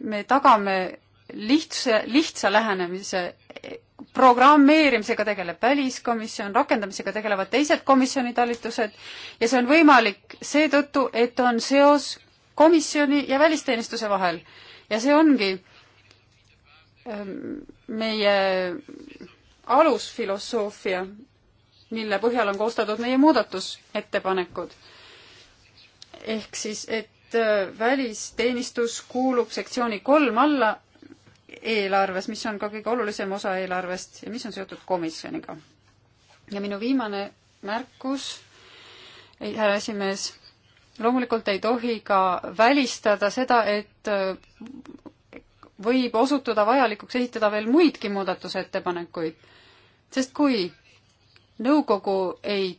me tagame lihtsa, lihtsa lähenemise programmeerimisega tegeleb väliskomisjon, rakendamisega tegelevad teised komisjoni talitused ja see on võimalik seetõttu, et on seos komisjoni ja välisteenistuse vahel. ja see ongi ähm, meie alusfilosoofia, mille põhjal on koostatud meie muudatusettepanekud. ehk siis, et äh, välisteenistus kuulub sektsiooni kolm alla eelarves, mis on ka kõige olulisem osa eelarvest ja mis on seotud komisjoniga. ja minu viimane märkus, härra esimees, loomulikult ei tohi ka välistada seda, et äh, võib osutuda vajalikuks esitada veel muidki muudatusettepanekuid, sest kui nõukogu ei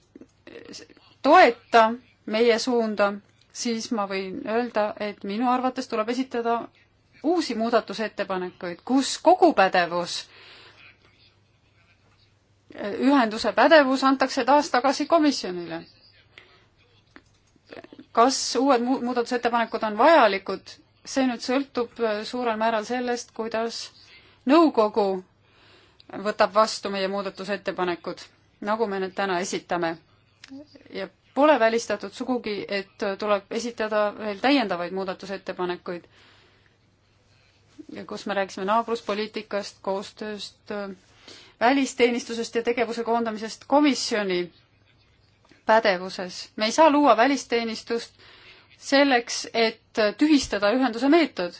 toeta meie suunda, siis ma võin öelda, et minu arvates tuleb esitada uusi muudatusettepanekuid, kus kogu pädevus, ühenduse pädevus antakse taas tagasi komisjonile. kas uued muudatusettepanekud on vajalikud, see nüüd sõltub äh, suurel määral sellest, kuidas nõukogu võtab vastu meie muudatusettepanekud, nagu me need täna esitame. ja pole välistatud sugugi, et tuleb esitada veel täiendavaid muudatusettepanekuid kus me rääkisime naabruspoliitikast, koostööst, äh, välisteenistusest ja tegevuse koondamisest komisjoni pädevuses. me ei saa luua välisteenistust selleks, et äh, tühistada ühenduse meetod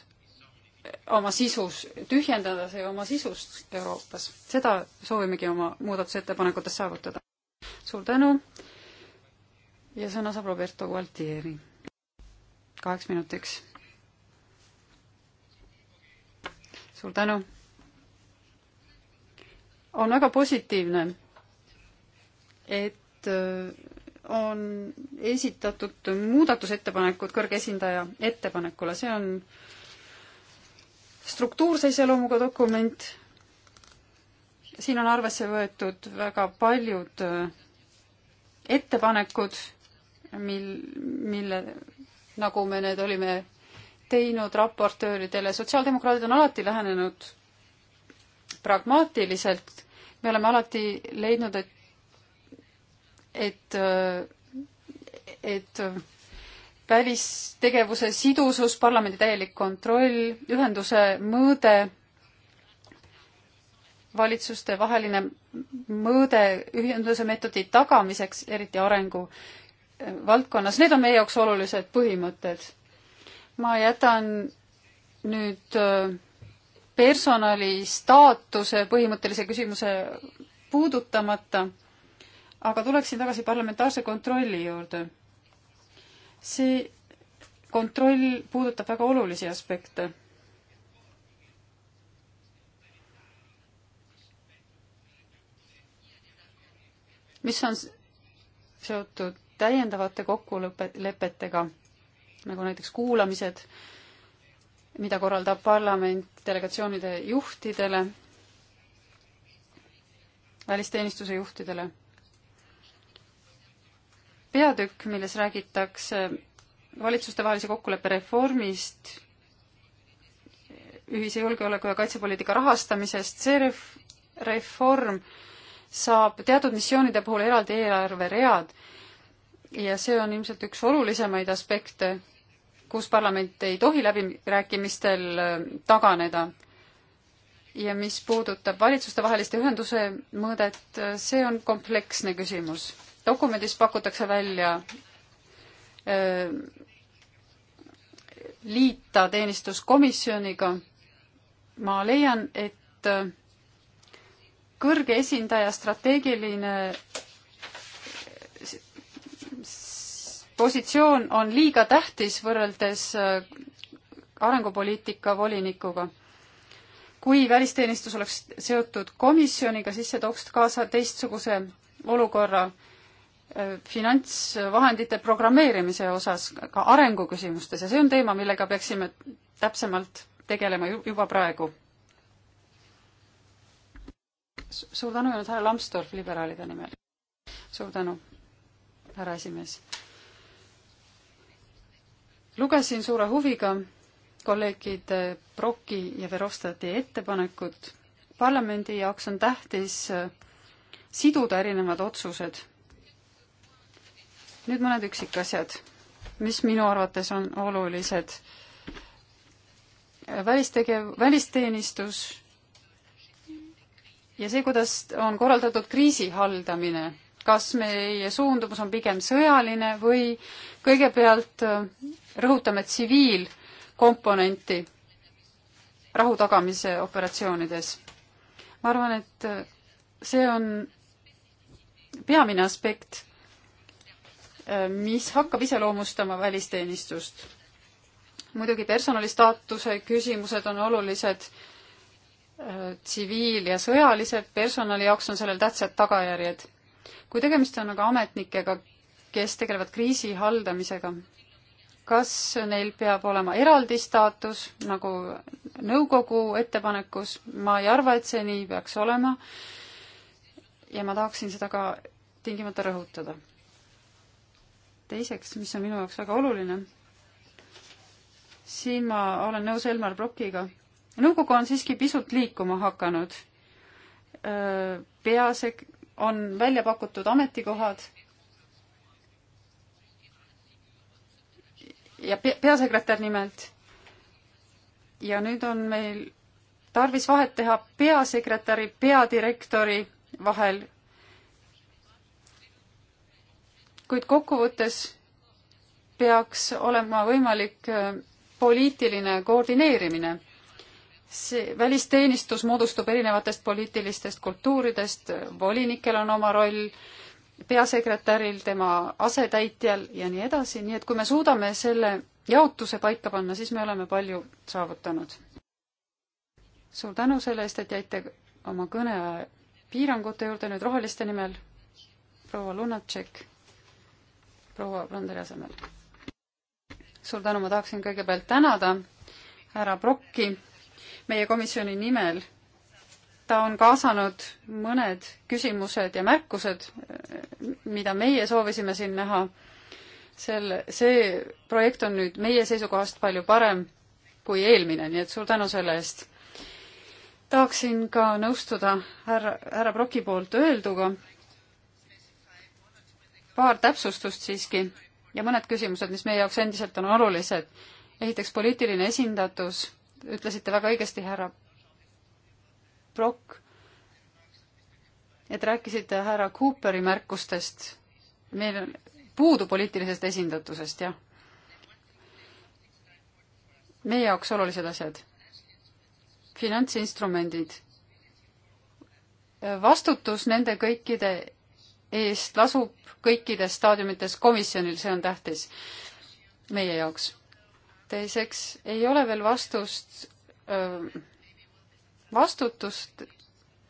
oma sisus, tühjendada see oma sisust Euroopas. seda soovimegi oma muudatusettepanekutes saavutada. suur tänu ja sõna saab Roberto Gualtieri kaheks minutiks suur tänu. on väga positiivne, et äh, on esitatud muudatusettepanekud kõrge esindaja ettepanekule, see on struktuurse iseloomuga dokument, siin on arvesse võetud väga paljud äh, ettepanekud, mil, mille, nagu me need olime teinud raportööridele, sotsiaaldemokraadid on alati lähenenud pragmaatiliselt, me oleme alati leidnud, et et, et välistegevuse sidusus, parlamendi täielik kontroll, ühenduse mõõde, valitsuste vaheline mõõde ühenduse meetodi tagamiseks, eriti arengu valdkonnas, need on meie jaoks olulised põhimõtted ma jätan nüüd äh, personali staatuse põhimõttelise küsimuse puudutamata, aga tuleksin tagasi parlamentaarse kontrolli juurde. see kontroll puudutab väga olulisi aspekte. mis on seotud täiendavate kokkulepetega nagu näiteks kuulamised, mida korraldab parlament delegatsioonide juhtidele, välisteenistuse juhtidele. peatükk, milles räägitakse valitsustevahelise kokkuleppe reformist, ühise julgeoleku ja kaitsepoliitika rahastamisest, see ref-, reform saab teatud missioonide puhul eraldi eelarveread ja see on ilmselt üks olulisemaid aspekte kus parlament ei tohi läbirääkimistel äh, taganeda. ja mis puudutab valitsustevaheliste ühenduse mõõdet, äh, see on kompleksne küsimus. dokumendis pakutakse välja öö, äh, liita teenistuskomisjoniga. ma leian, et kõrge esindaja strateegiline positsioon on liiga tähtis võrreldes äh, arengupoliitika volinikuga. kui välisteenistus oleks seotud komisjoniga, siis see tooks kaasa teistsuguse olukorra äh, finantsvahendite programmeerimise osas, ka arenguküsimustes ja see on teema, millega peaksime täpsemalt tegelema juba praegu. suur tänu ja nüüd härra Lambsdorff liberaalide nimel. suur tänu, härra esimees lugesin suure huviga kolleegide Broki ja Verhofstadti ettepanekut. parlamendi jaoks on tähtis äh, siduda erinevad otsused. nüüd mõned üksikasjad, mis minu arvates on olulised. välistegev, välisteenistus ja see, kuidas on korraldatud kriisi haldamine kas meie suundumus on pigem sõjaline või kõigepealt äh, rõhutame tsiviilkomponenti rahu tagamise operatsioonides. ma arvan, et äh, see on peamine aspekt, äh, mis hakkab iseloomustama välisteenistust. muidugi personali staatuse küsimused on olulised, tsiviil- ja sõjalised, personali jaoks on sellel tähtsad tagajärjed kui tegemist on aga ametnikega, kes tegelevad kriisi haldamisega, kas neil peab olema eraldi staatus, nagu nõukogu ettepanekus, ma ei arva, et see nii peaks olema. ja ma tahaksin seda ka tingimata rõhutada. teiseks, mis on minu jaoks väga oluline, siin ma olen nõus Elmar Brokiga, nõukogu on siiski pisut liikuma hakanud. Peasek-, on välja pakutud ametikohad ja pe peasekretär nimelt. ja nüüd on meil tarvis vahet teha peasekretäri, peadirektori vahel. kuid kokkuvõttes peaks olema võimalik äh, poliitiline koordineerimine see välisteenistus moodustub erinevatest poliitilistest kultuuridest, volinikel on oma roll, peasekretäril, tema asetäitjal ja nii edasi, nii et kui me suudame selle jaotuse paika panna, siis me oleme palju saavutanud. suur tänu selle eest, et jäite oma kõne piirangute juurde nüüd roheliste nimel. proua Lunatšek, proua Branderi asemel. suur tänu, ma tahaksin kõigepealt tänada härra Brokki meie komisjoni nimel. ta on kaasanud mõned küsimused ja märkused, mida meie soovisime siin näha. selle, see projekt on nüüd meie seisukohast palju parem kui eelmine, nii et suur tänu selle eest. tahaksin ka nõustuda härra, härra Broki poolt öelduga. paar täpsustust siiski ja mõned küsimused, mis meie jaoks endiselt on olulised. esiteks poliitiline esindatus ütlesite väga õigesti, härra Brock, et rääkisite härra Cooperi märkustest. meil on puudu poliitilisest esindatusest, jah. meie jaoks olulised asjad. finantsinstrumendid, vastutus nende kõikide eest lasub kõikides staadiumites komisjonil, see on tähtis meie jaoks teiseks ei ole veel vastust, vastutust,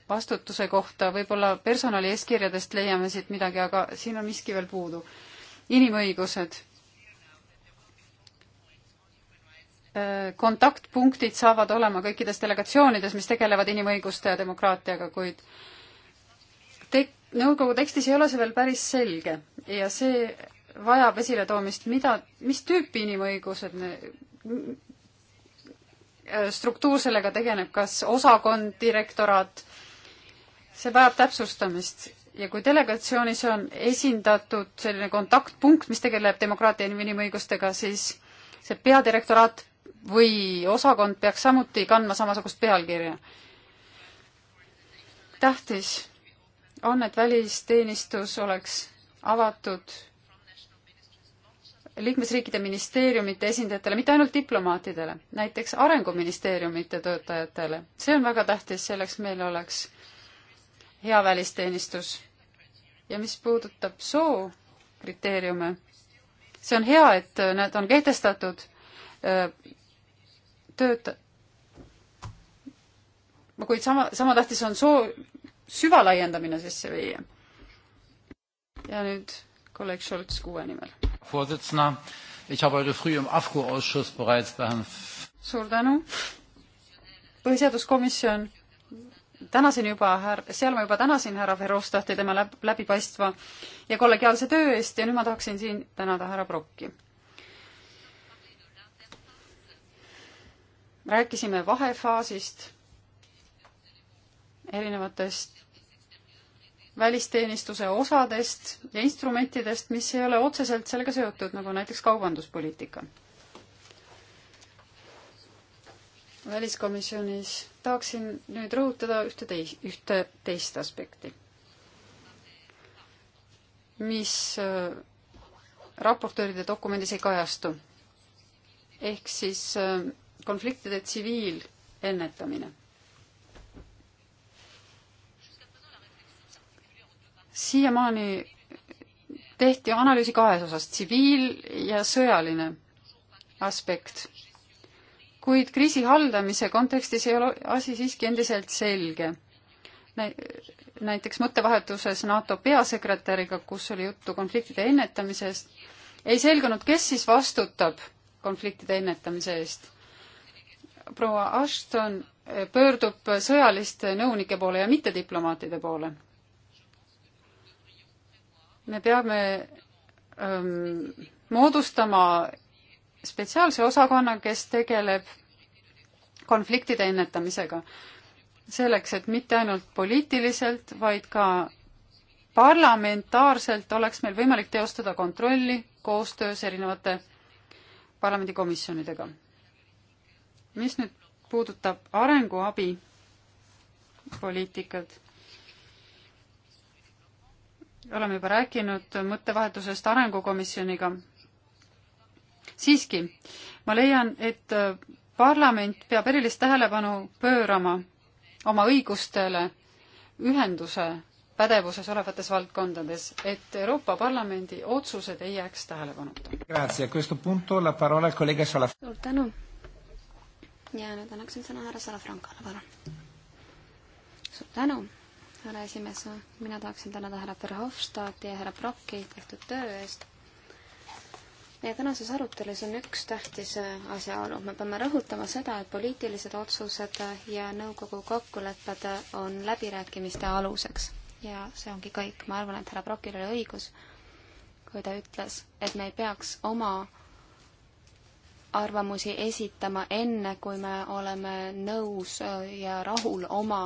vastutuse kohta, võib-olla personali eeskirjadest leiame siit midagi, aga siin on miski veel puudu. inimõigused. kontaktpunktid saavad olema kõikides delegatsioonides, mis tegelevad inimõiguste ja demokraatiaga, kuid tek-, nõukogu tekstis ei ole see veel päris selge ja see vajab esiletoomist, mida, mis tüüpi inimõigused me, struktuur sellega tegeleb, kas osakond, direktoraat, see vajab täpsustamist ja kui delegatsioonis on esindatud selline kontaktpunkt, mis tegeleb demokraatia ja inimõigustega, siis see peadirektoraat või osakond peaks samuti kandma samasugust pealkirja. tähtis on, et välisteenistus oleks avatud liikmesriikide ministeeriumite esindajatele, mitte ainult diplomaatidele, näiteks arenguministeeriumite töötajatele. see on väga tähtis, selleks meil oleks hea välisteenistus. ja mis puudutab soo kriteeriume, see on hea, et need on kehtestatud äh, tööta-, kuid sama, sama tähtis on soo süvalaiendamine sisse viia. ja nüüd kolleeg Scholz kuue nimel Vorsitzender. Ich habe heute früh im AFCO-Ausschuss bereits bei Herrn suur tänu. põhiseaduskomisjon, tänasin juba här-, seal ma juba tänasin härra Verhofstadti tema läb-, läbipaistva ja kollegiaalse töö eest ja nüüd ma tahaksin siin tänada härra Brokki. rääkisime vahefaasist, erinevatest välisteenistuse osadest ja instrumentidest, mis ei ole otseselt sellega seotud, nagu näiteks kaubanduspoliitika. väliskomisjonis tahaksin nüüd rõhutada ühte teis-, ühte teist aspekti, mis äh, raportööride dokumendis ei kajastu. ehk siis äh, konfliktide tsiviilennetamine siiamaani tehti analüüsi kahes osas, tsiviil- ja sõjaline aspekt. kuid kriisi haldamise kontekstis ei ole asi siiski endiselt selge. näiteks mõttevahetuses NATO peasekretäriga, kus oli juttu konfliktide ennetamisest, ei selgunud, kes siis vastutab konfliktide ennetamise eest. proua Ashton pöördub sõjaliste nõunike poole ja mitte diplomaatide poole me peame ähm, moodustama spetsiaalse osakonna, kes tegeleb konfliktide ennetamisega. selleks, et mitte ainult poliitiliselt, vaid ka parlamentaarselt oleks meil võimalik teostada kontrolli koostöös erinevate parlamendikomisjonidega. mis nüüd puudutab arenguabi poliitikat oleme juba rääkinud mõttevahetusest Arengukomisjoniga. siiski, ma leian, et parlament peab erilist tähelepanu pöörama oma õigustele ühenduse pädevuses olevates valdkondades, et Euroopa Parlamendi otsused ei jääks tähelepanuta. suur tänu. ja nüüd annaksin sõna härra Salafrankale, palun. suur tänu härra esimees. mina tahaksin tänada härra Verhofstadti ja härra Brocki tehtud töö eest. meie tänases arutelus on üks tähtis asjaolu. me peame rõhutama seda, et poliitilised otsused ja nõukogu kokkulepped on läbirääkimiste aluseks. ja see ongi kõik. ma arvan, et härra Brockil oli õigus, kui ta ütles, et me ei peaks oma arvamusi esitama enne, kui me oleme nõus ja rahul oma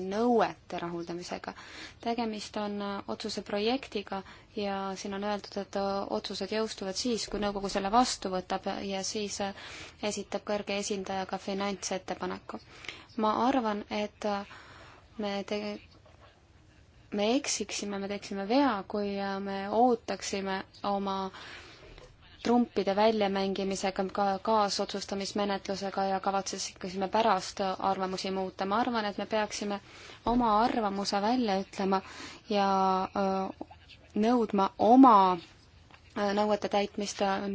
nõuete rahuldamisega. tegemist on äh, otsuse projektiga ja siin on öeldud, et äh, otsused jõustuvad siis, kui nõukogu selle vastu võtab ja siis äh, esitab kõrge esindaja ka finantsettepaneku. ma arvan, et me te-, me eksiksime, me teeksime vea, kui me ootaksime oma äh, trumpide väljamängimisega, ka kaasotsustamismenetlusega ja kavatsesime pärast arvamusi muuta. ma arvan, et me peaksime oma arvamuse välja ütlema ja äh, nõudma oma äh, nõuete täitmist, äh,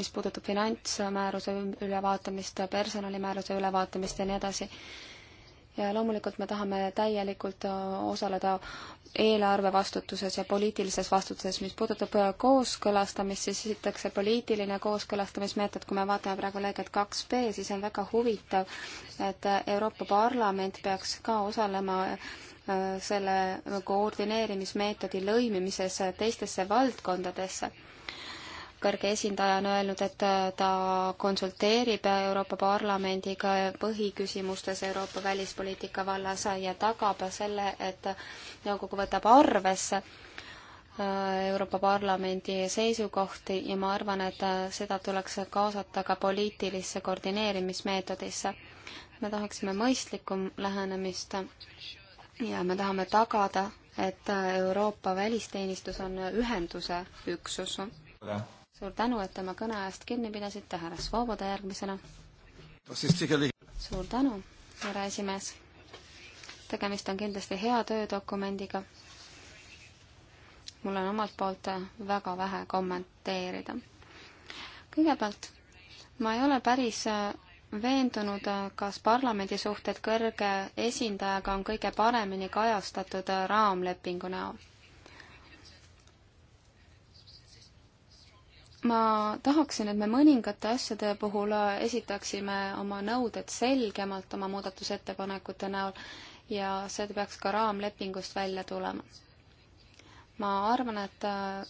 mis puudutab finantsmääruse ülevaatamist, personalimääruse ülevaatamist ja nii edasi ja loomulikult me tahame täielikult äh, osaleda eelarvevastutuses ja poliitilises vastutuses. mis puudutab äh, kooskõlastamist, siis esiteks see poliitiline kooskõlastamismeetod, kui me vaatame praegu lõiget kaks B, siis on väga huvitav, et äh, Euroopa Parlament peaks ka osalema selle koordineerimismeetodi lõimimises teistesse valdkondadesse kõrge esindaja on öelnud, et äh, ta konsulteerib Euroopa Parlamendiga põhiküsimustes Euroopa välispoliitika vallas ja tagab selle, et nõukogu võtab arvesse äh, Euroopa Parlamendi seisukohti ja ma arvan, et äh, seda tuleks kaasata ka poliitilisse koordineerimismeetodisse. me tahaksime mõistlikum lähenemist ja me tahame tagada, et Euroopa välisteenistus on ühenduse üksus suur tänu, et oma kõne ajast kinni pidasite, härra Svoboda järgmisena. suur tänu, härra esimees. tegemist on kindlasti hea töödokumendiga. mul on omalt poolt väga vähe kommenteerida. kõigepealt, ma ei ole päris veendunud, kas parlamendi suhted kõrge esindajaga on kõige paremini kajastatud raamlepingu näol ma tahaksin, et me mõningate asjade puhul esitaksime oma nõuded selgemalt oma muudatusettepanekute näol ja see peaks ka raamlepingust välja tulema. ma arvan, et äh,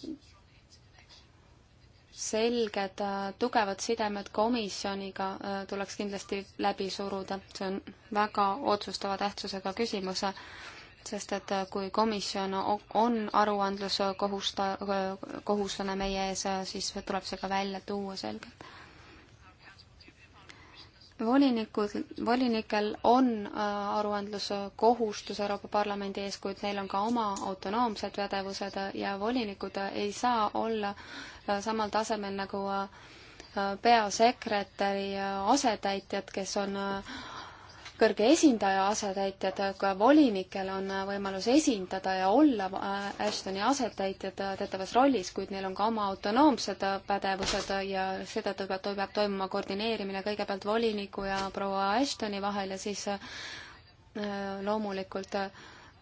selged äh, tugevad sidemed komisjoniga äh, tuleks kindlasti läbi suruda, see on väga otsustava tähtsusega küsimus sest et äh, kui komisjon on aruandluskohusta-, äh, kohuslane meie ees, äh, siis tuleb see ka välja tuua selgelt. volinikud, volinikel on aruandluskohustus Euroopa Parlamendi ees, kuid neil on ka oma autonoomsed pädevused ja volinikud ei saa olla samal tasemel nagu peasekretäri asetäitjad, kes on kõrge esindaja asetäitjad, ka volinikel on äh, võimalus esindada ja olla äh, Ashtoni asetäitjad äh, teatavas rollis, kuid neil on ka oma autonoomsed pädevused ja seetõttu peab, peab toimuma koordineerimine kõigepealt voliniku ja proua Ashtoni vahel ja siis loomulikult äh,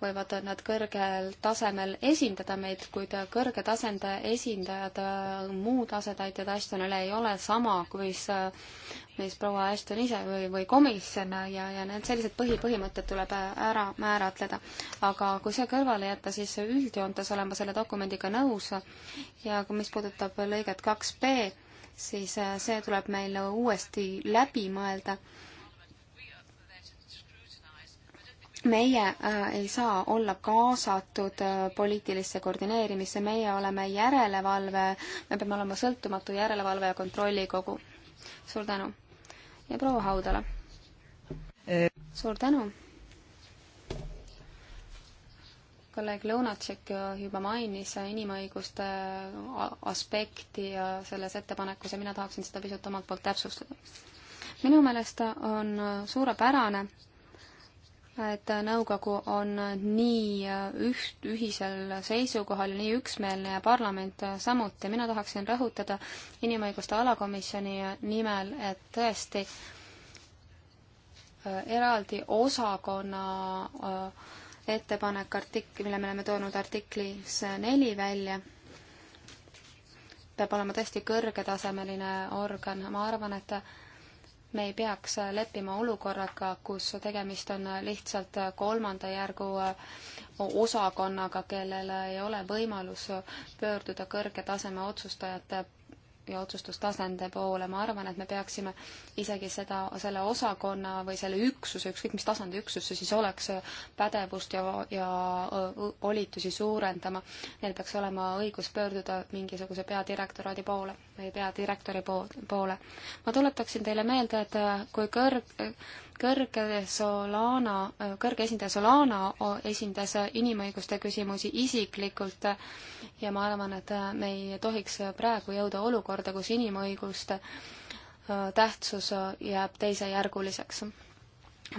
võivad nad kõrgel tasemel esindada meid, kuid kõrge taseme esindajad, muud asetäitjad Ashtonile ei ole sama, kui mis proua Ashton ise või, või komisjon ja, ja need sellised põhipõhimõtted tuleb ära määratleda. aga kui see kõrvale jätta, siis üldjoontes olen ma selle dokumendiga nõus ja mis puudutab lõiget kaks B, siis see tuleb meil uuesti läbi mõelda meie äh, ei saa olla kaasatud äh, poliitilisse koordineerimisse, meie oleme järelevalve, me peame olema sõltumatu järelevalve ja kontrollikogu. suur tänu. ja proua Haudala. suur tänu. kolleeg Lõunatšek juba mainis inimõiguste äh, aspekti ja selles ettepanekus ja mina tahaksin seda pisut omalt poolt täpsustada. minu meelest on äh, suurepärane, et nõukogu on nii üht, ühisel seisukohal ja nii üksmeelne ja parlament samuti. mina tahaksin rõhutada inimõiguste alakomisjoni nimel, et tõesti äh, eraldi osakonna äh, ettepanek artik-, mille me oleme toonud artiklis neli välja, peab olema tõesti kõrgetasemeline organ, ma arvan, et me ei peaks leppima olukorraga, kus tegemist on lihtsalt kolmanda järgu äh, osakonnaga, kellel ei ole võimalus pöörduda kõrge taseme otsustajate ja otsustustasande poole, ma arvan, et me peaksime isegi seda, selle osakonna või selle üksuse, ükskõik mis tasandi üksus see siis oleks, pädevust ja, ja volitusi suurendama. Neil peaks olema õigus pöörduda mingisuguse peadirektoraadi poole ei pea direktori poole. ma tuletaksin teile meelde, et äh, kui kõrg, kõrge Solana, äh, kõrge esindaja Solana esindas äh, inimõiguste küsimusi isiklikult ja ma arvan, et me ei tohiks praegu jõuda olukorda, kus inimõiguste tähtsus jääb teisejärguliseks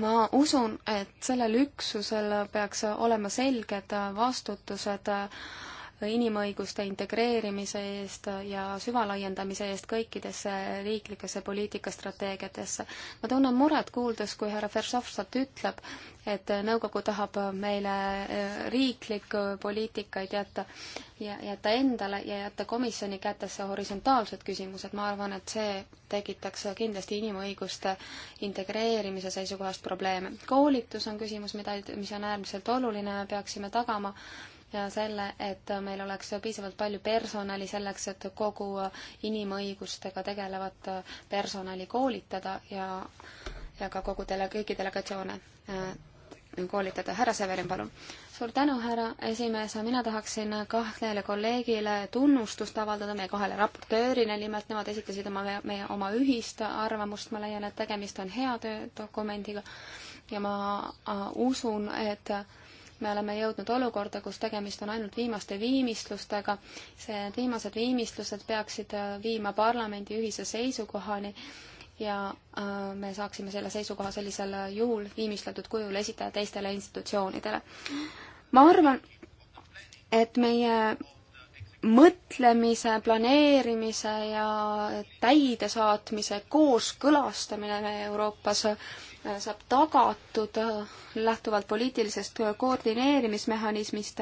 ma usun, et sellel üksusel peaks olema selged vastutused inimõiguste integreerimise eest ja süvalaiendamise eest kõikidesse riiklikesse poliitikastrateegiatesse. ma tunnen muret kuuldes, kui härra Versovsat ütleb, et nõukogu tahab meile eh, riiklikku poliitikaid jätta, jätta endale ja jätta komisjoni kätesse horisontaalsed küsimused, ma arvan, et see tekitaks kindlasti inimõiguste integreerimise seisukohast probleeme. koolitus on küsimus, mida, mis on äärmiselt oluline, me peaksime tagama, ja selle, et meil oleks piisavalt palju personali selleks, et kogu inimõigustega tegelevat personali koolitada ja, ja ka kogu dele-, kõiki delegatsioone äh, koolitada. härra Severin, palun. suur tänu, härra esimees, mina tahaksin kahele kolleegile tunnustust avaldada, meie kahele raportöörile, nimelt nemad esitasid oma, meie oma ühist arvamust, ma leian, et tegemist on hea töödokumendiga ja ma äh, usun, et me oleme jõudnud olukorda, kus tegemist on ainult viimaste viimistlustega. see, need viimased viimistlused peaksid äh, viima parlamendi ühise seisukohani ja äh, me saaksime selle seisukoha sellisel juhul viimistletud kujul esitada teistele institutsioonidele. ma arvan, et meie mõtlemise, planeerimise ja täidesaatmise kooskõlastamine Euroopas saab tagatud äh, lähtuvalt poliitilisest koordineerimismehhanismist.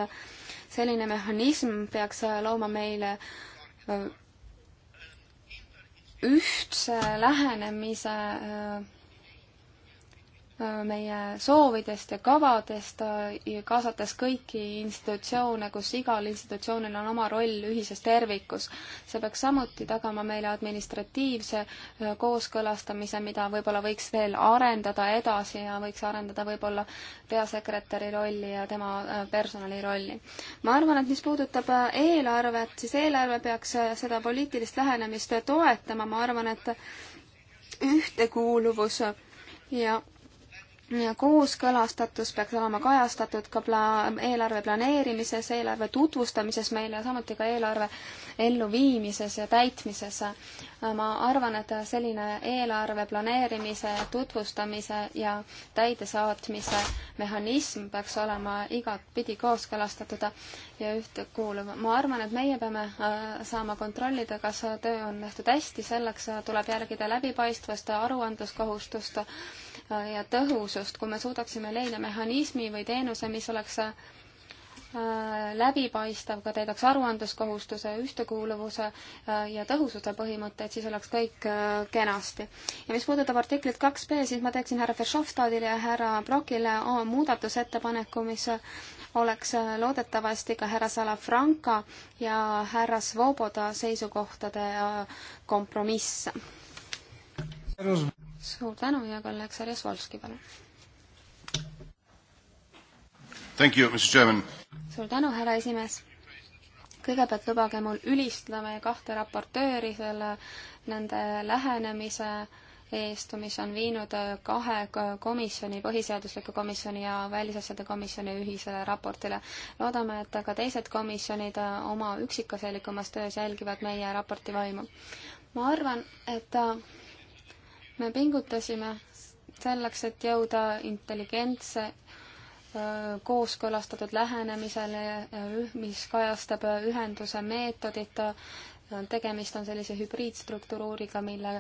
selline mehhanism peaks äh, looma meile äh, ühtse lähenemise meie soovidest ja kavadest, äh, kaasates kõiki institutsioone, kus igal institutsioonil on oma roll ühises tervikus. see peaks samuti tagama meile administratiivse äh, kooskõlastamise, mida võib-olla võiks veel arendada edasi ja võiks arendada võib-olla peasekretäri rolli ja tema äh, personali rolli. ma arvan, et mis puudutab eelarvet, siis eelarve peaks seda poliitilist lähenemist toetama, ma arvan, et ühtekuuluvus ja kooskõlastatus peaks olema kajastatud ka pla-, eelarve planeerimises, eelarve tutvustamises meile ja samuti ka eelarve elluviimises ja täitmises. ma arvan, et selline eelarve planeerimise, tutvustamise ja täidesaatmise mehhanism peaks olema igatpidi kooskõlastatud ja ühtekuuluv. ma arvan, et meie peame äh, saama kontrollida, kas töö on tehtud hästi, selleks tuleb järgida läbipaistvust, aruandluskohustust äh, ja tõhusust tõhusust, kui me suudaksime leida mehhanismi või teenuse, mis oleks äh, läbipaistev, ka täidaks aruandluskohustuse, ühtekuuluvuse äh, ja tõhususe põhimõtteid, siis oleks kõik äh, kenasti. ja mis puudutab artiklit kaks B, siis ma teeksin härra Verhofstadile ja härra Brokile muudatusettepaneku, mis oleks loodetavasti ka härra Salafranca ja härra Svoboda seisukohtade kompromiss. suur tänu ja kolleeg Sarjas Volski, palun suur tänu, härra esimees. kõigepealt lubage mul ülistada meie kahte raportööri selle, nende lähenemise eest, mis on viinud kahe komisjoni, põhiseadusliku komisjoni ja välisasjade komisjoni ühisele raportile. loodame, et ka teised komisjonid oma üksikasjalikumas töös jälgivad meie raporti vaimu. ma arvan, et me pingutasime selleks, et jõuda intelligentse kooskõlastatud lähenemisele, mis kajastab ühenduse meetodit. tegemist on sellise hübriidstruktuuriga, mille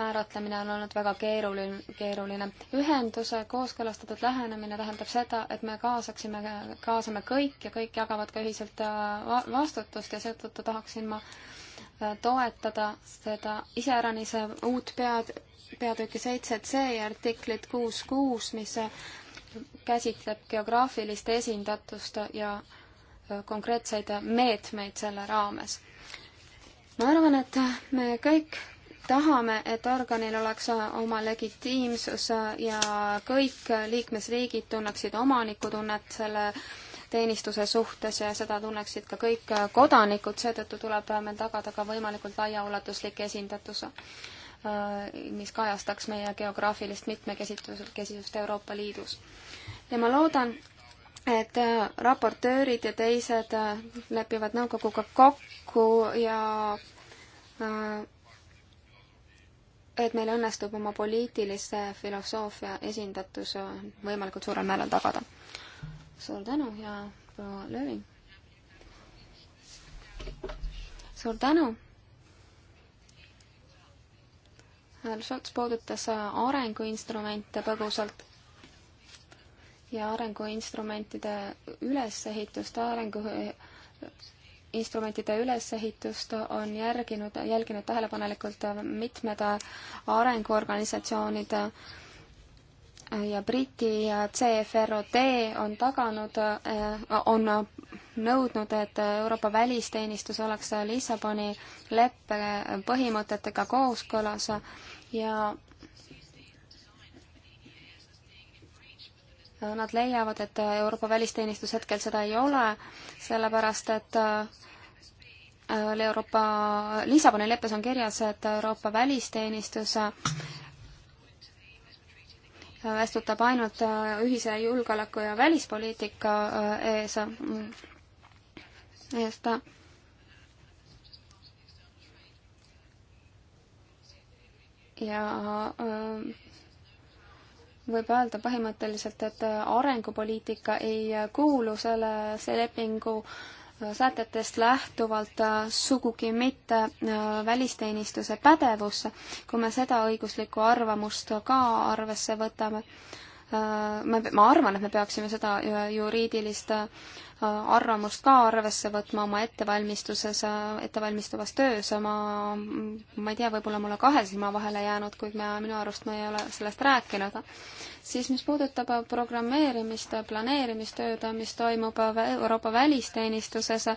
määratlemine on olnud väga keeruline, keeruline. ühenduse kooskõlastatud lähenemine tähendab seda, et me kaasaksime, kaasame kõik ja kõik jagavad ka ühiselt äh, vastutust ja seetõttu tahaksin ma äh, toetada seda iseäranis uut pead, peatüki seitse C artiklit kuus kuus, mis äh, käsitleb geograafilist esindatust ja äh, konkreetseid meetmeid selle raames. ma arvan, et me kõik tahame, et organil oleks äh, oma legitiimsus äh, ja kõik liikmesriigid tunneksid omanikutunnet selle teenistuse suhtes ja seda tunneksid ka kõik kodanikud, seetõttu tuleb meil tagada ka võimalikult laiaulatuslik esindatus, mis kajastaks meie geograafilist mitmekesitust Euroopa Liidus ja ma loodan, et äh, raportöörid ja teised äh, lepivad nõukoguga kokku ja äh, et meil õnnestub oma poliitilise filosoofia esindatus võimalikult suurel määral tagada. suur tänu ja proua Lööving! suur tänu! härra Šots puudutas arenguinstrumente põgusalt ja arenguinstrumentide ülesehitust, arengu instrumentide ülesehitust on järginud, jälginud tähelepanelikult mitmed arenguorganisatsioonid ja Briti CFROD on taganud, on nõudnud, et Euroopa välisteenistus oleks Lissaboni leppe põhimõtetega kooskõlas ja Nad leiavad, et Euroopa välisteenistus hetkel seda ei ole, sellepärast et äh, Euroopa, Lissaboni leppes on kirjas, et Euroopa välisteenistus äh, vastutab ainult äh, ühise julgeoleku ja välispoliitika ees, eest. ja võib öelda põhimõtteliselt, et arengupoliitika ei kuulu selle, see lepingu sätetest lähtuvalt sugugi mitte äh, välisteenistuse pädevusse, kui me seda õiguslikku arvamust ka arvesse võtame. Äh, me, ma arvan, et me peaksime seda äh, juriidilist arvamust ka arvesse võtma oma ettevalmistuses, ettevalmistuvas töös, oma, ma ei tea, võib-olla mul on kahe silma vahele jäänud, kuid me, minu arust me ei ole sellest rääkinud. siis mis puudutab programmeerimist, planeerimistööd, mis toimub Euroopa välisteenistuses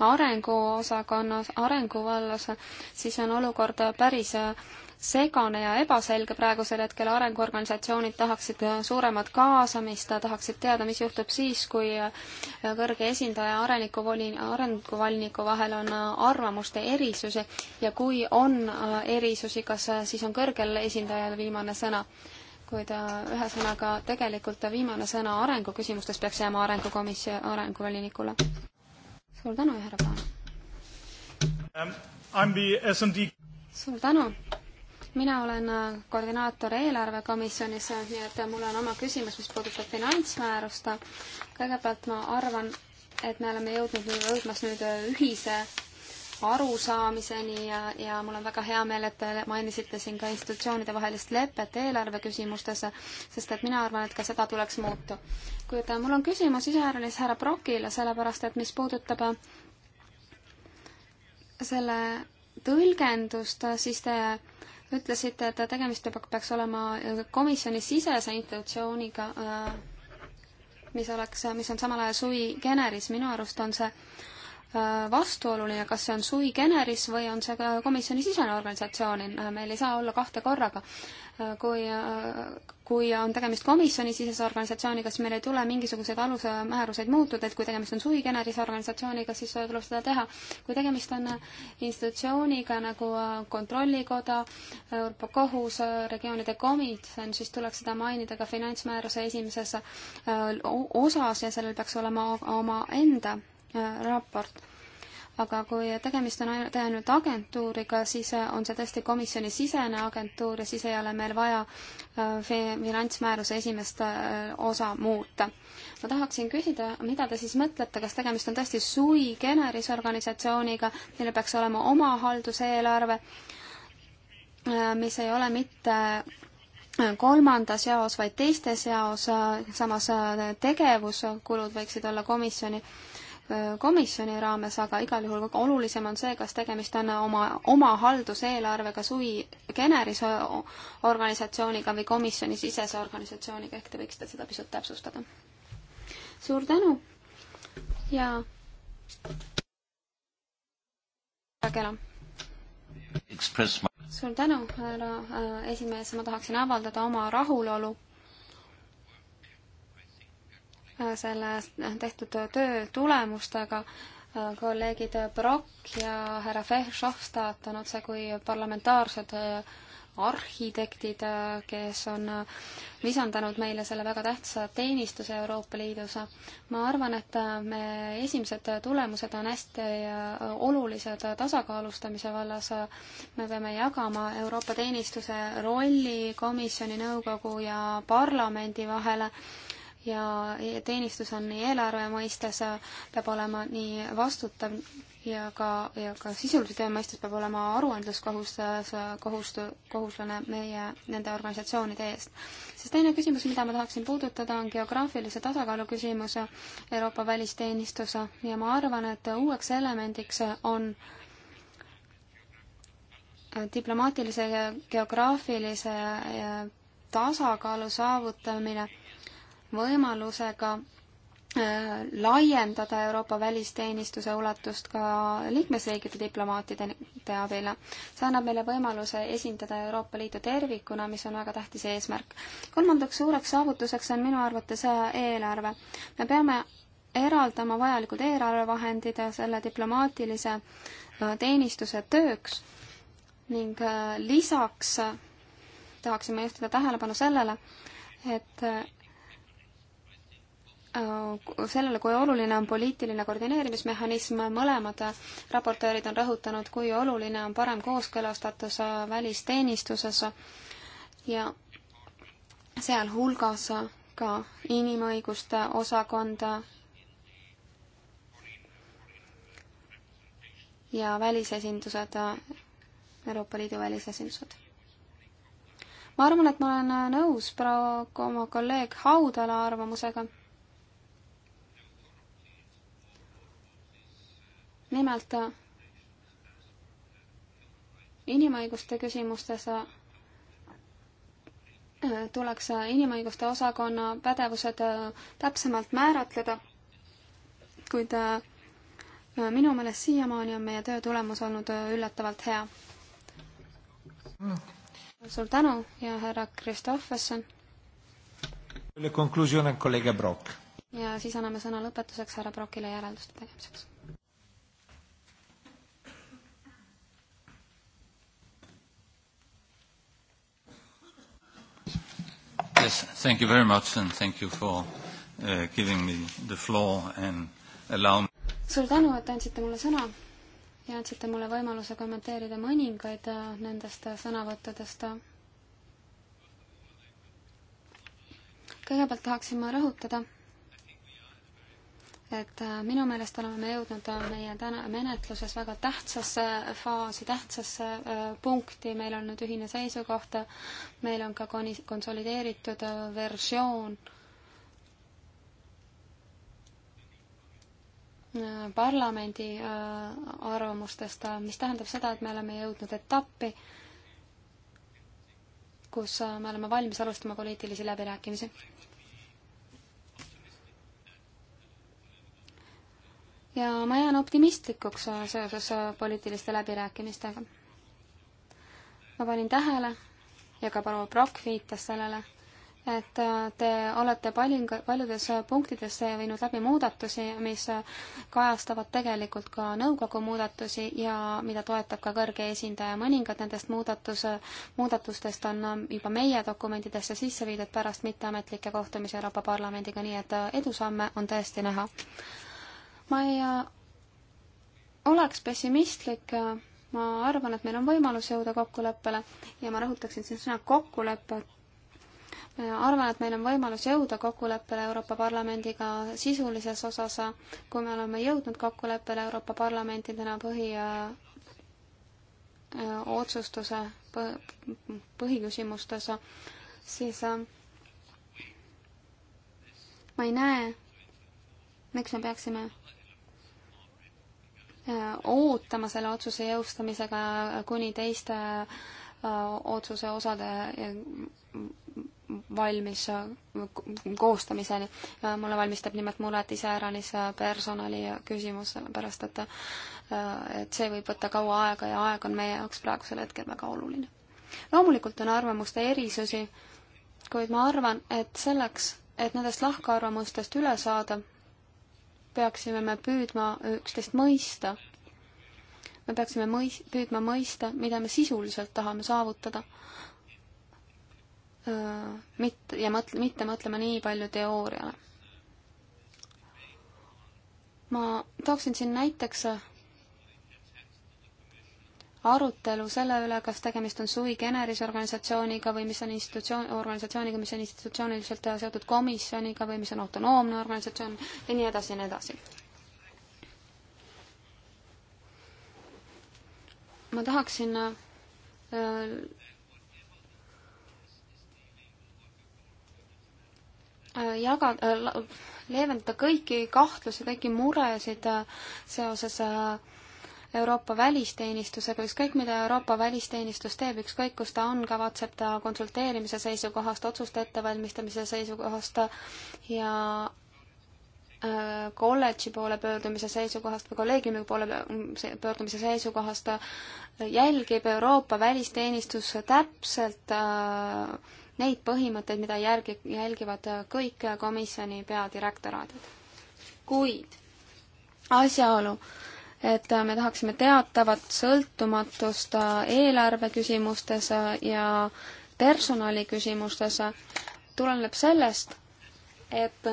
arenguosakonnas, arengu vallas, siis on olukord päris segane ja ebaselge praegusel hetkel, arenguorganisatsioonid tahaksid suuremat kaasamist, tahaksid teada, mis juhtub siis, kui kõrge esindaja arenguvoli, arenguvoliniku vahel on arvamuste erisusi ja kui on erisusi, kas siis on kõrgel esindajal viimane sõna? kuid ühesõnaga, tegelikult viimane sõna arenguküsimustes peaks jääma arengukomisjon, arenguvolinikule. suur tänu, härra Paan um,! suur tänu! mina olen äh, koordinaator eelarvekomisjonis, äh, nii et äh, mul on oma küsimus, mis puudutab finantsmäärust. kõigepealt ma arvan, et me oleme jõudnud nüüd, jõudmas nüüd ühise arusaamiseni ja, ja mul on väga hea meel, et te mainisite siin ka institutsioonide vahelist lepet eelarve küsimustes, sest et mina arvan, et ka seda tuleks muuta. kuid mul on küsimus iseäranis härra Brokile, sellepärast et mis puudutab selle tõlgendust, siis te ütlesite, et tegemist peaks olema komisjoni sisese institutsiooniga, äh, mis oleks, mis on samal ajal sui generis, minu arust on see äh, vastuoluline, kas see on sui generis või on see ka komisjoni sisene organisatsioon, meil ei saa olla kahte korraga kui, kui on tegemist komisjonisisese organisatsiooniga, siis meil ei tule mingisuguseid alusmääruseid muutuda, et kui tegemist on sui generis organisatsiooniga, siis tuleb seda teha. kui tegemist on institutsiooniga nagu Kontrollikoda, Euroopa Kohus, regioonide komisjon, siis tuleks seda mainida ka finantsmääruse esimeses osas ja sellel peaks olema omaenda raport aga kui tegemist on ainult, ainult agentuuriga, siis äh, on see tõesti komisjoni sisene agentuur ja siis ei ole meil vaja äh, finantsmääruse esimest äh, osa muuta. ma tahaksin küsida, mida te siis mõtlete, kas tegemist on tõesti sui generis organisatsiooniga, millel peaks olema oma halduseelarve, mis ei ole mitte kolmandas jaos, vaid teistes jaos, samas tegevuskulud võiksid olla komisjoni Äh, komisjoni raames, aga igal juhul kõige olulisem on see, kas tegemist on oma, oma halduseelarvega sui generis organisatsiooniga või komisjonisisese organisatsiooniga, ehk te võiksite seda pisut täpsustada. suur tänu ja kella. suur tänu, härra äh, esimees, ma tahaksin avaldada oma rahulolu selle tehtud töö tulemustega. kolleegid Brock ja härra Verhofstadt on otsekui parlamentaarsed arhitektid, kes on lisandanud meile selle väga tähtsa teenistuse Euroopa Liidus. ma arvan, et me esimesed tulemused on hästi olulised tasakaalustamise vallas. me peame jagama Euroopa teenistuse rolli komisjoni, nõukogu ja parlamendi vahele ja teenistus on nii eelarve mõistes, peab olema nii vastutav ja ka, ja ka sisulise töö mõistes peab olema aruandluskohustus, kohust-, kohuslane meie, nende organisatsioonide eest. siis teine küsimus, mida ma tahaksin puudutada, on geograafilise tasakaalu küsimus Euroopa välisteenistuse ja ma arvan, et uueks elemendiks on diplomaatilise ja geograafilise tasakaalu saavutamine võimalusega äh, laiendada Euroopa välisteenistuse ulatust ka liikmesriikide diplomaatide abil. see annab meile võimaluse esindada Euroopa Liitu tervikuna, mis on väga tähtis eesmärk. kolmandaks suureks saavutuseks on minu arvates eelarve. me peame eraldama vajalikud eelarvevahendid selle diplomaatilise äh, teenistuse tööks ning äh, lisaks tahaksime juhtida tähelepanu sellele, et Äh, sellele, kui oluline on poliitiline koordineerimismehhanism, mõlemad raportöörid on rõhutanud, kui oluline on parem kooskõlastatus äh, välisteenistuses ja sealhulgas ka inimõiguste osakonda ja välisesindused, Euroopa Liidu välisesindused ma arvan, et ma olen nõus praegu oma kolleeg Haudala arvamusega nimelt inimõiguste küsimustes äh, tuleks inimõiguste osakonna pädevused äh, täpsemalt määratleda, kuid äh, minu meelest siiamaani on meie töö tulemus olnud üllatavalt hea mm.. suur tänu ja härra Kristofferson. ja siis anname sõna lõpetuseks härra Brokile järelduste tegemiseks Yes, thank you very much and thank you for uh, giving me the floor and allow me suur tänu, et andsite mulle sõna ja andsite mulle võimaluse kommenteerida mõningaid äh, nendest sõnavõttudest. kõigepealt tahaksin ma rõhutada et äh, minu meelest oleme me jõudnud äh, meie täna menetluses väga tähtsasse äh, faasi, tähtsasse punkti, meil on nüüd ühine seisukoht, meil on ka konsolideeritud versioon parlamendi arvamustest, mis tähendab seda, et me oleme jõudnud etappi, kus me oleme valmis alustama poliitilisi läbirääkimisi ja ma jään optimistlikuks äh, seoses äh, poliitiliste läbirääkimistega. ma panin tähele ja ka proua Brock viitas sellele, et äh, te olete paljud, paljudes punktides viinud läbi muudatusi, mis kajastavad tegelikult ka nõukogu muudatusi ja mida toetab ka kõrge esindaja. mõningad nendest muudatus, muudatustest on juba meie dokumentidesse sisse viidud pärast mitteametlikke kohtumisi Euroopa Parlamendiga, nii et edusamme on tõesti näha ma ei äh, oleks pessimistlik, äh, ma arvan, et meil on võimalus jõuda kokkuleppele ja ma rõhutaksin siin sõna kokkulepe. Äh, arvan, et meil on võimalus jõuda kokkuleppele Euroopa Parlamendiga sisulises osas, kui me oleme jõudnud kokkuleppele Euroopa Parlamentidena põhi otsustuse põhiküsimustes, siis ma ei näe, miks me peaksime Äh, ootama selle otsuse jõustamisega kuni teiste äh, otsuse osade äh, valmis koostamiseni. mulle valmistab nimelt muret iseäranis personali küsimus, sellepärast et, et see võib võtta kaua aega ja aeg on meie jaoks praegusel hetkel väga oluline. loomulikult on arvamuste erisusi, kuid ma arvan, et selleks, et nendest lahkarvamustest üle saada, peaksime me püüdma üksteist mõista. me peaksime mõis-, püüdma mõista, mida me sisuliselt tahame saavutada. Mitte, ja mõtle, mitte mõtlema nii palju teooriale. ma tooksin siin näiteks arutelu selle üle, kas tegemist on sui generis organisatsiooniga või mis on institutsioon, organisatsiooniga, mis on institutsiooniliselt seotud komisjoniga või mis on autonoomne organisatsioon ja nii edasi ja nii edasi. ma tahaksin äh, äh, jaga-, äh, leevendada kõiki kahtlusi, kõiki muresid seoses äh, Euroopa välisteenistusega, ükskõik mida Euroopa välisteenistus teeb, ükskõik kus ta on, kavatseb ta konsulteerimise seisukohast, otsuste ettevalmistamise seisukohast ja äh, kolledži poole pöördumise seisukohast või kolleegiumi poole mm, pöördumise seisukohast äh, jälgib Euroopa välisteenistus täpselt äh, neid põhimõtteid, mida järgi, jälgivad kõik komisjoni peadirektoraadid. kuid asjaolu, et me tahaksime teatavat sõltumatust äh, eelarve küsimustes äh, ja personali küsimustes, äh, tuleneb sellest, et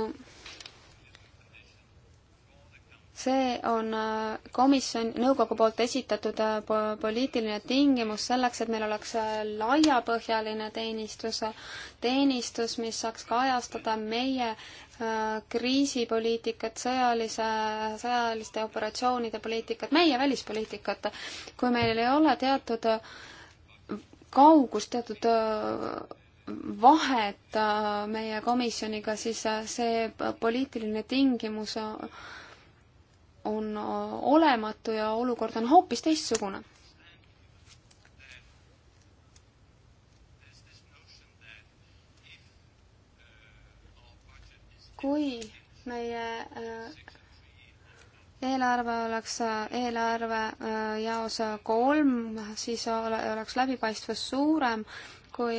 see on äh, komisjon, nõukogu poolt esitatud äh, poliitiline tingimus selleks, et meil oleks äh, laiapõhjaline teenistus, teenistus, mis saaks kajastada ka meie kriisipoliitikat, sõjalise, sõjaliste operatsioonide poliitikat, meie välispoliitikat. kui meil ei ole teatud kaugust, teatud vahet meie komisjoniga, siis see poliitiline tingimus on äh, olematu ja olukord on hoopis teistsugune. kui meie äh, eelarve oleks äh, eelarve jaos kolm, siis oleks läbipaistvus suurem kui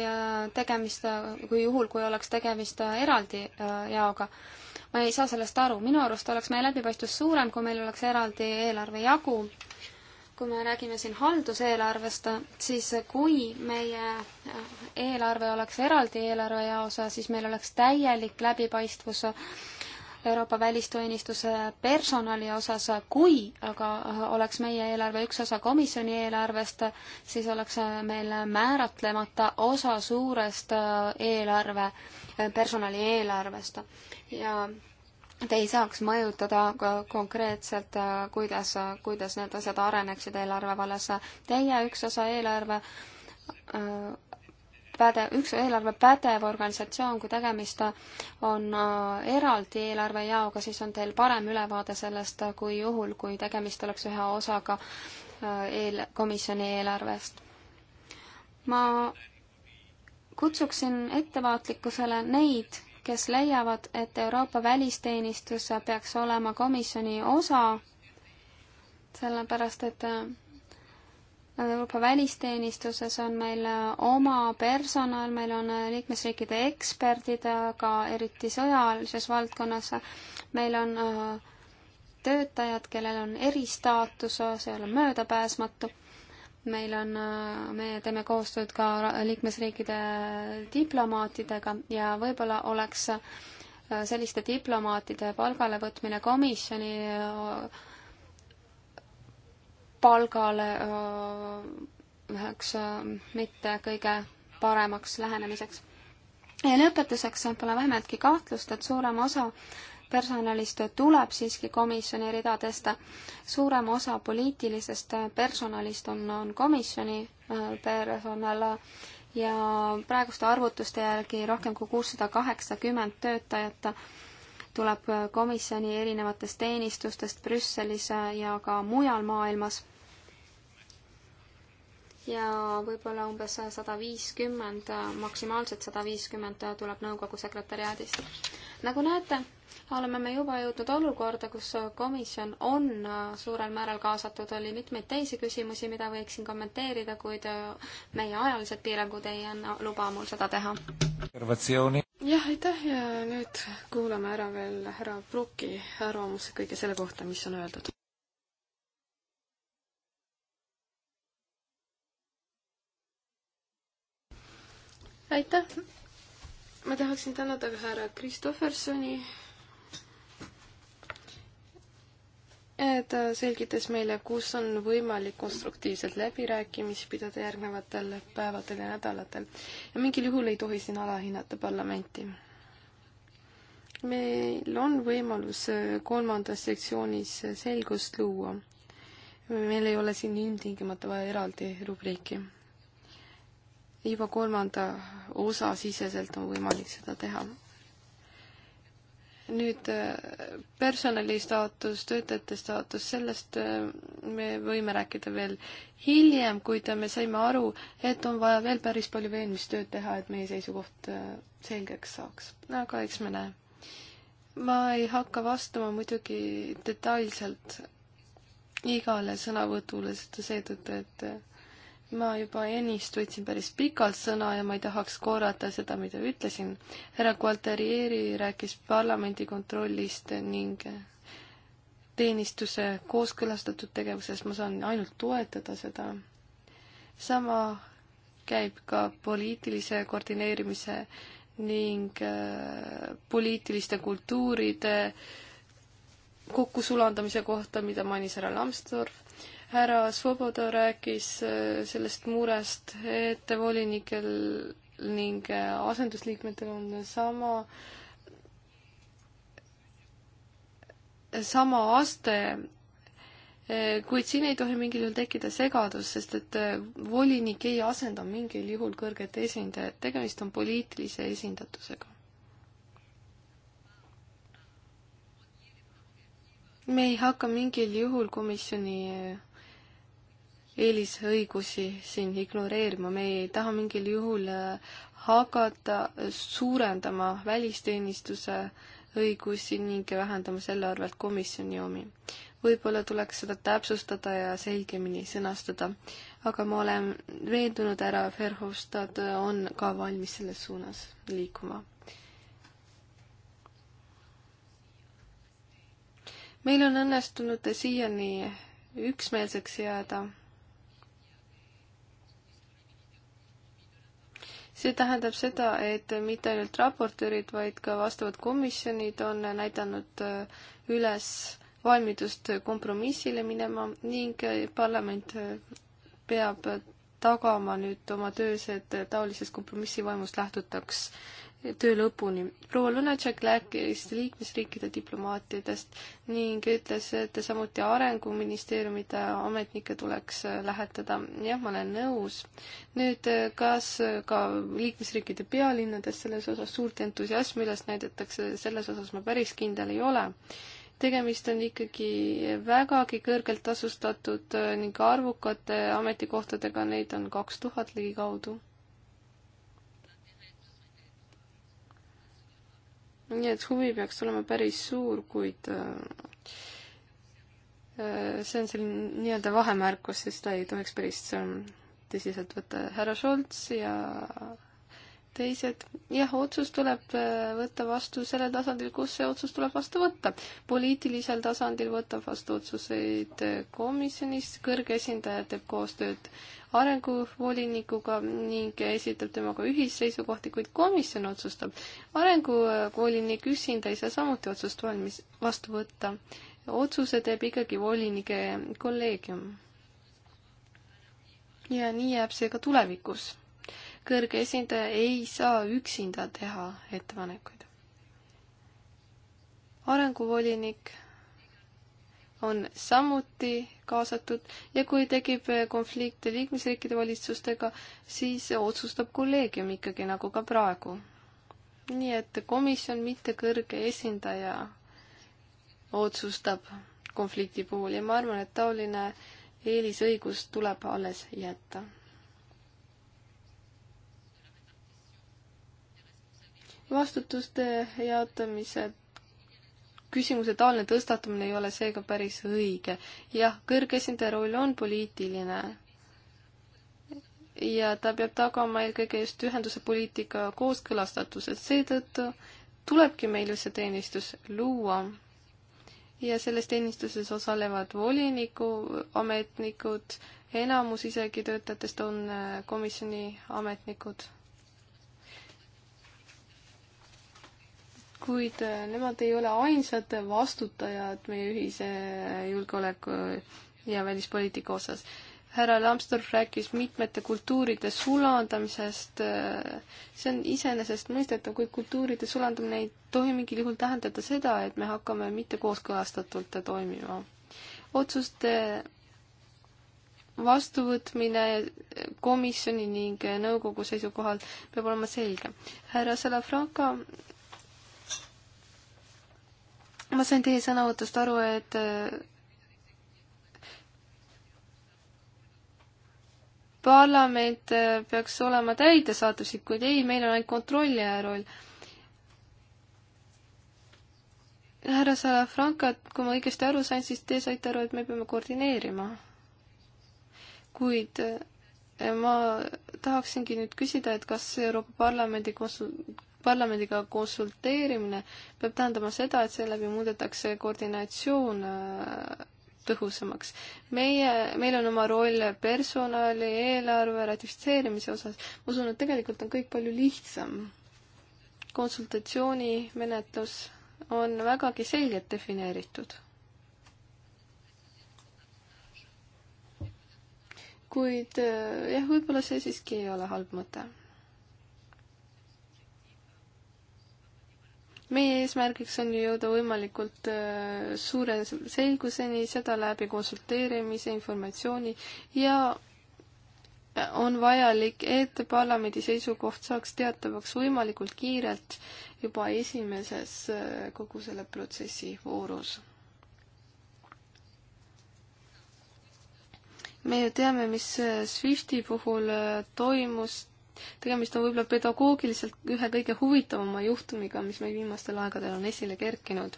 tegemist, kui juhul, kui oleks tegemist eraldi jaoga ma ei saa sellest aru, minu arust oleks meie läbipaistvus suurem, kui meil oleks eraldi eelarve jagu. kui me räägime siin halduseelarvest, siis kui meie eelarve oleks eraldi eelarve jaos, siis meil oleks täielik läbipaistvus Euroopa välisteenistuse personali osas, kui aga oleks meie eelarve üks osa komisjoni eelarvest, siis oleks meil määratlemata osa suurest eelarve, personali eelarvest ja te ei saaks mõjutada ka konkreetselt, äh, kuidas, kuidas need asjad areneksid eelarve vallas. Teie üks osa eelarve äh, päde-, üks eelarve pädev organisatsioon, kui tegemist on äh, eraldi eelarvejaoga, siis on teil parem ülevaade sellest, kui juhul, kui tegemist oleks ühe osaga eel-, komisjoni eelarvest. ma kutsuksin ettevaatlikkusele neid kes leiavad, et Euroopa välisteenistus peaks olema komisjoni osa, sellepärast et äh, Euroopa välisteenistuses on meil äh, oma personal, meil on äh, liikmesriikide eksperdid, aga eriti sõjalises valdkonnas meil on töötajad, kellel on eristaatus, see ei ole möödapääsmatu meil on, me teeme koostööd ka liikmesriikide diplomaatidega ja võib-olla oleks äh, selliste diplomaatide palgale võtmine komisjoni äh, palgale äh, üheks mitte kõige paremaks lähenemiseks. ja lõpetuseks pole vähimatki kahtlust, et suurem osa personalist tuleb siiski komisjoni ridadest. suurem osa poliitilisest personalist on, on komisjoni äh, personal ja praeguste arvutuste järgi rohkem kui kuussada kaheksakümmend töötajat tuleb komisjoni erinevatest teenistustest Brüsselis ja ka mujal maailmas. ja võib-olla umbes sada viiskümmend, maksimaalselt sada viiskümmend tuleb nõukogu sekretäriaadist nagu näete, oleme me juba jõudnud olukorda, kus komisjon on äh, suurel määral kaasatud, oli mitmeid teisi küsimusi, mida võiksin kommenteerida, kuid äh, meie ajalised piirangud ei anna luba mul seda teha. jah, aitäh ja nüüd kuulame ära veel härra Pruuki arvamuse kõige selle kohta, mis on öeldud. aitäh ma tahaksin tänada ka härra Kristoffersoni. ta selgitas meile, kus on võimalik konstruktiivselt läbirääkimisi pidada järgnevatel päevadel ja nädalatel ja mingil juhul ei tohi siin alahinnata parlamenti meil on võimalus kolmandas sektsioonis selgust luua. meil ei ole siin ilmtingimata vaja eraldi rubriiki juba kolmanda osa siseselt on võimalik seda teha. nüüd äh, personali staatus, töötajate staatus, sellest äh, me võime rääkida veel hiljem, kuid äh, me saime aru, et on vaja veel päris palju veenmistööd teha, et meie seisukoht selgeks saaks. aga eks me näe. ma ei hakka vastama muidugi detailselt igale sõnavõtule, seda seetõttu, et ma juba ennist võtsin päris pikalt sõna ja ma ei tahaks korrata seda, mida ütlesin. härra Gualterieri rääkis parlamendi kontrollist ning teenistuse kooskõlastatud tegevuses, ma saan ainult toetada seda. sama käib ka poliitilise koordineerimise ning äh, poliitiliste kultuuride kokkusulandamise kohta, mida mainis härra Lambsdorff härra Svoboda rääkis äh, sellest murest, et volinikel ning äh, asendusliikmetel on sama, sama aste, äh, kuid siin ei tohi mingil juhul tekkida segadus, sest et volinik ei asenda mingil juhul kõrget esindajat, tegemist on poliitilise esindatusega. me ei hakka mingil juhul komisjoni eelisõigusi siin ignoreerima, me ei taha mingil juhul äh, hakata suurendama välisteenistuse õigusi ning vähendama selle arvelt komisjoni omi. võib-olla tuleks seda täpsustada ja selgemini sõnastada, aga ma olen veendunud, härra Verhofstadt on ka valmis selles suunas liikuma. meil on õnnestunud siiani üksmeelseks jääda see tähendab seda, et mitte ainult raportöörid, vaid ka vastavad komisjonid on näidanud äh, üles valmidust kompromissile minema ning äh, parlament äh, peab tagama nüüd oma töös, et taolisest kompromissi vaimust lähtutaks töö lõpuni. proua Lunatšek rääkis liikmesriikide diplomaatidest ning ütles, et samuti arenguministeeriumide ametnikke tuleks äh, lähetada. jah, ma olen nõus. nüüd, äh, kas äh, ka liikmesriikide pealinnades selles osas suurt entusiasmi üles näidatakse, selles osas ma päris kindel ei ole tegemist on ikkagi vägagi kõrgelt tasustatud ning arvukate ametikohtadega, neid on kaks tuhat ligikaudu nii et huvi peaks olema päris suur, kuid äh, äh, see on selline nii-öelda vahemäär, kus seda ei tohiks päris tõsiselt võtta. härra Scholz ja teised, jah, otsus tuleb äh, võtta vastu sellel tasandil, kus see otsus tuleb vastu võtta. poliitilisel tasandil võtab vastu otsuseid komisjonis, kõrge esindaja teeb koostööd arenguvolinikuga ning esitab temaga ühisseisukohti, kuid komisjon otsustab. arenguvolinik üksinda ei saa samuti otsust valmis, vastu võtta. otsuse teeb ikkagi volinike kolleegium. ja nii jääb see ka tulevikus. kõrge esindaja ei saa üksinda teha ettepanekuid. arenguvolinik on samuti kaasatud ja kui tekib eh, konflikte liikmesriikide valitsustega, siis otsustab kolleegium ikkagi nagu ka praegu. nii et komisjon, mitte kõrge esindaja, otsustab konflikti puhul ja ma arvan, et taoline eelisõigus tuleb alles jätta. vastutuste jaotamise küsimuse taoline tõstatamine ei ole seega päris õige. jah, kõrge esindaja roll on poliitiline. ja ta peab tagama eelkõige just ühenduse poliitika kooskõlastatuse, seetõttu tulebki meil ju see teenistus luua. ja selles teenistuses osalevad voliniku ametnikud, enamus isegi töötajatest on äh, komisjoni ametnikud kuid äh, nemad ei ole ainsad vastutajad meie ühise julgeoleku ja välispoliitika osas. härra Lambsdorff rääkis mitmete kultuuride sulandamisest, äh, see on iseenesestmõistetav, kuid kultuuride sulandamine ei tohi mingil juhul tähendada seda, et me hakkame mitte kooskõlastatult toimima. otsuste vastuvõtmine komisjoni ning nõukogu seisukohal peab olema selge. härra Salafranca ma sain teie sõnavõtust aru, et äh, parlament äh, peaks olema täidesaatuslik, kuid ei, meil on ainult kontrollija roll. härra Salafranca, kui ma õigesti aru sain, siis te saite aru, et me peame koordineerima. kuid äh, ma tahaksingi nüüd küsida, et kas Euroopa Parlamendi konsul-, parlamendiga konsulteerimine peab tähendama seda, et seeläbi muudetakse koordinatsioon äh, tõhusamaks. meie, meil on oma roll personali, eelarve ratifitseerimise osas. ma usun, et tegelikult on kõik palju lihtsam. konsultatsioonimenetlus on vägagi selgelt defineeritud kuid äh, jah, võib-olla see siiski ei ole halb mõte. meie eesmärgiks on ju jõuda võimalikult äh, suure selguseni, seda läbi konsulteerimise, informatsiooni ja äh, on vajalik, et parlamendi seisukoht saaks teatavaks võimalikult kiirelt juba esimeses äh, kogu selle protsessi voorus. me ju teame, mis SWIFTi puhul toimus tegemist on võib-olla pedagoogiliselt ühe kõige huvitavama juhtumiga, mis meil viimastel aegadel on esile kerkinud.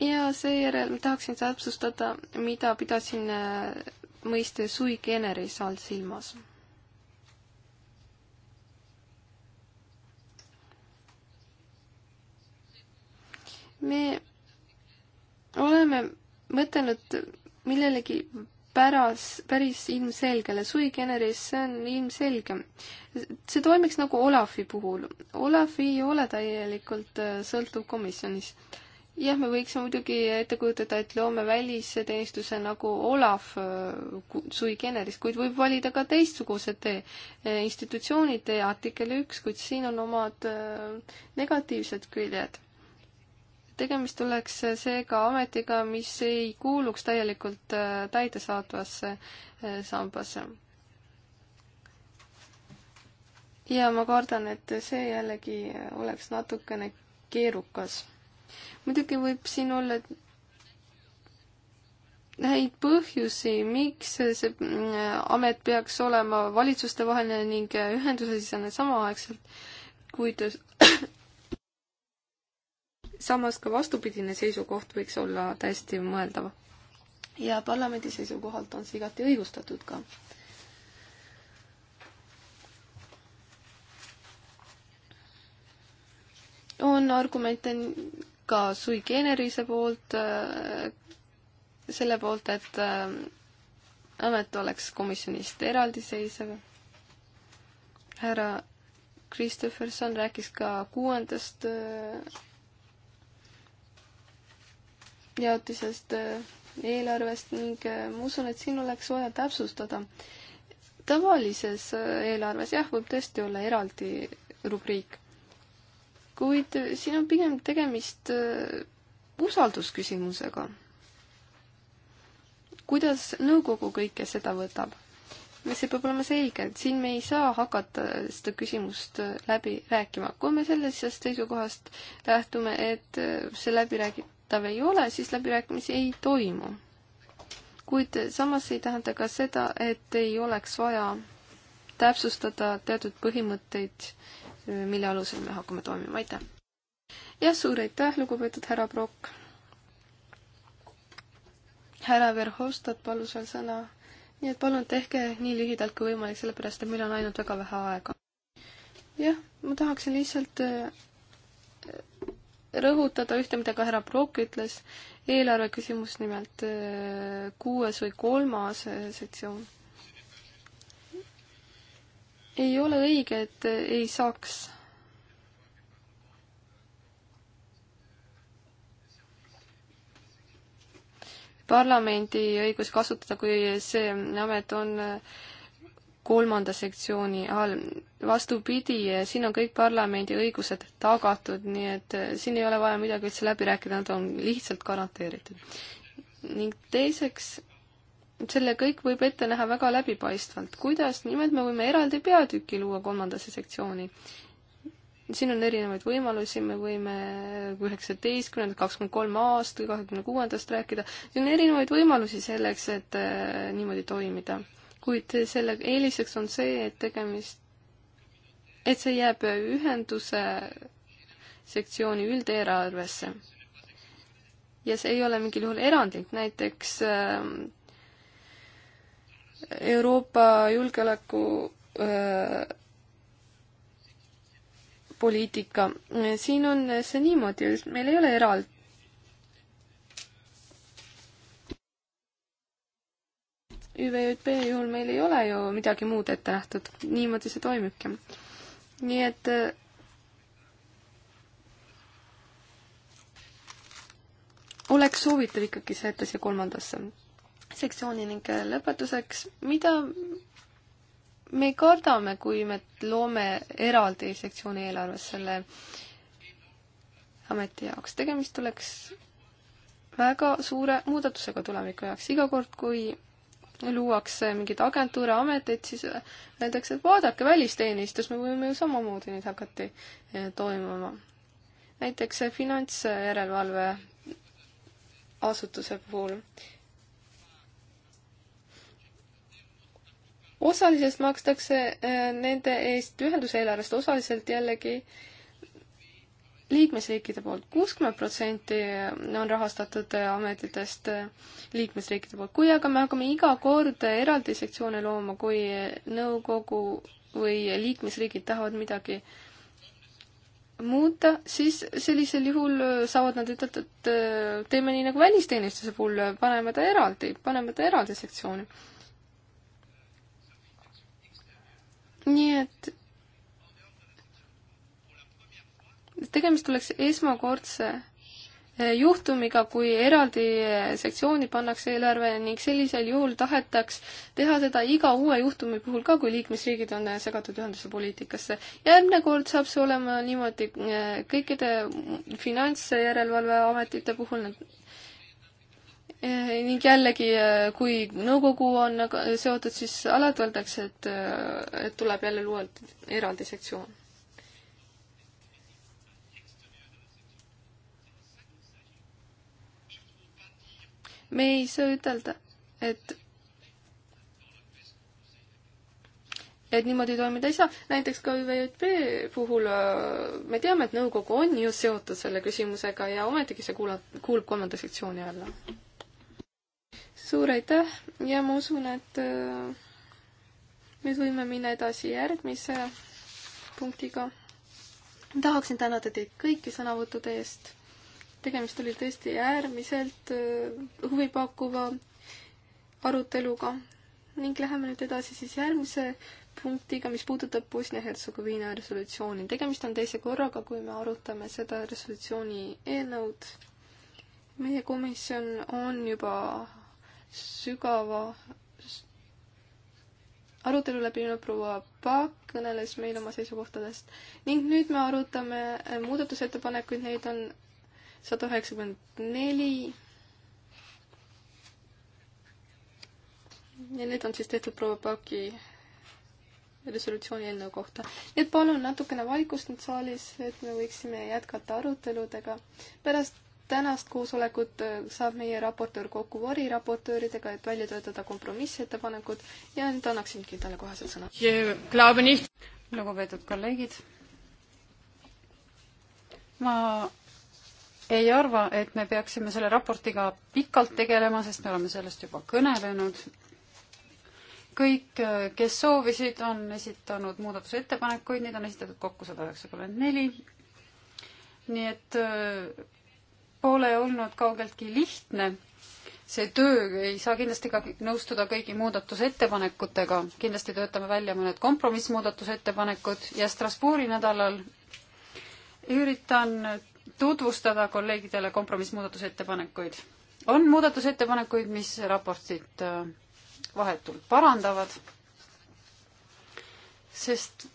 ja seejärel tahaksin täpsustada, mida pidasin äh, mõiste sui generis all silmas me oleme mõtelnud millelegi päras, päris ilmselgele, sui generis, see on ilmselge. see toimiks nagu Olafi puhul. Olaf ei ole täielikult äh, sõltuv komisjonist. jah, me võiksime muidugi ette kujutada, et loome välisteenistuse nagu Olav äh, sui generis, kuid võib valida ka teistsuguse tee. Äh, institutsioonid, artikkel üks, kuid siin on omad negatiivsed küljed tegemist oleks seega ametiga, mis ei kuuluks täielikult äh, täidesaatvasse äh, sambasse. ja ma kardan, et see jällegi oleks natukene keerukas. muidugi võib siin olla häid põhjusi, miks see äh, amet peaks olema valitsustevaheline ning ühendusesisene samaaegselt, kuid samas ka vastupidine seisukoht võiks olla täiesti mõeldav. ja parlamendi seisukohalt on see igati õigustatud ka. on argumente ka sui generise poolt, äh, selle poolt, et äh, amet oleks komisjonist eraldiseisev. härra Christopherson rääkis ka kuuendast äh, jaotisest äh, eelarvest ning äh, ma usun, et siin oleks vaja täpsustada. tavalises äh, eelarves jah, võib tõesti olla eraldi rubriik, kuid siin on pigem tegemist usaldusküsimusega. kuidas nõukogu kõike seda võtab? see peab olema selge, et siin me ei saa hakata seda küsimust läbi rääkima. kui me sellisest seisukohast lähtume, et see läbi räägib, vastuvõetav ei ole, siis läbirääkimisi ei toimu. kuid samas ei tähenda ka seda, et ei oleks vaja täpsustada teatud põhimõtteid, mille alusel me hakkame toimima, aitäh! jah, suur aitäh, lugupeetud härra Prokk! härra Verhofstadt palus veel sõna, nii et palun tehke nii lühidalt kui võimalik, sellepärast et meil on ainult väga vähe aega. jah, ma tahaksin lihtsalt rõhutada ühte, mida ka härra Brock ütles, eelarve küsimus nimelt äh, kuues või kolmas äh, sektsioon. ei ole õige, et äh, ei saaks parlamendi õigus kasutada, kui see amet on äh, kolmanda sektsiooni all. vastupidi, siin on kõik parlamendi õigused tagatud, nii et eh, siin ei ole vaja midagi üldse läbi rääkida, nad on lihtsalt garanteeritud. ning teiseks, selle kõik võib ette näha väga läbipaistvalt. kuidas? nimelt me võime eraldi peatüki luua kolmandasse sektsiooni. siin on erinevaid võimalusi, me võime üheksateistkümnendat, kakskümmend kolm aasta, kahekümne kuuendast rääkida, siin on erinevaid võimalusi selleks, et eh, niimoodi toimida kuid selle eeliseks on see, et tegemist, et see jääb ühenduse sektsiooni üldeelarvesse. ja see ei ole mingil juhul erandlik, näiteks ähm, Euroopa julgeoleku öö, äh, poliitika, siin on see niimoodi, meil ei ole eraldi ÜVJP juhul meil ei ole ju midagi muud ette nähtud, niimoodi see toimibki. nii et äh, oleks soovitav ikkagi see edasi kolmandasse sektsiooni ning lõpetuseks, mida me kardame, kui me loome eraldi sektsiooni eelarves selle ameti jaoks, tegemist oleks väga suure muudatusega tuleviku jaoks, iga kord, kui luuakse mingeid agentuure, ameteid, siis öeldakse, et vaadake, välisteenistus, me võime ju samamoodi nüüd hakati eh, toimuma. näiteks finantsjärelevalve asutuse puhul. osaliselt makstakse eh, nende eest ühenduse eelarvest, osaliselt jällegi äh, liikmesriikide poolt, kuuskümmend protsenti on rahastatud äh, ametitest äh, liikmesriikide poolt. kui aga me hakkame iga kord eraldi sektsioone looma, kui nõukogu või liikmesriigid tahavad midagi muuta, siis sellisel juhul äh, saavad nad ütelda, et teeme nii nagu välisteenistuse puhul, paneme ta eraldi, paneme ta eraldi sektsiooni. nii et tegemist oleks esmakordse eh, juhtumiga, kui eraldi eh, sektsiooni pannakse eelarve ning sellisel juhul tahetaks teha seda iga uue juhtumi puhul ka, kui liikmesriigid on eh, segatud ühenduse poliitikasse. järgmine kord saab see olema niimoodi kõikide finantsjärelevalveametite puhul ning jällegi, kui nõukogu on seotud, siis alati öeldakse, et, et tuleb jälle luua eraldi sektsioon me ei saa ütelda, et et niimoodi toimida ei saa. näiteks ka ÜVJP puhul äh, me teame, et nõukogu on ju seotud selle küsimusega ja ometigi see kuulab, kuulub kolmanda sektsiooni alla. suur aitäh ja ma usun, et äh, nüüd võime minna edasi järgmise punktiga. tahaksin tänada teid kõiki sõnavõttude eest tegemist oli tõesti äärmiselt äh, huvipakkuva aruteluga ning läheme nüüd edasi siis järgmise punktiga, mis puudutab Bosnia-Hertsegoviina resolutsiooni. tegemist on teise korraga, kui me arutame seda resolutsiooni eelnõud. meie komisjon on juba sügava arutelu läbinud proua Paak kõneles meil oma seisukohtadest ning nüüd me arutame muudatusettepanekuid, neid on sada üheksakümmend neli. ja need on siis tehtud proua Paki resolutsiooni eelnõu kohta. nii et palun natukene vaikust nüüd saalis, et me võiksime jätkata aruteludega. pärast tänast koosolekut äh, saab meie raportöör kokku variraportööridega, et välja töötada kompromissettepanekud ja nüüd annaksingi talle koheselt sõna. lugupeetud kolleegid, ma ei arva, et me peaksime selle raportiga pikalt tegelema, sest me oleme sellest juba kõnelenud. kõik, kes soovisid, on esitanud muudatusettepanekuid, neid on esitatud kokku sada üheksakümmend neli. nii et äh, pole olnud kaugeltki lihtne. see töö ei saa kindlasti ka nõustuda kõigi muudatusettepanekutega, kindlasti töötame välja mõned kompromissmuudatusettepanekud ja Strasbourgi nädalal üritan tutvustada kolleegidele kompromissmuudatusettepanekuid. on muudatusettepanekuid, mis raportit äh, vahetult parandavad, sest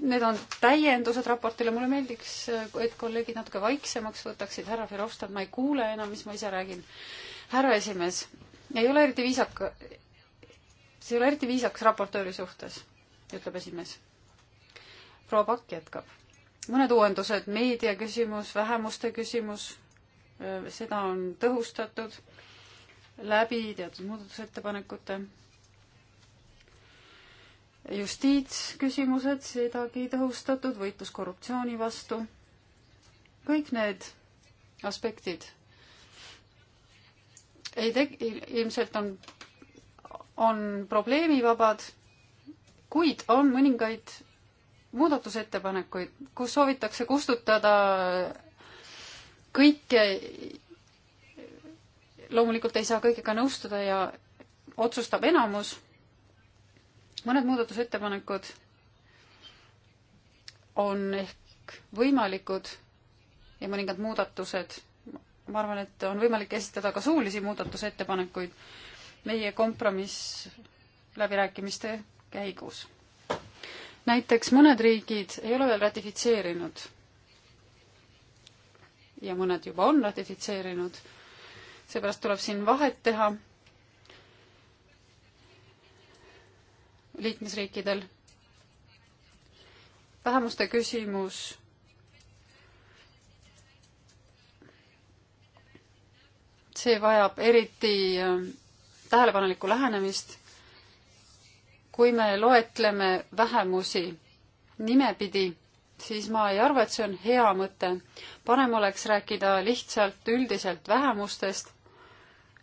need on täiendused raportile, mulle meeldiks, äh, et kolleegid natuke vaiksemaks võtaksid, härra Verhofstadt, ma ei kuule enam, mis ma ise räägin. härra esimees, ei ole eriti viisaka, see ei ole eriti viisakas raportööri suhtes, ütleb esimees. proua Pakk jätkab mõned uuendused, meediaküsimus, vähemuste küsimus, seda on tõhustatud läbi teatud muudatusettepanekute. justiitsküsimused, sedagi tõhustatud, võitlus korruptsiooni vastu. kõik need aspektid ei tek-, ilmselt on, on probleemivabad, kuid on mõningaid muudatusettepanekuid, kus soovitakse kustutada kõike, loomulikult ei saa kõigega nõustuda ja otsustab enamus, mõned muudatusettepanekud on ehk võimalikud ja mõningad muudatused, ma arvan, et on võimalik esitada ka suulisi muudatusettepanekuid meie kompromiss läbirääkimiste käigus näiteks mõned riigid ei ole veel ratifitseerinud ja mõned juba on ratifitseerinud, seepärast tuleb siin vahet teha liikmesriikidel. vähemuste küsimus. see vajab eriti äh, tähelepanelikku lähenemist kui me loetleme vähemusi nimepidi, siis ma ei arva, et see on hea mõte. parem oleks rääkida lihtsalt üldiselt vähemustest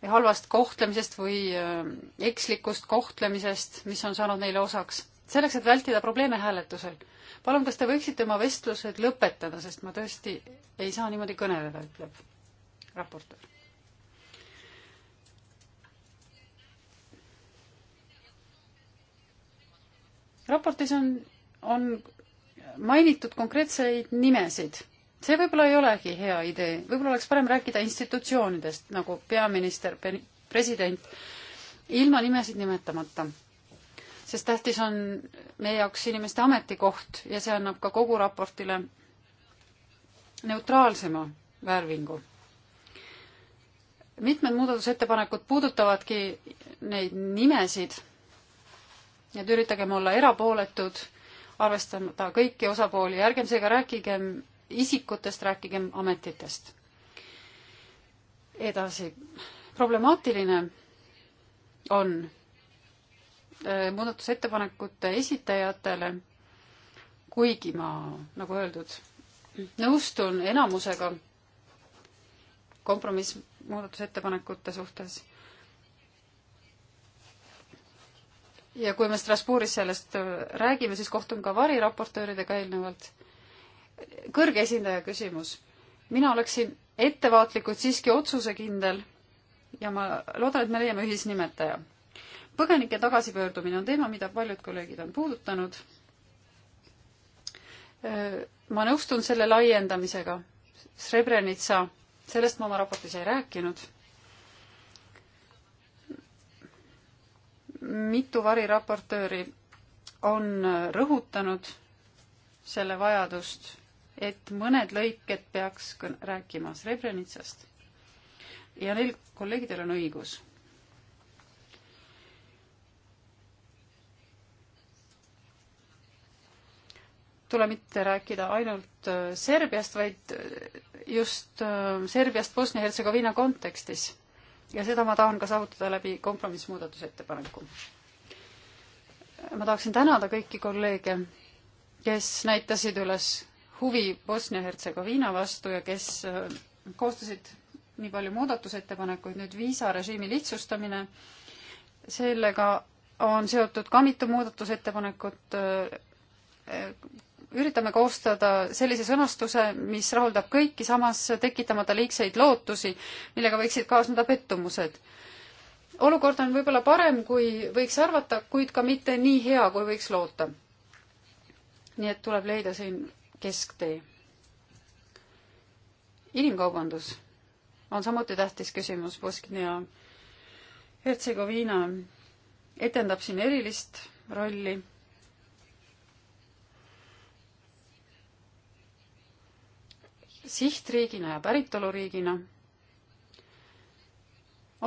ja halvast kohtlemisest või äh, ekslikust kohtlemisest, mis on saanud neile osaks. selleks, et vältida probleeme hääletusel. palun, kas te võiksite oma vestlused lõpetada, sest ma tõesti ei saa niimoodi kõneleda, ütleb raportöör raportis on, on mainitud konkreetseid nimesid. see võib-olla ei olegi hea idee, võib-olla oleks parem rääkida institutsioonidest nagu peaminister, president, ilma nimesid nimetamata. sest tähtis on meie jaoks inimeste ametikoht ja see annab ka kogu raportile neutraalsema värvingu. mitmed muudatusettepanekud puudutavadki neid nimesid nii et üritagem olla erapooletud, arvestada kõiki osapooli ja ärgem seega rääkigem isikutest, rääkigem ametitest. edasi, problemaatiline on äh, muudatusettepanekute esitajatele, kuigi ma, nagu öeldud, nõustun enamusega kompromiss muudatusettepanekute suhtes ja kui me Strasbourgis sellest äh, räägime, siis kohtun ka variraportööridega eelnevalt. kõrge esindaja küsimus. mina oleksin ettevaatlik, kuid siiski otsusekindel ja ma loodan, et me leiame ühisnimetaja. põgenike tagasipöördumine on teema, mida paljud kolleegid on puudutanud. Äh, ma nõustun selle laiendamisega. Srebrenica, sellest ma oma raportis ei rääkinud mitu variraportööri on rõhutanud selle vajadust, et mõned lõiked peaks rääkima Srebrenitsast. ja neil kolleegidel on õigus. tule mitte rääkida ainult äh, Serbiast, vaid äh, just äh, Serbiast Bosnia-Hertsegoviina kontekstis ja seda ma tahan ka saavutada läbi kompromissmuudatusettepaneku. ma tahaksin tänada kõiki kolleege, kes näitasid üles huvi Bosnia-Hertsegoviina vastu ja kes äh, koostasid nii palju muudatusettepanekuid, nüüd viisarežiimi lihtsustamine, sellega on seotud ka mitu muudatusettepanekut, äh, üritame koostada sellise sõnastuse, mis rahuldab kõiki, samas tekitamata liigseid lootusi, millega võiksid kaasneda pettumused. olukord on võib-olla parem, kui võiks arvata, kuid ka mitte nii hea, kui võiks loota. nii et tuleb leida siin kesktee. inimkaubandus on samuti tähtis küsimus, Bosnia Hertsegoviina etendab siin erilist rolli sihtriigina ja päritoluriigina.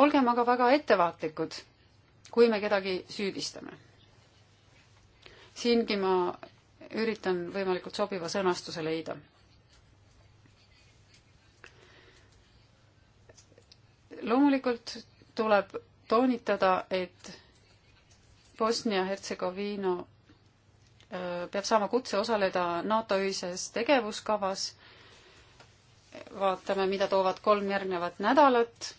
olgem aga väga ettevaatlikud, kui me kedagi süüdistame. siingi ma üritan võimalikult sobiva sõnastuse leida. loomulikult tuleb toonitada, et Bosnia-Hertsegoviina äh, peab saama kutse osaleda NATO ühises tegevuskavas vaatame, mida toovad kolm järgnevat nädalat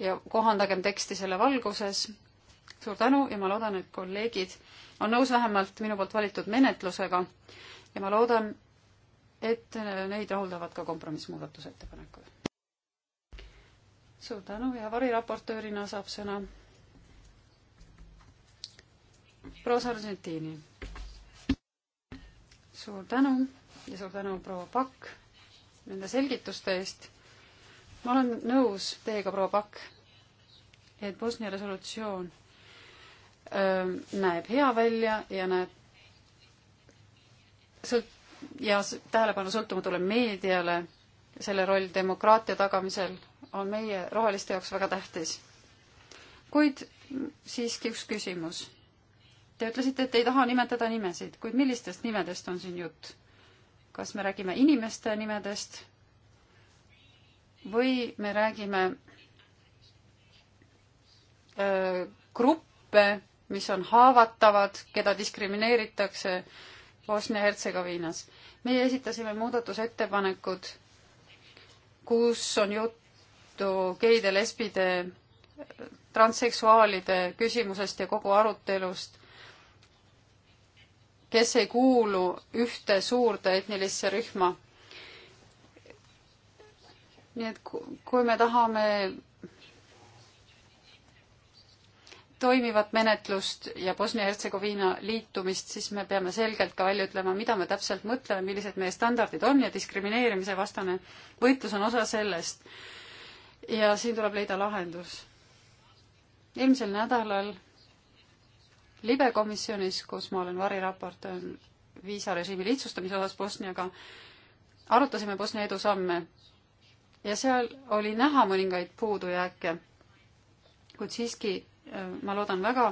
ja kohandagem teksti selle valguses. suur tänu ja ma loodan, et kolleegid on nõus vähemalt minu poolt valitud menetlusega ja ma loodan, et neid rahuldavad ka kompromissmuudatusettepanekud. suur tänu ja variraportöörina saab sõna proua Sargentini. suur tänu ja suur tänu, proua Pakk nende selgituste eest. ma olen nõus teiega, proua Pakk, et Bosnia resolutsioon öö, ähm, näeb hea välja ja näeb sõlt- ja tähelepanu sõltumatule meediale, selle roll demokraatia tagamisel on meie roheliste jaoks väga tähtis. kuid siiski üks küsimus. Te ütlesite, et ei taha nimetada nimesid, kuid millistest nimedest on siin jutt? kas me räägime inimeste nimedest või me räägime öö, äh, gruppe, mis on haavatavad, keda diskrimineeritakse Bosnia-Hertsegoviinas. meie esitasime muudatusettepanekud, kus on juttu geide, lesbide, transseksuaalide küsimusest ja kogu arutelust kes ei kuulu ühte suurde etnilisse rühma. nii et kui me tahame toimivat menetlust ja Bosnia-Hertsegoviina liitumist, siis me peame selgelt ka välja ütlema, mida me täpselt mõtleme, millised meie standardid on ja diskrimineerimise vastane võitlus on osa sellest. ja siin tuleb leida lahendus. eelmisel nädalal libekomisjonis, kus ma olen variraportöör viisarežiimi lihtsustamise osas Bosniaga, arutasime Bosnia edusamme ja seal oli näha mõningaid puudujääke, kuid siiski äh, ma loodan väga,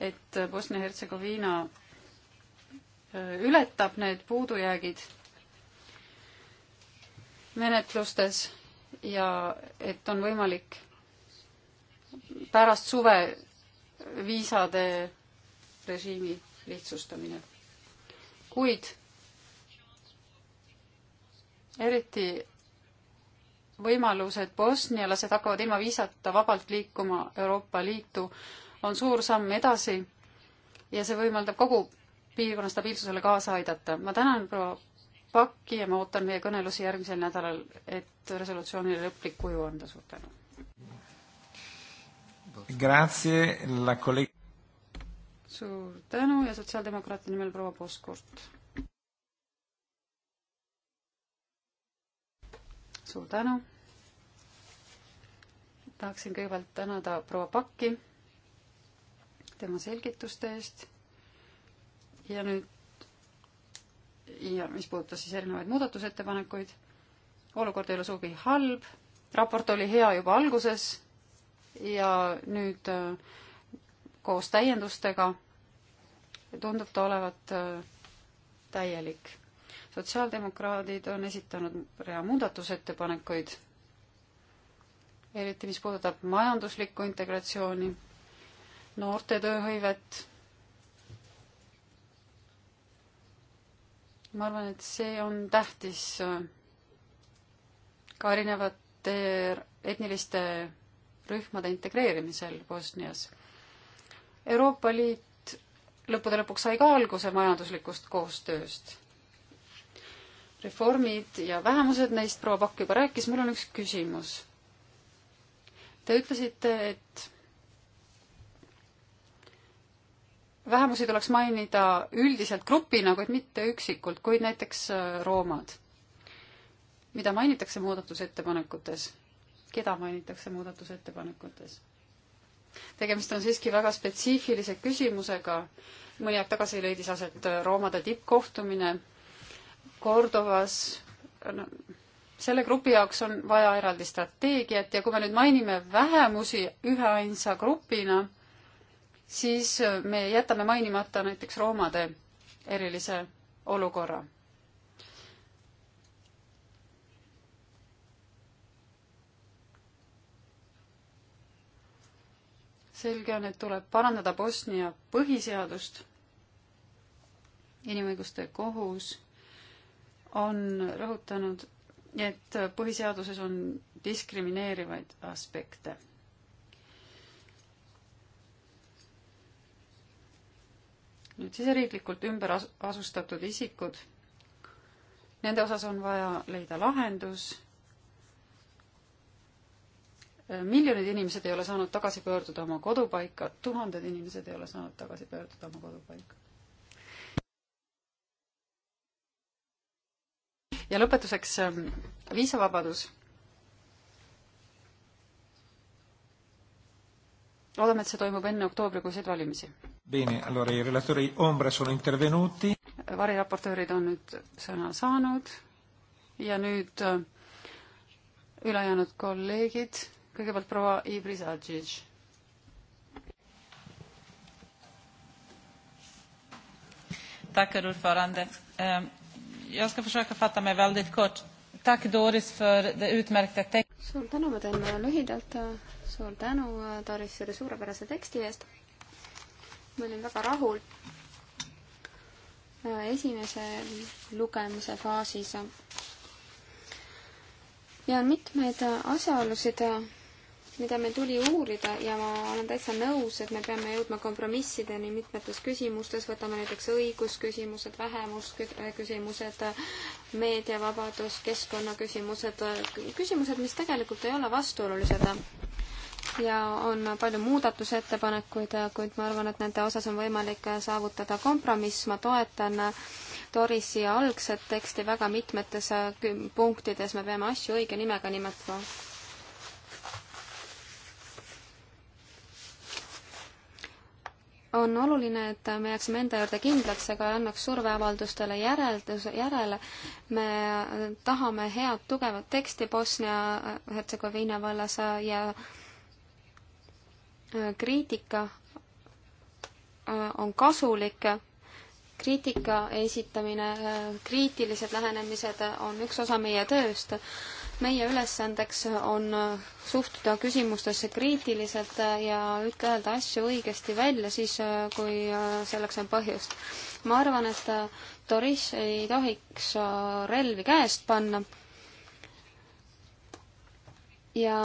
et Bosnia-Hertsegoviina äh, ületab need puudujäägid menetlustes ja et on võimalik pärast suve viisade režiimi lihtsustamine. kuid eriti võimalus, et bosnialased hakkavad ilma viisata vabalt liikuma Euroopa Liitu, on suur samm edasi ja see võimaldab kogu piirkonna stabiilsusele kaasa aidata. ma tänan proua Pakki ja ma ootan meie kõnelusi järgmisel nädalal, et resolutsioonile lõplik kuju anda. suur tänu! Grazie, la kolleeg-. suur tänu ja sotsiaaldemokraatide nimel proua Poskurt. suur tänu. tahaksin kõigepealt tänada proua Pakki tema selgituste eest. ja nüüd ja mis puudutas siis erinevaid muudatusettepanekuid, olukord ei ole sugugi halb, raport oli hea juba alguses ja nüüd äh, koos täiendustega tundub ta olevat äh, täielik. sotsiaaldemokraadid on esitanud rea muudatusettepanekuid, eriti mis puudutab majanduslikku integratsiooni, noorte tööhõivet. ma arvan, et see on tähtis äh, ka erinevate etniliste rühmade integreerimisel Bosnias. Euroopa Liit lõppude lõpuks sai ka alguse majanduslikust koostööst. reformid ja vähemused neist proua Pakk juba rääkis, mul on üks küsimus. Te ütlesite, et vähemusi tuleks mainida üldiselt grupina, kuid mitte üksikult, kuid näiteks äh, roomad, mida mainitakse muudatusettepanekutes keda mainitakse muudatusettepanekutes. tegemist on siiski väga spetsiifilise küsimusega. mõni aeg tagasi leidis aset äh, roomade tippkohtumine Kordovas no, selle grupi jaoks on vaja eraldi strateegiat ja kui me nüüd mainime vähemusi üheainsa grupina, siis äh, me jätame mainimata näiteks roomade erilise olukorra. selge on, et tuleb parandada Bosnia põhiseadust. inimõiguste kohus on rõhutanud, et põhiseaduses on diskrimineerivaid aspekte. nüüd siseriiklikult ümber asustatud isikud, nende osas on vaja leida lahendus miljonid inimesed ei ole saanud tagasi pöörduda oma kodupaika, tuhanded inimesed ei ole saanud tagasi pöörduda oma kodupaika. ja lõpetuseks ähm, viisavabadus. loodame, et see toimub enne oktoobrikuiseid valimisi. Bene, allora i relatori ombra sono intervenuti. variraportöörid on nüüd sõna saanud ja nüüd äh, ülejäänud kolleegid kõigepealt proua Ibris Adžič. Tackar ordförande. Ehm, jag ska försöka fatta mig väldigt kort. Tack Doris för det utmärkta text. Suur tänu, ma teen äh, lühidalt. Suur tänu äh, Doris selle suurepärase teksti eest. Ma olin väga rahul äh, esimese lugemise faasis. ja on mitmeid asjaolusid, mida meil tuli uurida ja ma olen täitsa nõus, et me peame jõudma kompromissideni mitmetes küsimustes, võtame näiteks õigusküsimused, vähemusküsimused, meediavabadus, keskkonnaküsimused, küsimused, mis tegelikult ei ole vastuolulised ja on palju muudatusettepanekuid, kuid ma arvan, et nende osas on võimalik saavutada kompromiss, ma toetan Torisi algset teksti väga mitmetes punktides, me peame asju õige nimega nimetama on oluline, et me jääksime enda juurde kindlaks, aga ei annaks surveavaldustele järeldus, järele. me tahame head tugevat teksti Bosnia-Hertsegoviina vallas ja äh, kriitika äh, on kasulik. kriitika esitamine, äh, kriitilised lähenemised on üks osa meie tööst meie ülesandeks on äh, suhtuda küsimustesse kriitiliselt äh, ja ütelda asju õigesti välja siis, äh, kui selleks on põhjust. ma arvan, et Doris ei tohiks relvi käest panna ja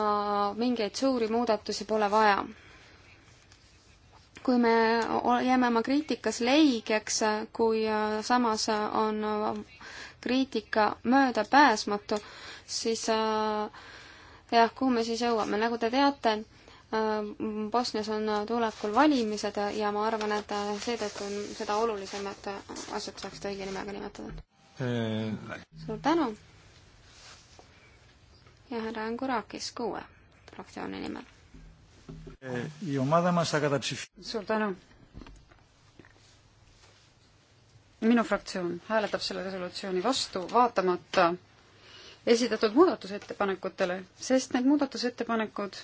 mingeid suuri muudatusi pole vaja. kui me jääme oma kriitikas leigeks, kui samas on kriitika möödapääsmatu, siis äh, jah, kuhu me siis jõuame, nagu te teate, äh, Bosnias on äh, tulekul valimised ja ma arvan, et seetõttu on seda olulisem, et asjad saaks õige nimega nimetada eee.... suur tänu! ja härra Angurakis kuue fraktsiooni nimel. suur tänu! minu fraktsioon hääletab selle resolutsiooni vastu, vaatamata esitatud muudatusettepanekutele, sest need muudatusettepanekud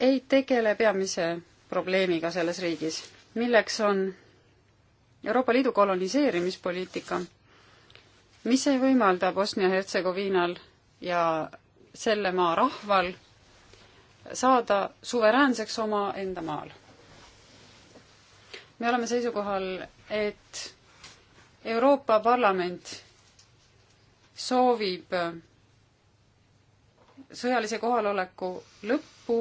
ei tegele peamise probleemiga selles riigis, milleks on Euroopa Liidu koloniseerimispoliitika, mis ei võimalda Bosnia-Hertsegoviinal ja selle maa rahval saada suveräänseks omaenda maal. me oleme seisukohal, et Euroopa Parlament soovib äh, sõjalise kohaloleku lõppu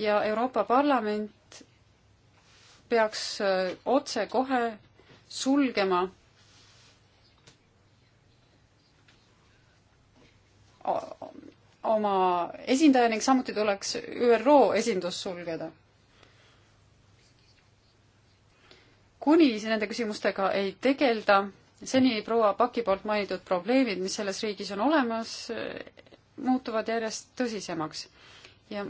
ja Euroopa Parlament peaks äh, otsekohe sulgema oma esindaja ning samuti tuleks ÜRO esindus sulgeda. kuni nende küsimustega ei tegelda seni proua Paki poolt mainitud probleemid, mis selles riigis on olemas, muutuvad järjest tõsisemaks. ja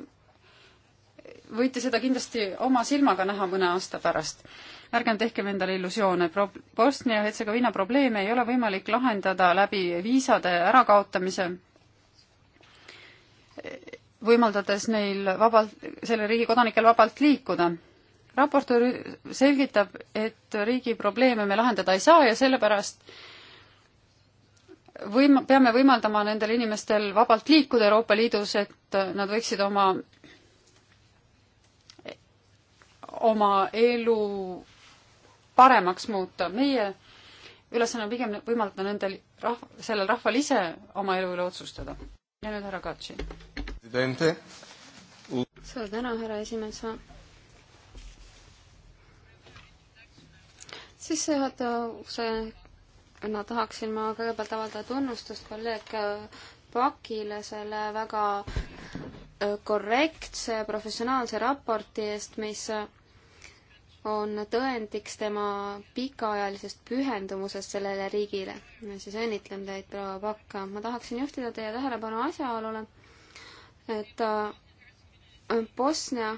võite seda kindlasti oma silmaga näha mõne aasta pärast. ärgem tehkem endale illusioone Pro, Bosnia-Hertsegoviina probleeme ei ole võimalik lahendada läbi viisade ärakaotamise, võimaldades neil vabalt, selle riigi kodanikel vabalt liikuda raportöör selgitab, et riigi probleeme me lahendada ei saa ja sellepärast võim-, peame võimaldama nendel inimestel vabalt liikuda Euroopa Liidus, et nad võiksid oma, oma elu paremaks muuta. meie ülesanne on pigem võimaldada nendel rahv-, sellel rahval ise oma elu üle otsustada. ja nüüd härra Katsin. suur tänu, härra esimees sissejuhatusena tahaksin ma kõigepealt avaldada tunnustust kolleeg Pakile selle väga äh, korrektse professionaalse raporti eest, mis on tõendiks tema pikaajalisest pühendumusest sellele riigile. siis õnnitlen teid, proua Pakk. ma tahaksin juhtida teie tähelepanu asjaolule, et äh, Bosnia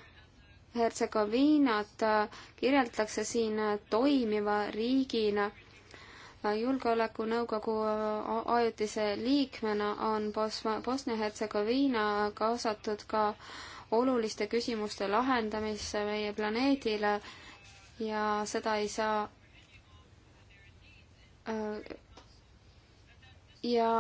Hertsegoviinat äh, kirjeldatakse siin äh, toimiva riigina. Äh, julgeolekunõukogu ajutise liikmena on Bosnia-Hertsegoviina kaasatud ka oluliste küsimuste lahendamisse meie planeedile ja seda ei saa ja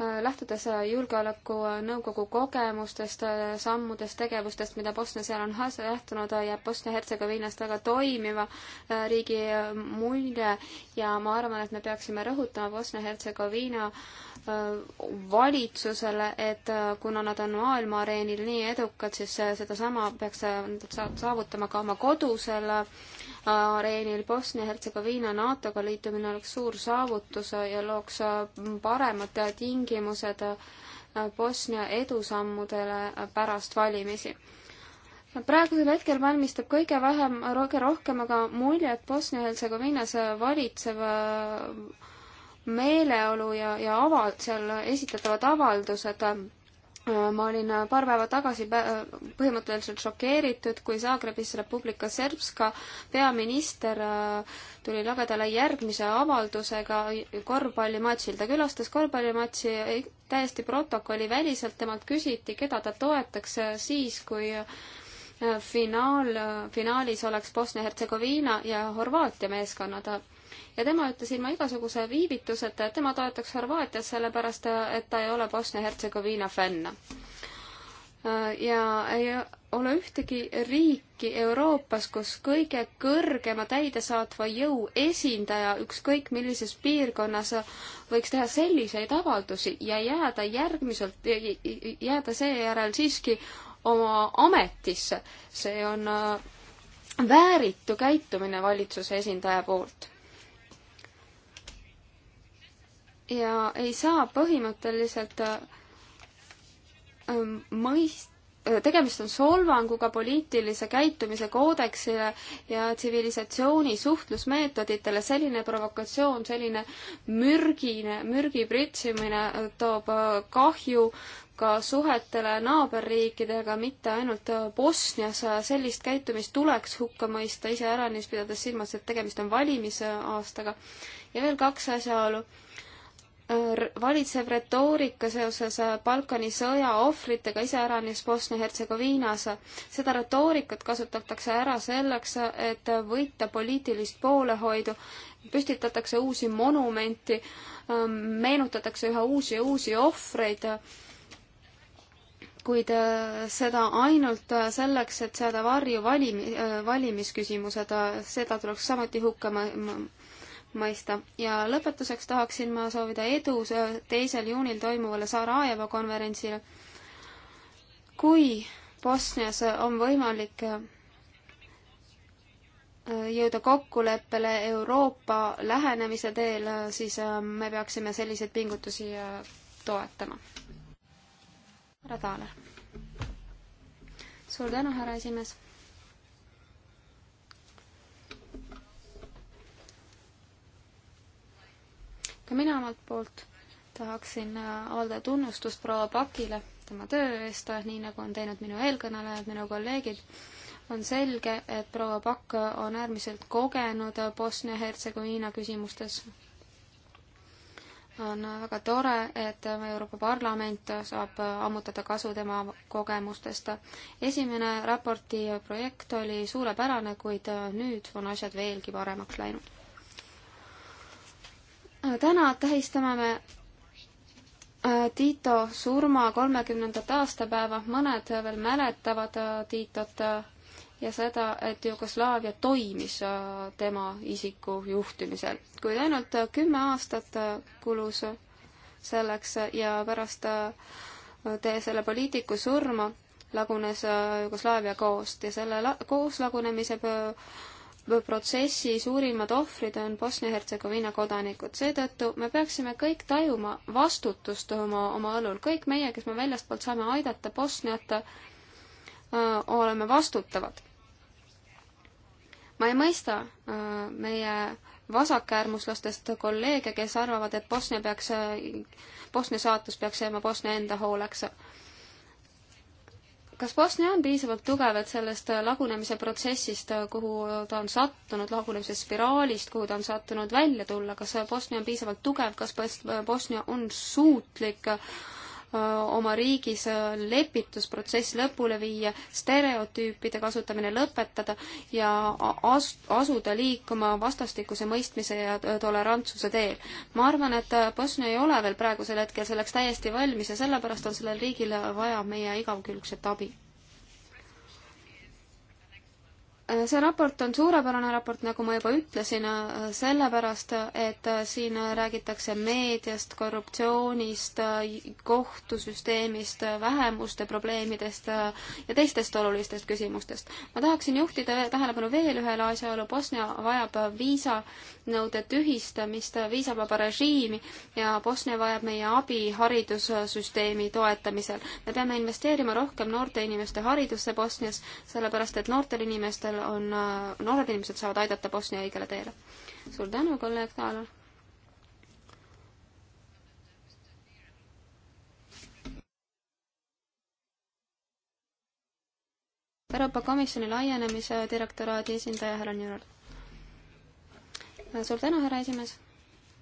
Äh, lähtudes äh, Julgeolekunõukogu äh, kogemustest, sammudest, tegevustest, mida Bosnias ja on lähtunud, jääb Bosnia-Hertsegoviinast väga toimiva riigi mulje ja ma arvan, et me peaksime rõhutama Bosnia-Hertsegoviina valitsusele, et kuna nad on maailma areenil nii edukad, siis sedasama peaks saavutama ka oma kodusel areenil. Bosnia-Hertsegoviina NATO-ga liitumine oleks suur saavutus ja looks paremad tingimused Bosnia edusammudele pärast valimisi praegusel hetkel valmistab kõige vähem, kõige rohkem aga muljet Bosnia-Hertsegoviinas valitsev äh, meeleolu ja, ja avad-, seal esitatavad avaldused ma olin paar päeva tagasi põhimõtteliselt šokeeritud, kui Zagrebis Republika Srpska peaminister äh, tuli lagedale järgmise avaldusega korvpallimatšil. ta külastas korvpallimatši täiesti protokolli väliselt, temalt küsiti, keda ta toetaks äh, siis, kui äh, finaal, finaalis oleks Bosnia-Hertsegoviina ja Horvaatia meeskonnad ja tema ütles ilma igasuguse viivituseta, et tema toetaks Horvaatiat, sellepärast et ta ei ole Bosnia-Hertsegoviina fänn. ja ei ole ühtegi riiki Euroopas, kus kõige kõrgema täidesaatva jõu esindaja ükskõik millises piirkonnas võiks teha selliseid avaldusi ja jääda järgmiselt, jääda seejärel siiski oma ametisse. see on äh, vääritu käitumine valitsuse esindaja poolt. ja ei saa põhimõtteliselt äh, ähm, mõist-, äh, tegemist on solvanguga poliitilise käitumise koodeksile ja tsivilisatsiooni suhtlusmeetoditele. selline provokatsioon, selline mürgine, mürgi pritsimine äh, toob kahju ka suhetele naaberriikidega, mitte ainult Bosnias. sellist käitumist tuleks hukka mõista iseäranis, pidades silmas, et tegemist on valimisaastaga. ja veel kaks asjaolu valitsev retoorika seoses äh, Balkani sõja ohvritega, iseäranis Bosnia-Hertsegoviinas, seda retoorikat kasutatakse ära selleks, et võita poliitilist poolehoidu, püstitatakse uusi monumenti, ähm, meenutatakse üha uusi ja uusi ohvreid, kuid äh, seda ainult äh, selleks, et seada varju valimi-, valimisküsimused, seda tuleks samuti hukka mõista. ja lõpetuseks tahaksin ma soovida edu teisel juunil toimuvale Sarajevo konverentsile. kui Bosnias on võimalik äh, jõuda kokkuleppele Euroopa lähenemise teel, äh, siis äh, me peaksime selliseid pingutusi toetama. härra Taaler. suur tänu, härra esimees ka mina omalt poolt tahaksin äh, avaldada tunnustust proua Pakile tema töö eest, äh, nii nagu on teinud minu eelkõnelejad, minu kolleegid. on selge, et proua Pakk on äärmiselt kogenud äh, Bosnia-Hertsegoviina küsimustes. on väga tore, et Euroopa Parlament saab ammutada kasu tema kogemustest. esimene raporti projekt oli suurepärane, kuid nüüd on asjad veelgi paremaks läinud Äh, täna tähistame me äh, Tiito surma kolmekümnendat aastapäeva, mõned veel mäletavad äh, Tiitot ja seda, et Jugoslaavia toimis tema isiku juhtimisel. kuid ainult kümme aastat kulus selleks ja pärast tee selle poliitiku surma lagunes Jugoslaavia koost ja selle la koos lagunemise protsessi suurimad ohvrid on Bosnia-Hertsegoviina kodanikud. seetõttu me peaksime kõik tajuma vastutust oma, oma õlul. kõik meie, kes me väljastpoolt saame aidata Bosniat, oleme vastutavad. ma ei mõista öö, meie vasakäärmuslastest kolleege, kes arvavad, et Bosnia peaks, Bosnia saatus peaks jääma Bosnia enda hooleks kas Bosnia on piisavalt tugev, et sellest äh, lagunemise protsessist, äh, kuhu ta on sattunud, lagunemise spiraalist, kuhu ta on sattunud, välja tulla, kas Bosnia on piisavalt tugev, kas Bosnia on suutlik oma riigis lepitusprotsess lõpule viia, stereotüüpide kasutamine lõpetada ja as-, asuda liikuma vastastikuse mõistmise ja tolerantsuse teel. ma arvan, et Bosnia ei ole veel praegusel hetkel selleks täiesti valmis ja sellepärast on sellel riigil vaja meie igakülgset abi Äh, see raport on suurepärane raport, nagu ma juba ütlesin, äh, sellepärast, et äh, siin räägitakse meediast, korruptsioonist, kohtusüsteemist, vähemuste probleemidest ja teistest olulistest küsimustest. ma tahaksin juhtida tähelepanu veel ühele asjaolu, Bosnia vajab viisa nõude tühistamist, viisavaba režiimi ja Bosnia vajab meie abi haridussüsteemi toetamisel. me peame investeerima rohkem noorte inimeste haridusse Bosnias, sellepärast et noortel inimestel on, noored inimesed saavad aidata Bosnia õigele teele. suur tänu, kolleeg Taalo. Euroopa Komisjoni laienemise direktoraadi esindaja härra Nürel suur tänu, härra esimees!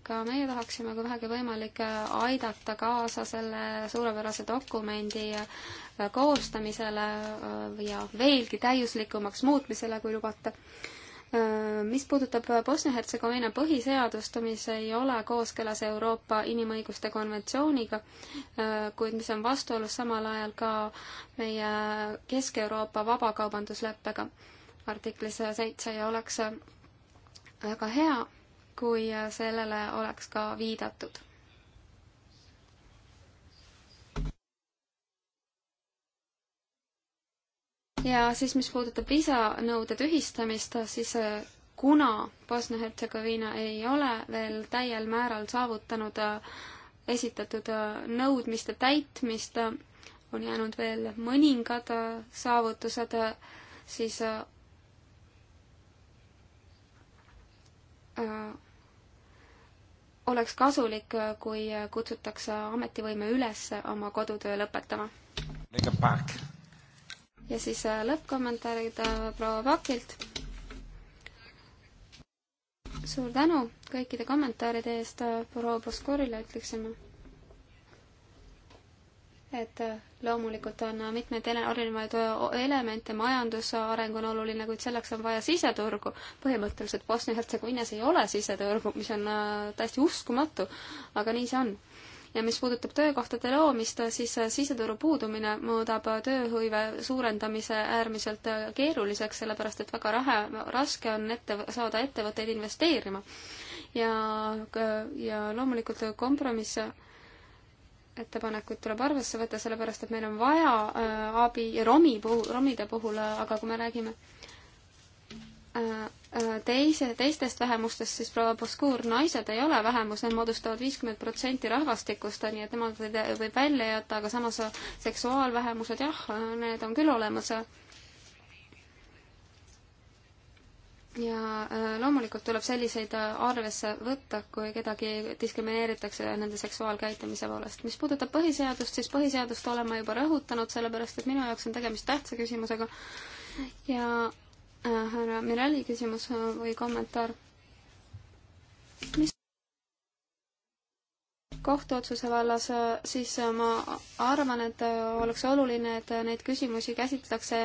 ka meie tahaksime, kui vähegi võimalik, aidata kaasa selle suurepärase dokumendi koostamisele äh, ja veelgi täiuslikumaks muutmisele, kui lubate äh, mis puudutab Bosnia-Hertsegoviina põhiseadust, mis ei ole kooskõlas Euroopa Inimõiguste konventsiooniga, äh, kuid mis on vastuolus samal ajal ka meie Kesk-Euroopa vabakaubandusleppega artiklis seitse ja oleks väga hea, kui sellele oleks ka viidatud. ja siis, mis puudutab lisanõude tühistamist, siis äh, kuna Bosnia-Hertsegoviina ei ole veel täiel määral saavutanud äh, esitatud äh, nõudmiste täitmist, on jäänud veel mõningad saavutused, siis Äh, oleks kasulik, äh, kui äh, kutsutakse ametivõime üles oma kodutöö lõpetama. ja siis lõppkommentaarid proua Pakilt. suur tänu kõikide kommentaaride eest proua Boskurile, ütleksime et loomulikult on mitmeid ele-, erinevaid elemente, majandusareng on oluline, kuid selleks on vaja siseturgu. põhimõtteliselt Bosnia-Hertsegoviinas ei ole siseturgu, mis on äh, täiesti uskumatu, aga nii see on. ja mis puudutab töökohtade loomist, siis äh, siseturu puudumine muudab tööhõive suurendamise äärmiselt äh, keeruliseks, sellepärast et väga rahe, raske on ette, saada ettevõtteid investeerima. ja, ja loomulikult kompromiss ettepanekuid tuleb arvesse võtta, sellepärast et meil on vaja äh, abi romi puhul, romide puhul, äh, aga kui me räägime äh, äh, teise, teistest vähemustest, siis proua Poskuur, naised ei ole vähemus, nad moodustavad viiskümmend protsenti rahvastikust, nii et nemad võib välja jätta, aga samas äh, seksuaalvähemused, jah, need on küll olemas äh, ja äh, loomulikult tuleb selliseid äh, arvesse võtta, kui kedagi diskrimineeritakse nende seksuaalkäitumise poolest. mis puudutab põhiseadust, siis põhiseadust olen ma juba rõhutanud, sellepärast et minu jaoks on tegemist tähtsa küsimusega. ja äh, härra äh, Mirelli küsimus või kommentaar? mis kohtuotsuse vallas, äh, siis äh, ma arvan, et äh, oleks oluline, et neid küsimusi käsitletakse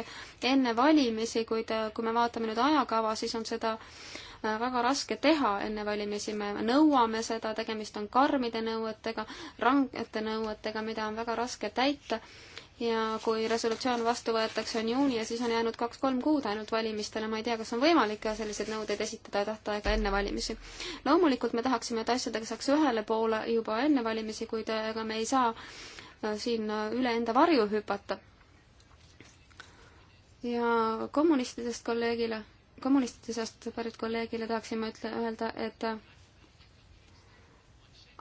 enne valimisi, kuid kui me vaatame nüüd ajakava, siis on seda väga raske teha enne valimisi, me nõuame seda, tegemist on karmide nõuetega, rangete nõuetega, mida on väga raske täita ja kui resolutsioon vastu võetakse, on juuni ja siis on jäänud kaks-kolm kuud ainult valimistele, ma ei tea, kas on võimalik selliseid nõudeid esitada tähtaega enne valimisi. loomulikult me tahaksime, et asjadega saaks ühele poole juba enne valimisi, kuid äh, ega me ei saa äh, siin äh, üle enda varju hüpata. ja kommunistidest kolleegile, kommunistidest pärit kolleegile tahaksime ütle, öelda, et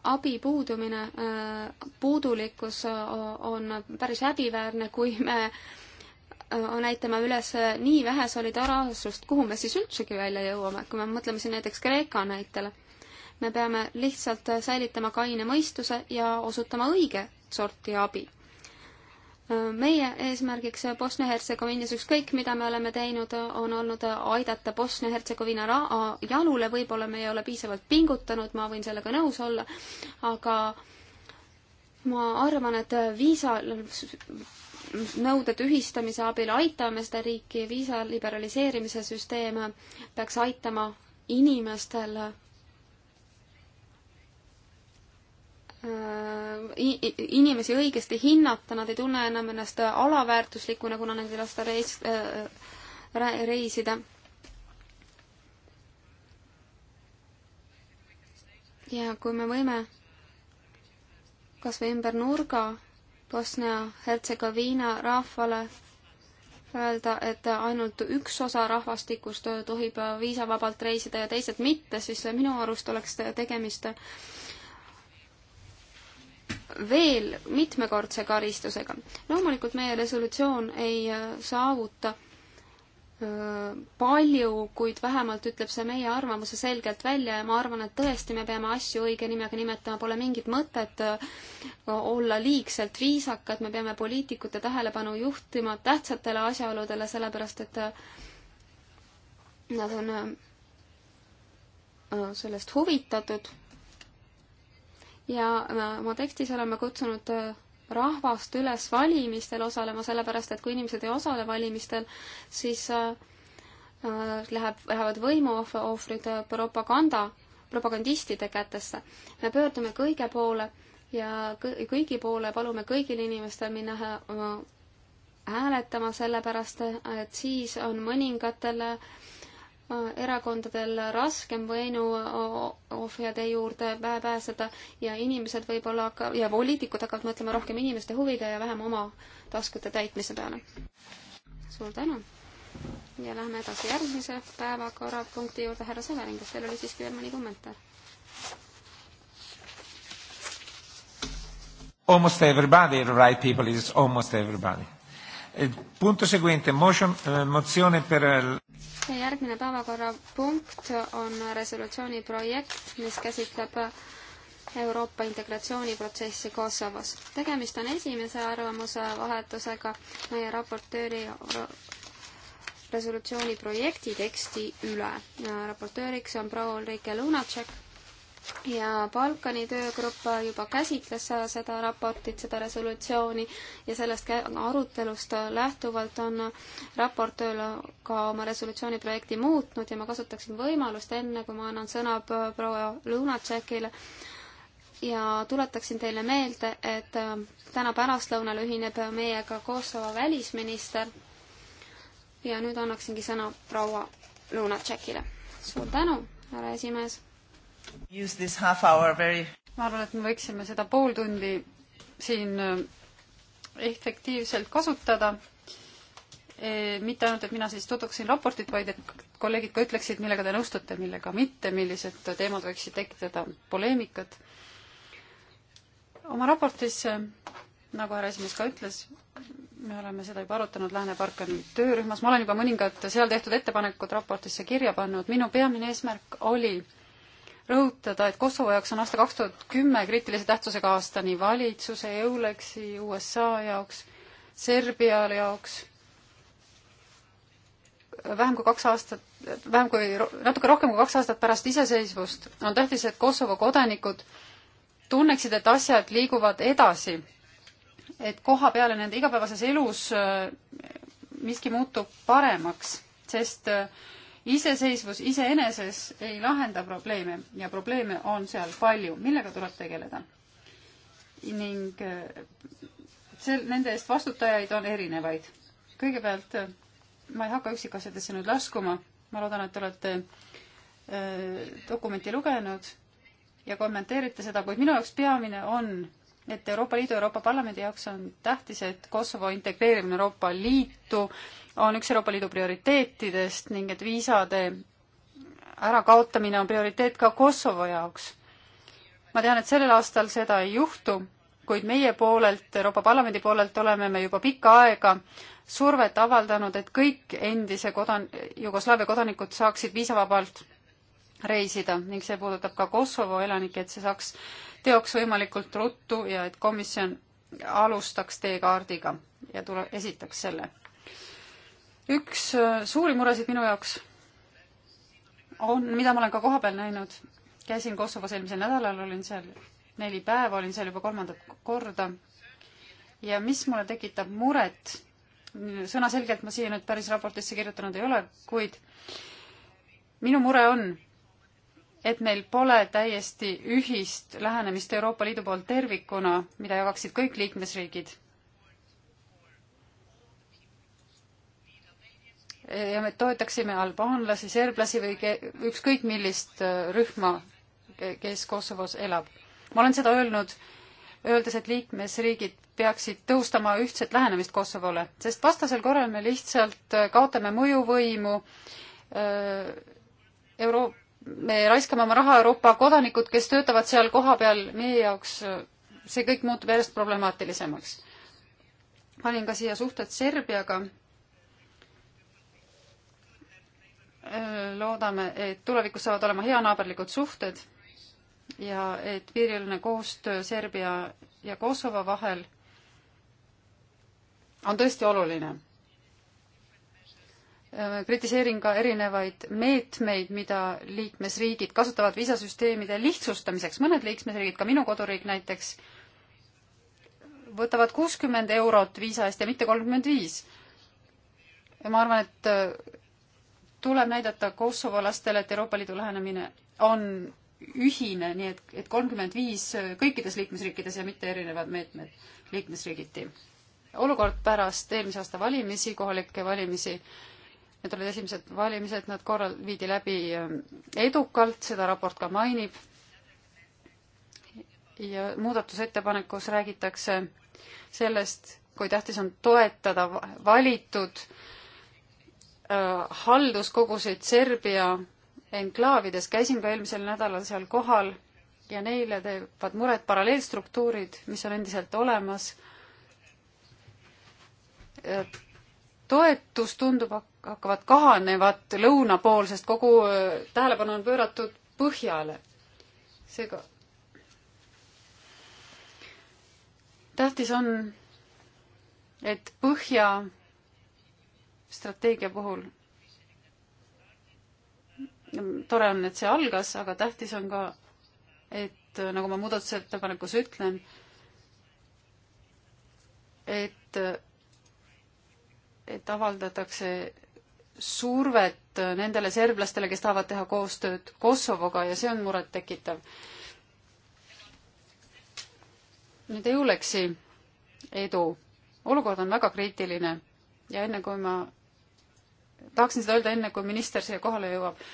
abi puudumine, äh, puudulikkus äh, on päris häbiväärne, kui me äh, näitame üles nii vähe solidaarsust, kuhu me siis üldsegi välja jõuame, kui me mõtleme siin näiteks Kreeka näitele. me peame lihtsalt säilitama kaine mõistuse ja osutama õiget sorti abi meie eesmärgiks Bosnia-Hertsegoviinis, ükskõik mida me oleme teinud, on olnud aidata Bosnia-Hertsegoviina jalule, võib-olla me ei ole piisavalt pingutanud, ma võin sellega nõus olla, aga ma arvan, et viisa nõude tühistamise abil aitame seda riiki, viisa liberaliseerimise süsteem peaks aitama inimestel Äh, inimesi õigesti hinnata, nad ei tunne enam ennast alaväärtuslikuna, kuna neid ei lasta reis, äh, reisida. ja kui me võime kas või ümber nurga Bosnia-Hertsegoviina rahvale öelda, et ainult üks osa rahvastikust tohib viisavabalt reisida ja teised mitte, siis minu arust oleks tegemist veel mitmekordse karistusega. loomulikult meie resolutsioon ei äh, saavuta äh, palju, kuid vähemalt ütleb see meie arvamuse selgelt välja ja ma arvan, et tõesti, me peame asju õige nimega nimetama, pole mingit mõtet äh, olla liigselt viisakad, me peame poliitikute tähelepanu juhtima tähtsatele asjaoludele, sellepärast et nad on sellest huvitatud ja oma äh, tekstis oleme kutsunud äh, rahvast üles valimistel osalema, sellepärast et kui inimesed ei osale valimistel, siis äh, läheb, lähevad võimuohvrid propaganda, propagandistide kätesse. me pöördume kõige poole ja kõigi poole palume kõigil inimestel minna hääletama, sellepärast et siis on mõningatel äh, erakondadel raskem võinu ohjade juurde pääseda ja inimesed võib-olla hakka- ja poliitikud hakkavad mõtlema rohkem inimeste huvide ja vähem oma taskute täitmise peale. suur tänu! ja lähme edasi järgmise päevakorrapunkti juurde, härra Severing, kas teil oli siiski veel mõni kommentaar? Almost everybody, right people is almost everybody. Eh, punto seguente, motion, eh, mozione per eh, ja järgmine päevakorrapunkt on resolutsiooni projekt, mis käsitleb Euroopa integratsiooniprotsessi Kosovos. tegemist on esimese arvamuse vahetusega meie raportööri resolutsiooni projekti teksti üle. raportööriks on proua Ulrike Lunacek ja Balkani töögrupp juba käsitles seda raportit, seda resolutsiooni ja sellest arutelust lähtuvalt on raportöör ka oma resolutsiooni projekti muutnud ja ma kasutaksin võimalust enne, kui ma annan sõna proua Lunatšekile ja tuletaksin teile meelde, et äh, täna pärastlõunal ühineb meiega Kosovo välisminister ja nüüd annaksingi sõna proua Lunatšekile. suur tänu, härra esimees Very... ma arvan, et me võiksime seda pool tundi siin äh, efektiivselt kasutada. E, mitte ainult, et mina siis tutvuksin raportit, vaid et kolleegid ka ütleksid, millega te nõustute, millega mitte, millised teemad võiksid tekitada poleemikat. oma raportis, äh, nagu härra esimees ka ütles, me oleme seda juba arutanud Lääne-Balkani töörühmas, ma olen juba mõningad seal tehtud ettepanekud raportisse kirja pannud, minu peamine eesmärk oli rõhutada, et Kosovo jaoks on aasta kaks tuhat kümme kriitilise tähtsusega aasta nii valitsuse, EULEX-i, USA jaoks, Serbia jaoks, vähem kui kaks aastat, vähem kui, natuke rohkem kui kaks aastat pärast iseseisvust on tähtis, et Kosovo kodanikud tunneksid, et asjad liiguvad edasi, et koha peale nende igapäevases elus äh, miski muutub paremaks, sest äh, iseseisvus iseeneses ei lahenda probleeme ja probleeme on seal palju, millega tuleb tegeleda. ning äh, sel-, nende eest vastutajaid on erinevaid. kõigepealt äh, ma ei hakka üksikasjadesse nüüd laskuma, ma loodan, et te olete äh, dokumenti lugenud ja kommenteerite seda, kuid minu jaoks peamine on et Euroopa Liidu, Euroopa Parlamendi jaoks on tähtis, et Kosovo integreerimine Euroopa Liitu on üks Euroopa Liidu prioriteetidest ning et viisade ärakaotamine on prioriteet ka Kosovo jaoks. ma tean, et sellel aastal seda ei juhtu, kuid meie poolelt, Euroopa Parlamendi poolelt oleme me juba pikka aega survet avaldanud, et kõik endise kodan-, Jugoslaavia kodanikud saaksid viisavabalt reisida ning see puudutab ka Kosovo elanikke, et see saaks äh, teoks võimalikult ruttu ja et komisjon alustaks teekaardiga ja tule, esitaks selle. üks äh, suuri muresid minu jaoks on, mida ma olen ka kohapeal näinud, käisin Kosovos eelmisel nädalal, olin seal neli päeva, olin seal juba kolmandat korda. ja mis mulle tekitab muret, sõnaselgelt ma siia nüüd päris raportisse kirjutanud ei ole, kuid minu mure on, et meil pole täiesti ühist lähenemist Euroopa Liidu poolt tervikuna, mida jagaksid kõik liikmesriigid. ja me toetaksime albaanlasi, serblasi või ükskõik millist äh, rühma, kes Kosovos elab. ma olen seda öelnud, öeldes, et liikmesriigid peaksid tõhustama ühtset lähenemist Kosovole, sest vastasel korral me lihtsalt äh, kaotame mõjuvõimu äh, Euro-, me raiskame oma raha Euroopa kodanikud, kes töötavad seal kohapeal, meie jaoks äh, see kõik muutub järjest problemaatilisemaks. panin ka siia suhted Serbiaga. Äh, loodame, et tulevikus saavad olema heanaaberlikud suhted ja et piiriline koostöö Serbia ja Kosovo vahel on tõesti oluline Äh, kritiseerin ka erinevaid meetmeid, mida liikmesriigid kasutavad viisasüsteemide lihtsustamiseks. mõned liikmesriigid, ka minu koduriik näiteks, võtavad kuuskümmend eurot viisa eest ja mitte kolmkümmend viis. ja ma arvan, et äh, tuleb näidata kosovolastele, et Euroopa Liidu lähenemine on ühine, nii et, et kolmkümmend viis äh, kõikides liikmesriikides ja mitte erinevad meetmed liikmesriigiti. olukord pärast eelmise aasta valimisi, kohalikke valimisi Need olid esimesed valimised, nad korral viidi läbi ähm, edukalt, seda raport ka mainib. ja muudatusettepanekus räägitakse sellest, kui tähtis on toetada valitud äh, halduskogusid Serbia enklaavides, käisin ka eelmisel nädalal seal kohal ja neile teevad muret paralleelstruktuurid, mis on endiselt olemas toetus tundub, hakkavad kahanevat lõuna pool, sest kogu äh, tähelepanu on pööratud põhjale. seega tähtis on, et põhja strateegia puhul tore on, et see algas, aga tähtis on ka, et äh, nagu ma muudatusettepanekus ütlen, et äh, et avaldatakse survet nendele serblastele, kes tahavad teha koostööd Kosovoga ja see on murettekitav. nüüd EULEX-i edu. olukord on väga kriitiline ja enne kui ma, tahaksin seda öelda enne, kui minister siia kohale jõuab.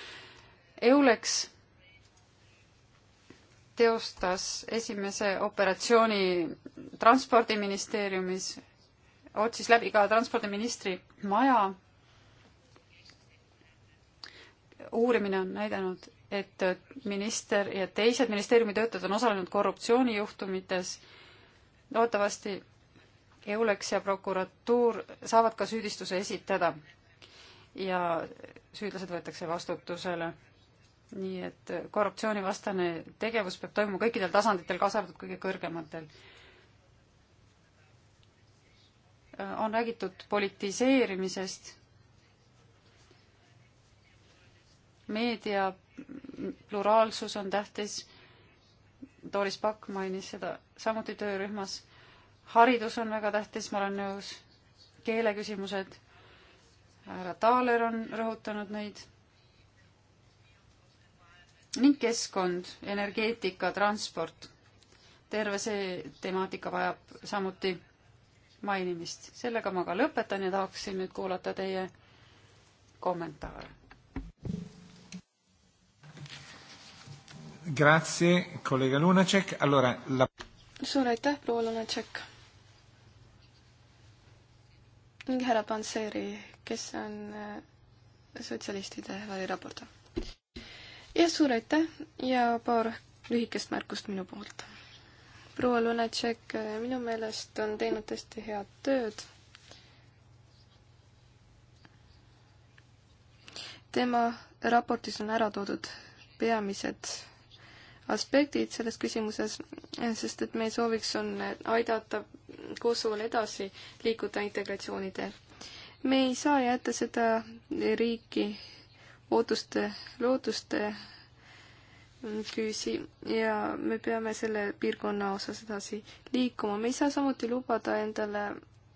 EULEX teostas esimese operatsiooni Transpordiministeeriumis otsis läbi ka transpordiministri maja. uurimine on näidanud, et minister ja teised ministeeriumi töötajad on osalenud korruptsioonijuhtumites. loodetavasti EULEX ja prokuratuur saavad ka süüdistuse esitada ja süüdlased võetakse vastutusele. nii et korruptsioonivastane tegevus peab toimuma kõikidel tasanditel, kaasa arvatud kõige kõrgematel on räägitud politiseerimisest, meedia pluraalsus on tähtis, Doris Pakk mainis seda samuti töörühmas, haridus on väga tähtis, ma olen nõus, keeleküsimused, härra Taaler on rõhutanud neid, ning keskkond, energeetika, transport, terve see temaatika vajab samuti mainimist. sellega ma ka lõpetan ja tahaksin nüüd kuulata teie kommentaare. Grazie, kolleeg Lunacek, allora la.... suur aitäh, proua Lunacek. ning härra Panseri, kes on äh, sotsialistide variraportor. jah, suur aitäh ja paar lühikest märkust minu poolt proua Lunatšek minu meelest on teinud tõesti head tööd. tema raportis on ära toodud peamised aspektid selles küsimuses, sest et meie sooviks on aidata Kosovol edasi liikuda integratsiooni teel. me ei saa jätta seda riiki ootuste, lootuste küüsi ja me peame selle piirkonna osas edasi liikuma. me ei saa samuti lubada endale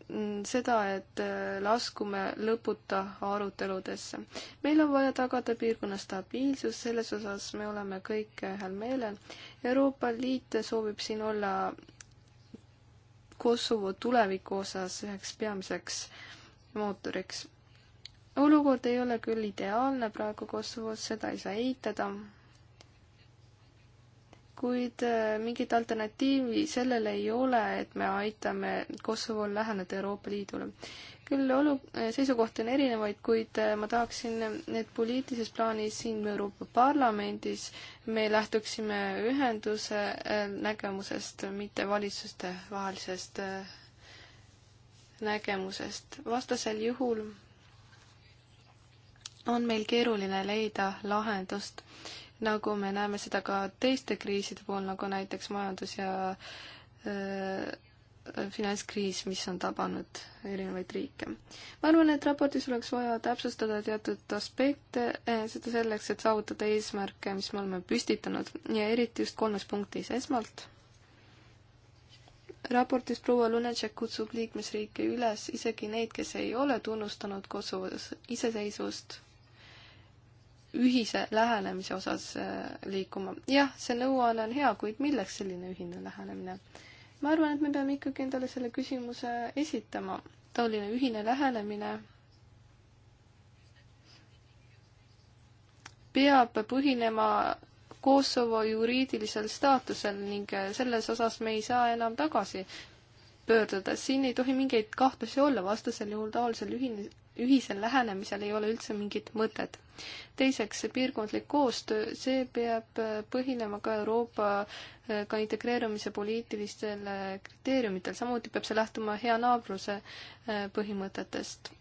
mm, seda, et äh, laskume lõputa aruteludesse. meil on vaja tagada piirkonna stabiilsus, selles osas me oleme kõik ühel meelel. Euroopa Liit soovib siin olla Kosovo tuleviku osas üheks peamiseks mootoriks. olukord ei ole küll ideaalne praegu Kosovos, seda ei saa eitada kuid äh, mingit alternatiivi sellele ei ole, et me aitame Kosovol läheneda Euroopa Liidule. küll olu-, äh, seisukohti on erinevaid, kuid äh, ma tahaksin, et poliitilises plaanis siin Euroopa Parlamendis me lähtuksime ühenduse nägemusest, mitte valitsuste vahelisest nägemusest. vastasel juhul on meil keeruline leida lahendust nagu me näeme seda ka teiste kriiside puhul, nagu näiteks majandus ja äh, finantskriis, mis on tabanud erinevaid riike. ma arvan, et raportis oleks vaja täpsustada teatud aspekte, äh, seda selleks, et saavutada eesmärke, mis me oleme püstitanud ja eriti just kolmes punktis. esmalt, raportis proua Lunatšek kutsub liikmesriike üles, isegi neid, kes ei ole tunnustanud Kosovos iseseisvust ühise lähenemise osas äh, liikuma. jah, see nõuanne on hea, kuid milleks selline ühine lähenemine? ma arvan, et me peame ikkagi endale selle küsimuse esitama. taoline ühine lähenemine peab põhinema Kosovo juriidilisel staatusel ning äh, selles osas me ei saa enam tagasi pöörduda. siin ei tohi mingeid kahtlusi olla, vastasel juhul taolisel ühine ühisel lähenemisel ei ole üldse mingit mõtet. teiseks, see piirkondlik koostöö, see peab äh, põhinema ka Euroopa äh, ka integreerumise poliitilistel äh, kriteeriumitel, samuti peab see lähtuma hea naabruse põhimõtetest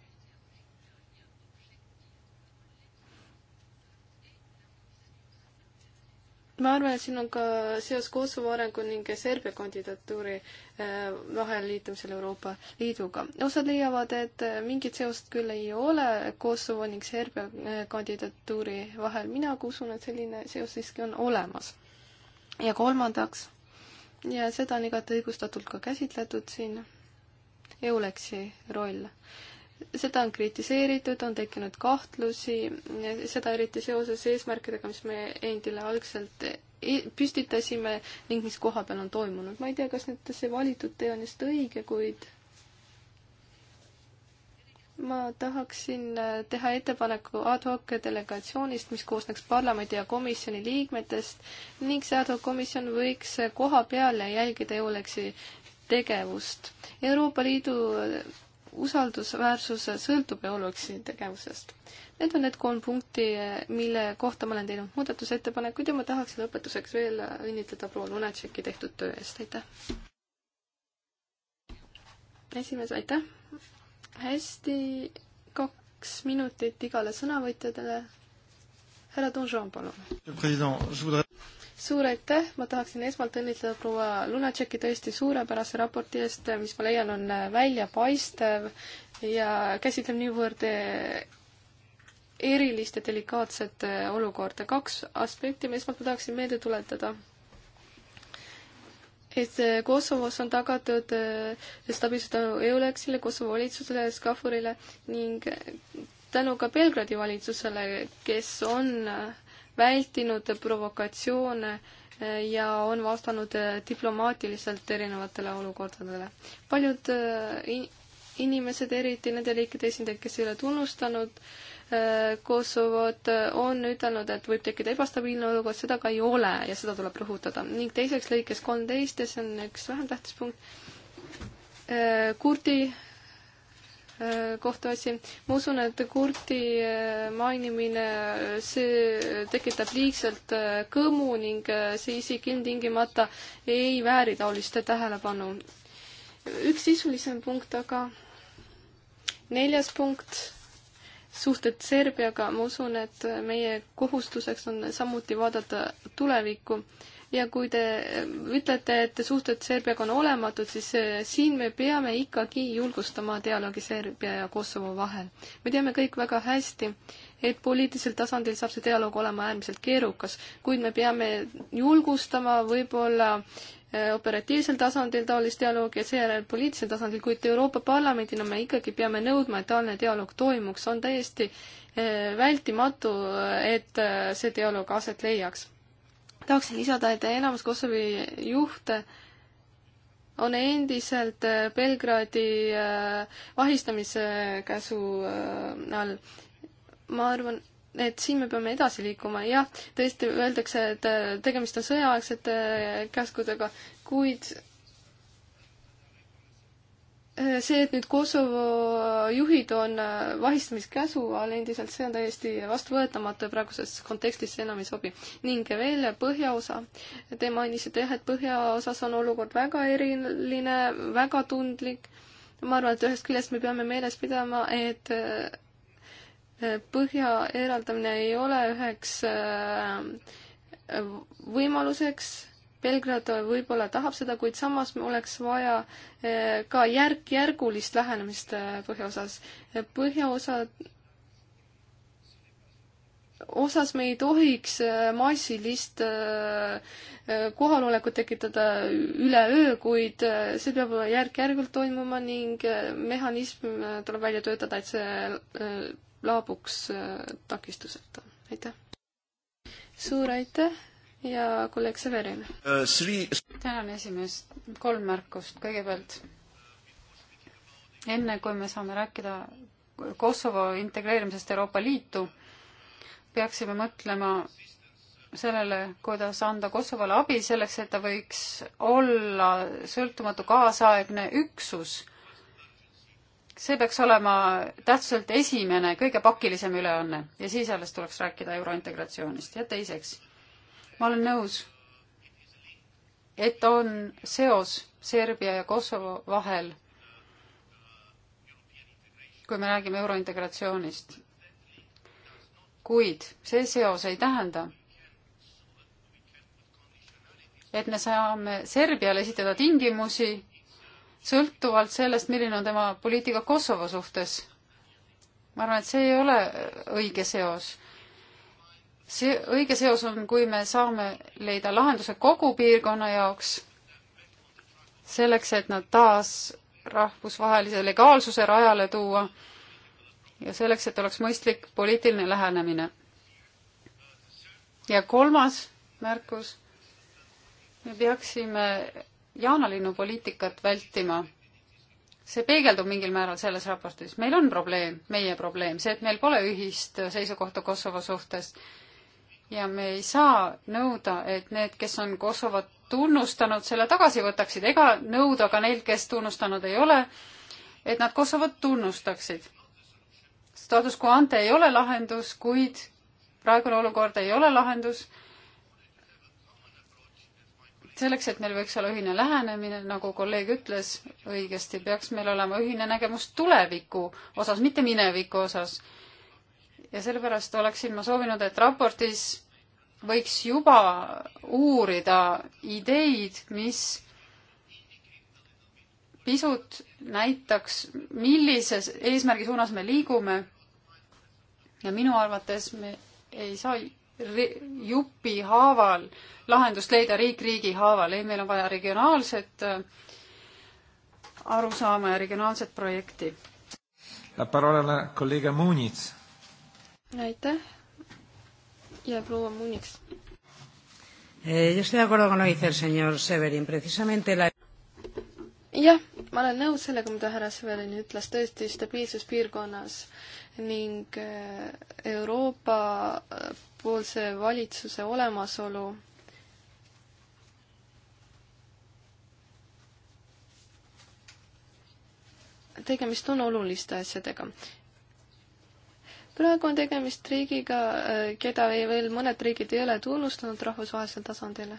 ma arvan, et siin on ka seos Kosovo arengu ning Serbia kandidatuuri äh, vahel liitumisel Euroopa Liiduga. osad leiavad, et äh, mingit seost küll ei ole Kosovo ning Serbia äh, kandidatuuri vahel. mina aga usun, et selline seos siiski on olemas. ja kolmandaks, ja seda on igati õigustatult ka käsitletud siin, EULEX-i roll seda on kritiseeritud, on tekkinud kahtlusi, seda eriti seoses eesmärkidega, mis me endile algselt e-, püstitasime ning mis koha peal on toimunud. ma ei tea, kas nüüd see valitud tee on just õige, kuid ma tahaksin äh, teha ettepaneku ad hoc delegatsioonist, mis koosneks parlamendi ja komisjoni liikmetest ning see ad hoc komisjon võiks koha peal jälgida EULEX-i tegevust. Euroopa Liidu usaldusväärsus sõltub Euluxi tegevusest. Need on need kolm punkti, mille kohta ma olen teinud muudatusettepanekuid ja ma tahaksin lõpetuseks veel õnnitleda proua Lunatšeki tehtud töö eest, aitäh! esimees, aitäh! hästi, kaks minutit igale sõnavõtjale. härra Donjon, palun suur aitäh, ma tahaksin esmalt õnnitleda proua Lunatšeki tõesti suurepärase raporti eest, mis ma leian, on väljapaistev ja käsitleb niivõrd erilist ja delikaatset olukorda. kaks aspekti ma esmalt ma tahaksin meelde tuletada. et Kosovos on tagatud stabiilsus tänu EULEX-ile, Kosovo valitsusele, SCAFUR-ile ning tänu ka Belgradi valitsusele, kes on äh, vältinud provokatsioone eh, ja on vastanud eh, diplomaatiliselt erinevatele olukordadele. paljud eh, inimesed, eriti nende riikide esindajad, kes ei ole tunnustanud Kosovot, on ütelnud, et võib tekkida ebastabiilne olukord, seda ka ei ole ja seda tuleb rõhutada. ning teiseks lõikes kolmteist ja see on üks vähem tähtis punkt, kurdi kohtuasi. ma usun, et Kurti eh, mainimine, see tekitab liigselt eh, kõmu ning eh, see isik ilmtingimata ei vääri taolist tähelepanu. üks sisulisem punkt aga, neljas punkt, suhted Serbiaga, ma usun, et meie kohustuseks on samuti vaadata tulevikku ja kui te äh, ütlete, et suhted Serbiaga on olematud, siis äh, siin me peame ikkagi julgustama dialoogi Serbia ja Kosovo vahel. me teame kõik väga hästi, et poliitilisel tasandil saab see dialoog olema äärmiselt keerukas, kuid me peame julgustama võib-olla äh, operatiivsel tasandil taolist dialoogi ja seejärel poliitilisel tasandil, kuid Euroopa Parlamendina me ikkagi peame nõudma, et taoline dialoog toimuks, on täiesti vältimatu, et see dialoog aset leiaks tahaksin lisada, et enamus Kosovi juhte on endiselt äh, Belgradi äh, vahistamise äh, käsu all. ma arvan, et siin me peame edasi liikuma, jah, tõesti öeldakse, et tegemist on sõjaaegsete käskudega, kuid see, et nüüd Kosovo juhid on äh, vahistamiskäsu all endiselt, see on täiesti vastuvõetamatu ja praeguses kontekstis see enam ei sobi. ning veel põhjaosa. Te mainisite jah, et põhjaosas on olukord väga eriline, väga tundlik. ma arvan, et ühest küljest me peame meeles pidama, et äh, põhja eraldamine ei ole üheks äh, võimaluseks Belgrad võib-olla tahab seda, kuid samas oleks vaja eh, ka järk-järgulist lähenemist eh, põhjaosas. Eh, põhjaosa osas me ei tohiks massilist kohalolekut tekitada üleöö, kuid see peab järk-järgult toimuma ning mehhanism tuleb välja töötada, et see laabuks takistuseta. aitäh! suur aitäh ja kolleeg Severin uh,. Sri... tänan esimees, kolm märkust kõigepealt. enne kui me saame rääkida Kosovo integreerimisest Euroopa Liitu, peaksime mõtlema sellele, kuidas anda Kosovole abi selleks, et ta võiks olla sõltumatu kaasaegne üksus. see peaks olema tähtsuselt esimene, kõige pakilisem üleanne ja siis alles tuleks rääkida eurointegratsioonist ja teiseks ma olen nõus, et on seos Serbia ja Kosovo vahel, kui me räägime eurointegratsioonist. kuid see seos ei tähenda, et me saame Serbiale esitada tingimusi sõltuvalt sellest, milline on tema poliitika Kosovo suhtes. ma arvan, et see ei ole õige seos see õige seos on, kui me saame leida lahenduse kogu piirkonna jaoks, selleks, et nad taas rahvusvahelise legaalsuse rajale tuua ja selleks, et oleks mõistlik poliitiline lähenemine. ja kolmas märkus, me peaksime jaanalinnu poliitikat vältima. see peegeldub mingil määral selles raportis. meil on probleem, meie probleem, see, et meil pole ühist seisukohta Kosovo suhtes ja me ei saa nõuda, et need, kes on Kosovot tunnustanud, selle tagasi võtaksid, ega nõuda ka neilt, kes tunnustanud ei ole, et nad Kosovot tunnustaksid. status quo ante ei ole lahendus, kuid praegune olukord ei ole lahendus. selleks, et meil võiks olla ühine lähenemine, nagu kolleeg ütles õigesti, peaks meil olema ühine nägemus tuleviku osas, mitte mineviku osas ja sellepärast oleksin ma soovinud, et raportis võiks juba uurida ideid, mis pisut näitaks, millises eesmärgi suunas me liigume. ja minu arvates me ei saa jupi haaval lahendust leida riik riigi haaval, ei, meil on vaja regionaalset äh, arusaama ja regionaalset projekti. La parola la collega Muniz aitäh ja proua Muniks. Eh, jah, ma olen nõus sellega, mida härra Severin ütles, tõesti stabiilsuspiirkonnas ning eh, Euroopa eh, poolse valitsuse olemasolu tegemist on oluliste asjadega praegu on tegemist riigiga, äh, keda ei, veel mõned riigid ei ole tunnustanud rahvusvahelisel tasandil.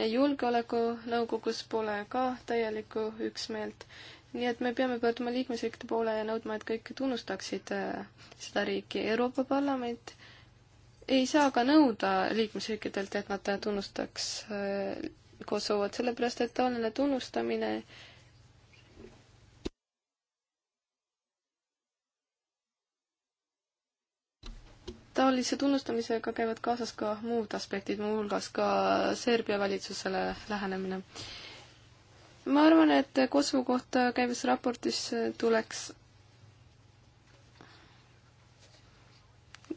ja julgeolekunõukogus pole ka täielikku üksmeelt. nii et me peame pöörduma liikmesriikide poole ja nõudma, et kõik tunnustaksid äh, seda riiki. Euroopa Parlament ei saa ka nõuda liikmesriikidelt, et nad tunnustaks äh, Kosovot, sellepärast et taoline tunnustamine äh, taolise tunnustamisega käivad kaasas ka muud aspektid, muuhulgas ka Serbia valitsusele lähenemine. ma arvan, et Kosovo kohta käivas raportis tuleks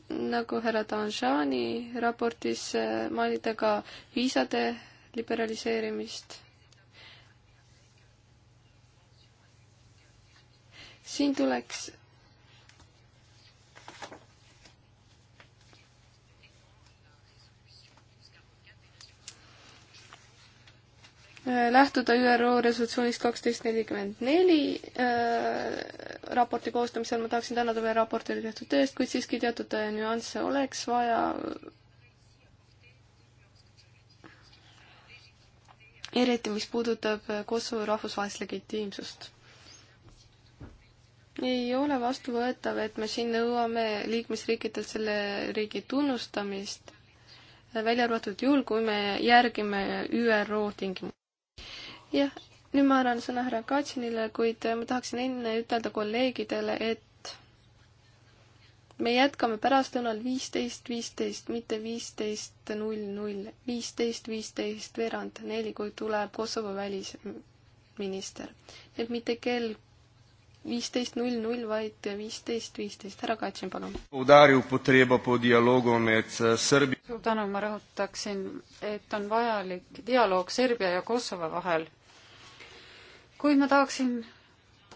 nagu härra Danjani raportis mainida ka viisade liberaliseerimist. siin tuleks Äh, lähtuda ÜRO resolutsioonist kaksteist nelikümmend neli äh, raporti koostamisel, ma tahaksin tänada veel raportile tehtud töö eest, kuid siiski teatud äh, nüansse oleks vaja. eriti, mis puudutab Kosovo rahvusvahelist legitiimsust. ei ole vastuvõetav, et me siin nõuame liikmesriikidelt selle riigi tunnustamist, välja arvatud juhul, kui me järgime ÜRO tingimusi jah, nüüd ma annan sõna härra Katsinile, kuid äh, ma tahaksin enne ütelda kolleegidele, et me jätkame pärastlõunal viisteist, viisteist, mitte viisteist null null, viisteist, viisteist veerand neli, kui tuleb Kosovo välisminister. et mitte kell viisteist null null, vaid viisteist viisteist. härra Katsin, palun. Äh, suur tänu, ma rõhutaksin, et on vajalik dialoog Serbia ja Kosovo vahel kuid ma tahaksin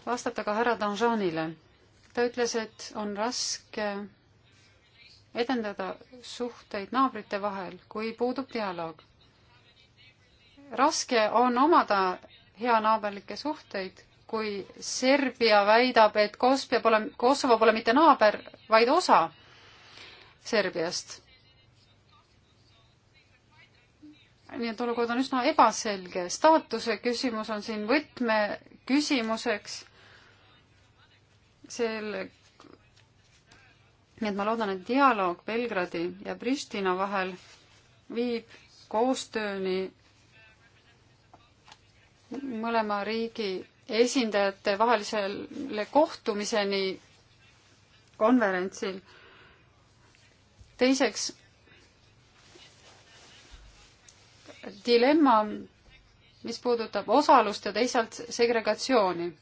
vastata ka härra Danjanile. ta ütles, et on raske edendada suhteid naabrite vahel, kui puudub dialoog. raske on omada heanaaberlikke suhteid, kui Serbia väidab, et Kospia pole, Kosovo pole mitte naaber, vaid osa Serbiast nii et olukord on üsna ebaselge. staatuse küsimus on siin võtmeküsimuseks. selle, nii et ma loodan, et dialoog Belgradi ja Pristina vahel viib koostööni mõlema riigi esindajate vahelisele kohtumiseni konverentsil. teiseks dilemma, mis puudutab osalust ja teisalt segregatsiooni.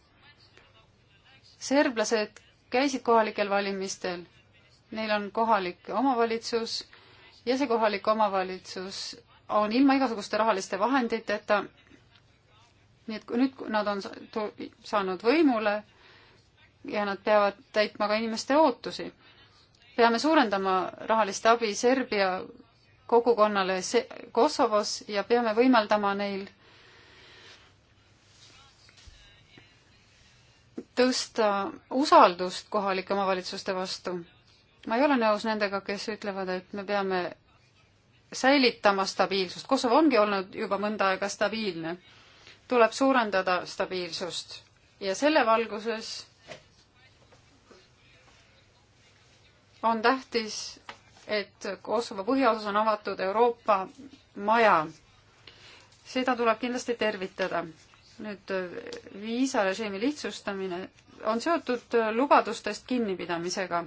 serblased käisid kohalikel valimistel, neil on kohalik omavalitsus ja see kohalik omavalitsus on ilma igasuguste rahaliste vahenditeta. nii et nüüd, kui nad on saanud võimule ja nad peavad täitma ka inimeste ootusi, peame suurendama rahalist abi Serbia kogukonnale Kosovos ja peame võimaldama neil tõsta usaldust kohalike omavalitsuste vastu. ma ei ole nõus nendega, kes ütlevad, et me peame säilitama stabiilsust. Kosovo ongi olnud juba mõnda aega stabiilne. tuleb suurendada stabiilsust ja selle valguses on tähtis et Kosovo põhjaosas on avatud Euroopa maja. seda tuleb kindlasti tervitada. nüüd viisarežiimi lihtsustamine on seotud lubadustest kinnipidamisega.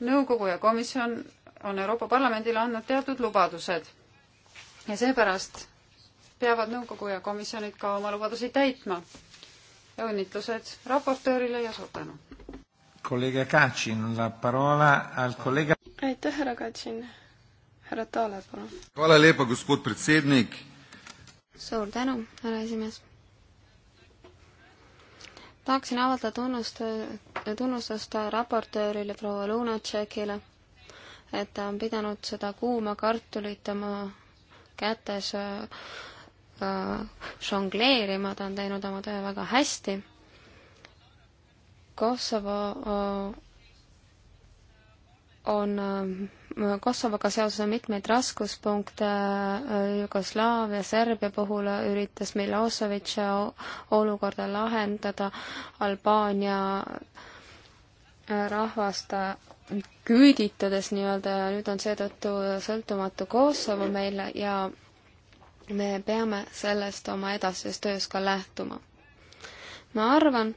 nõukogu ja komisjon on Euroopa Parlamendile andnud teatud lubadused ja seepärast peavad nõukogu ja komisjonid ka oma lubadusi täitma. ja õnnitlused raportöörile ja suur tänu. kolleeg Kacin, la parola al kolleeg aitäh, härra Katsin. härra Taale, palun. Hvala lepa, gospod predsednik. suur tänu, härra esimees. tahaksin avaldada tunnust, tunnustust raportöörile proua Lunatšekile, et ta on pidanud seda kuuma kartulit oma kätes äh, žongleerima, ta on teinud oma töö väga hästi. Kosovo on äh, Kosovoga seoses mitmeid raskuspunkte äh, Jugoslaavia, Serbia puhul üritas Milosevic äh, olukorda lahendada, Albaania rahvast küüditades nii-öelda ja nüüd on seetõttu sõltumatu Kosovo meil ja me peame sellest oma edasises töös ka lähtuma. ma arvan,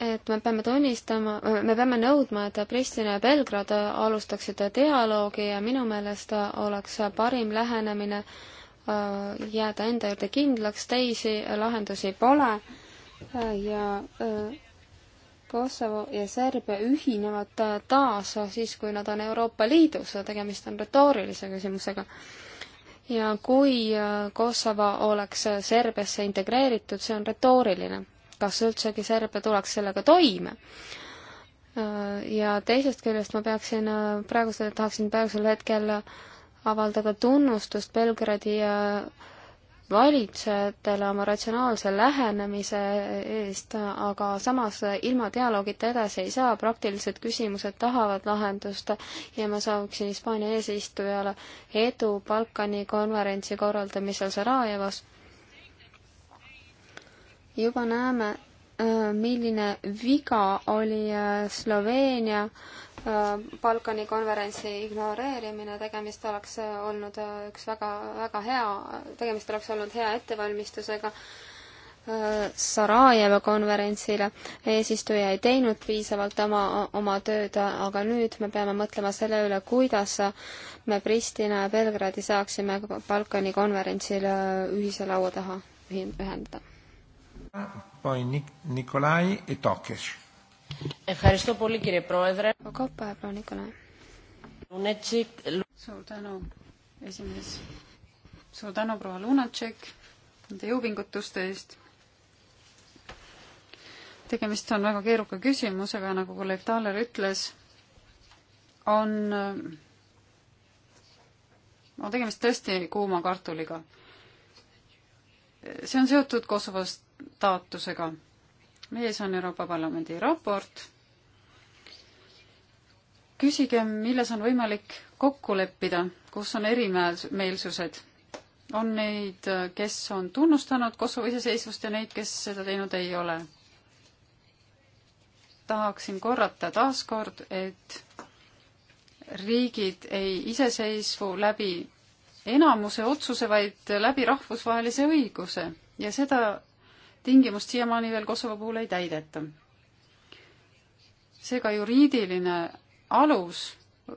et me peame tunnistama, me peame nõudma, et Pristina ja Belgrad alustaksid dialoogi ja minu meelest oleks parim lähenemine äh, jääda enda juurde kindlaks, teisi lahendusi pole ja äh, Kosovo ja Serbia ühinevad taas siis, kui nad on Euroopa Liidus, tegemist on retoorilise küsimusega. ja kui äh, Kosovo oleks Serbiasse integreeritud, see on retooriline kas üldsegi Serbia tuleks sellega toime. ja teisest küljest ma peaksin praegusel, tahaksin praegusel hetkel avaldada tunnustust Belgradi äh, valitsejatele oma ratsionaalse lähenemise eest, aga samas ilma dialoogita edasi ei saa, praktilised küsimused tahavad lahendust ja ma sooviksin Hispaania eesistujale edu Balkani konverentsi korraldamisel Sarajevas juba näeme, äh, milline viga oli äh, Sloveenia äh, Balkani konverentsi ignoreerimine, tegemist oleks olnud üks väga, väga hea, tegemist oleks olnud hea ettevalmistusega Sarajeva konverentsile. eesistuja ei teinud piisavalt oma, oma tööd, aga nüüd me peame mõtlema selle üle, kuidas me Pristina ja Belgradi saaksime Balkani konverentsil ühise laua taha ühendada poi Nikolai e Tokes. Ευχαριστώ πολύ κύριε Πρόεδρε. Ο κόπα, απλό Νικολάη. Suur tänu, esimees. suur tänu, proua Lunatšek, nende jõupingutuste eest. tegemist on väga keeruka küsimusega, nagu kolleeg Taaler ütles. on, on tegemist tõesti kuuma kartuliga. see on seotud Kosovost staatusega. meie ees on Euroopa Parlamendi raport. küsige, milles on võimalik kokku leppida, kus on erimeelsused. on neid, kes on tunnustanud Kosovo iseseisvust ja neid, kes seda teinud ei ole. tahaksin korrata taaskord, et riigid ei iseseisvu läbi enamuse otsuse, vaid läbi rahvusvahelise õiguse ja seda tingimust siiamaani veel Kosovo puhul ei täideta. seega juriidiline alus äh,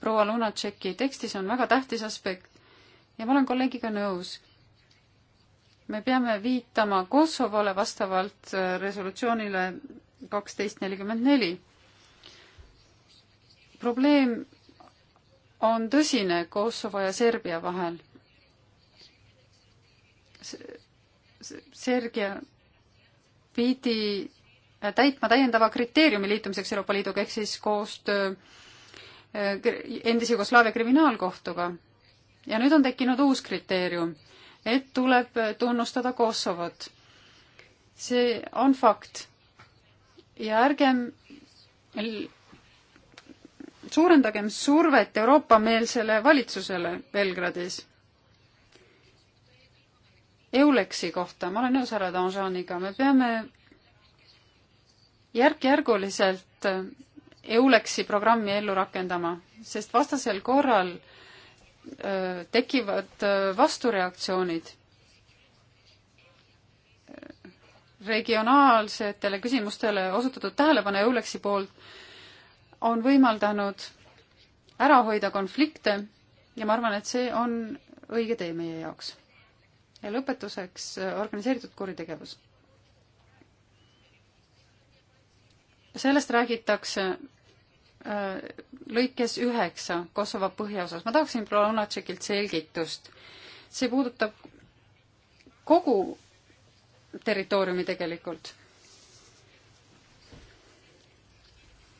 proua Lunatšeki tekstis on väga tähtis aspekt ja ma olen kolleegiga nõus. me peame viitama Kosovole vastavalt äh, resolutsioonile kaksteist nelikümmend neli. probleem on tõsine Kosovo ja Serbia vahel Sergia pidi äh, täitma täiendava kriteeriumi liitumiseks Euroopa Liiduga, ehk siis koostöö äh, endise Jugoslaavia kriminaalkohtuga. ja nüüd on tekkinud uus kriteerium, et tuleb tunnustada Kosovot. see on fakt. ja ärgem suurendagem survet Euroopa-meelsele valitsusele Belgradis Euleksi kohta, ma olen nõus härra Danjaniga, me peame järk-järguliselt Euleksi programmi ellu rakendama, sest vastasel korral öö, tekivad öö, vastureaktsioonid regionaalsetele küsimustele osutatud tähelepanu Euleksi poolt on võimaldanud ära hoida konflikte ja ma arvan, et see on õige tee meie jaoks ja lõpetuseks äh, organiseeritud kuritegevus. sellest räägitakse äh, lõikes üheksa Kosovo põhjaosas. ma tahaksin proua Lunatšekilt selgitust. see puudutab kogu territooriumi tegelikult.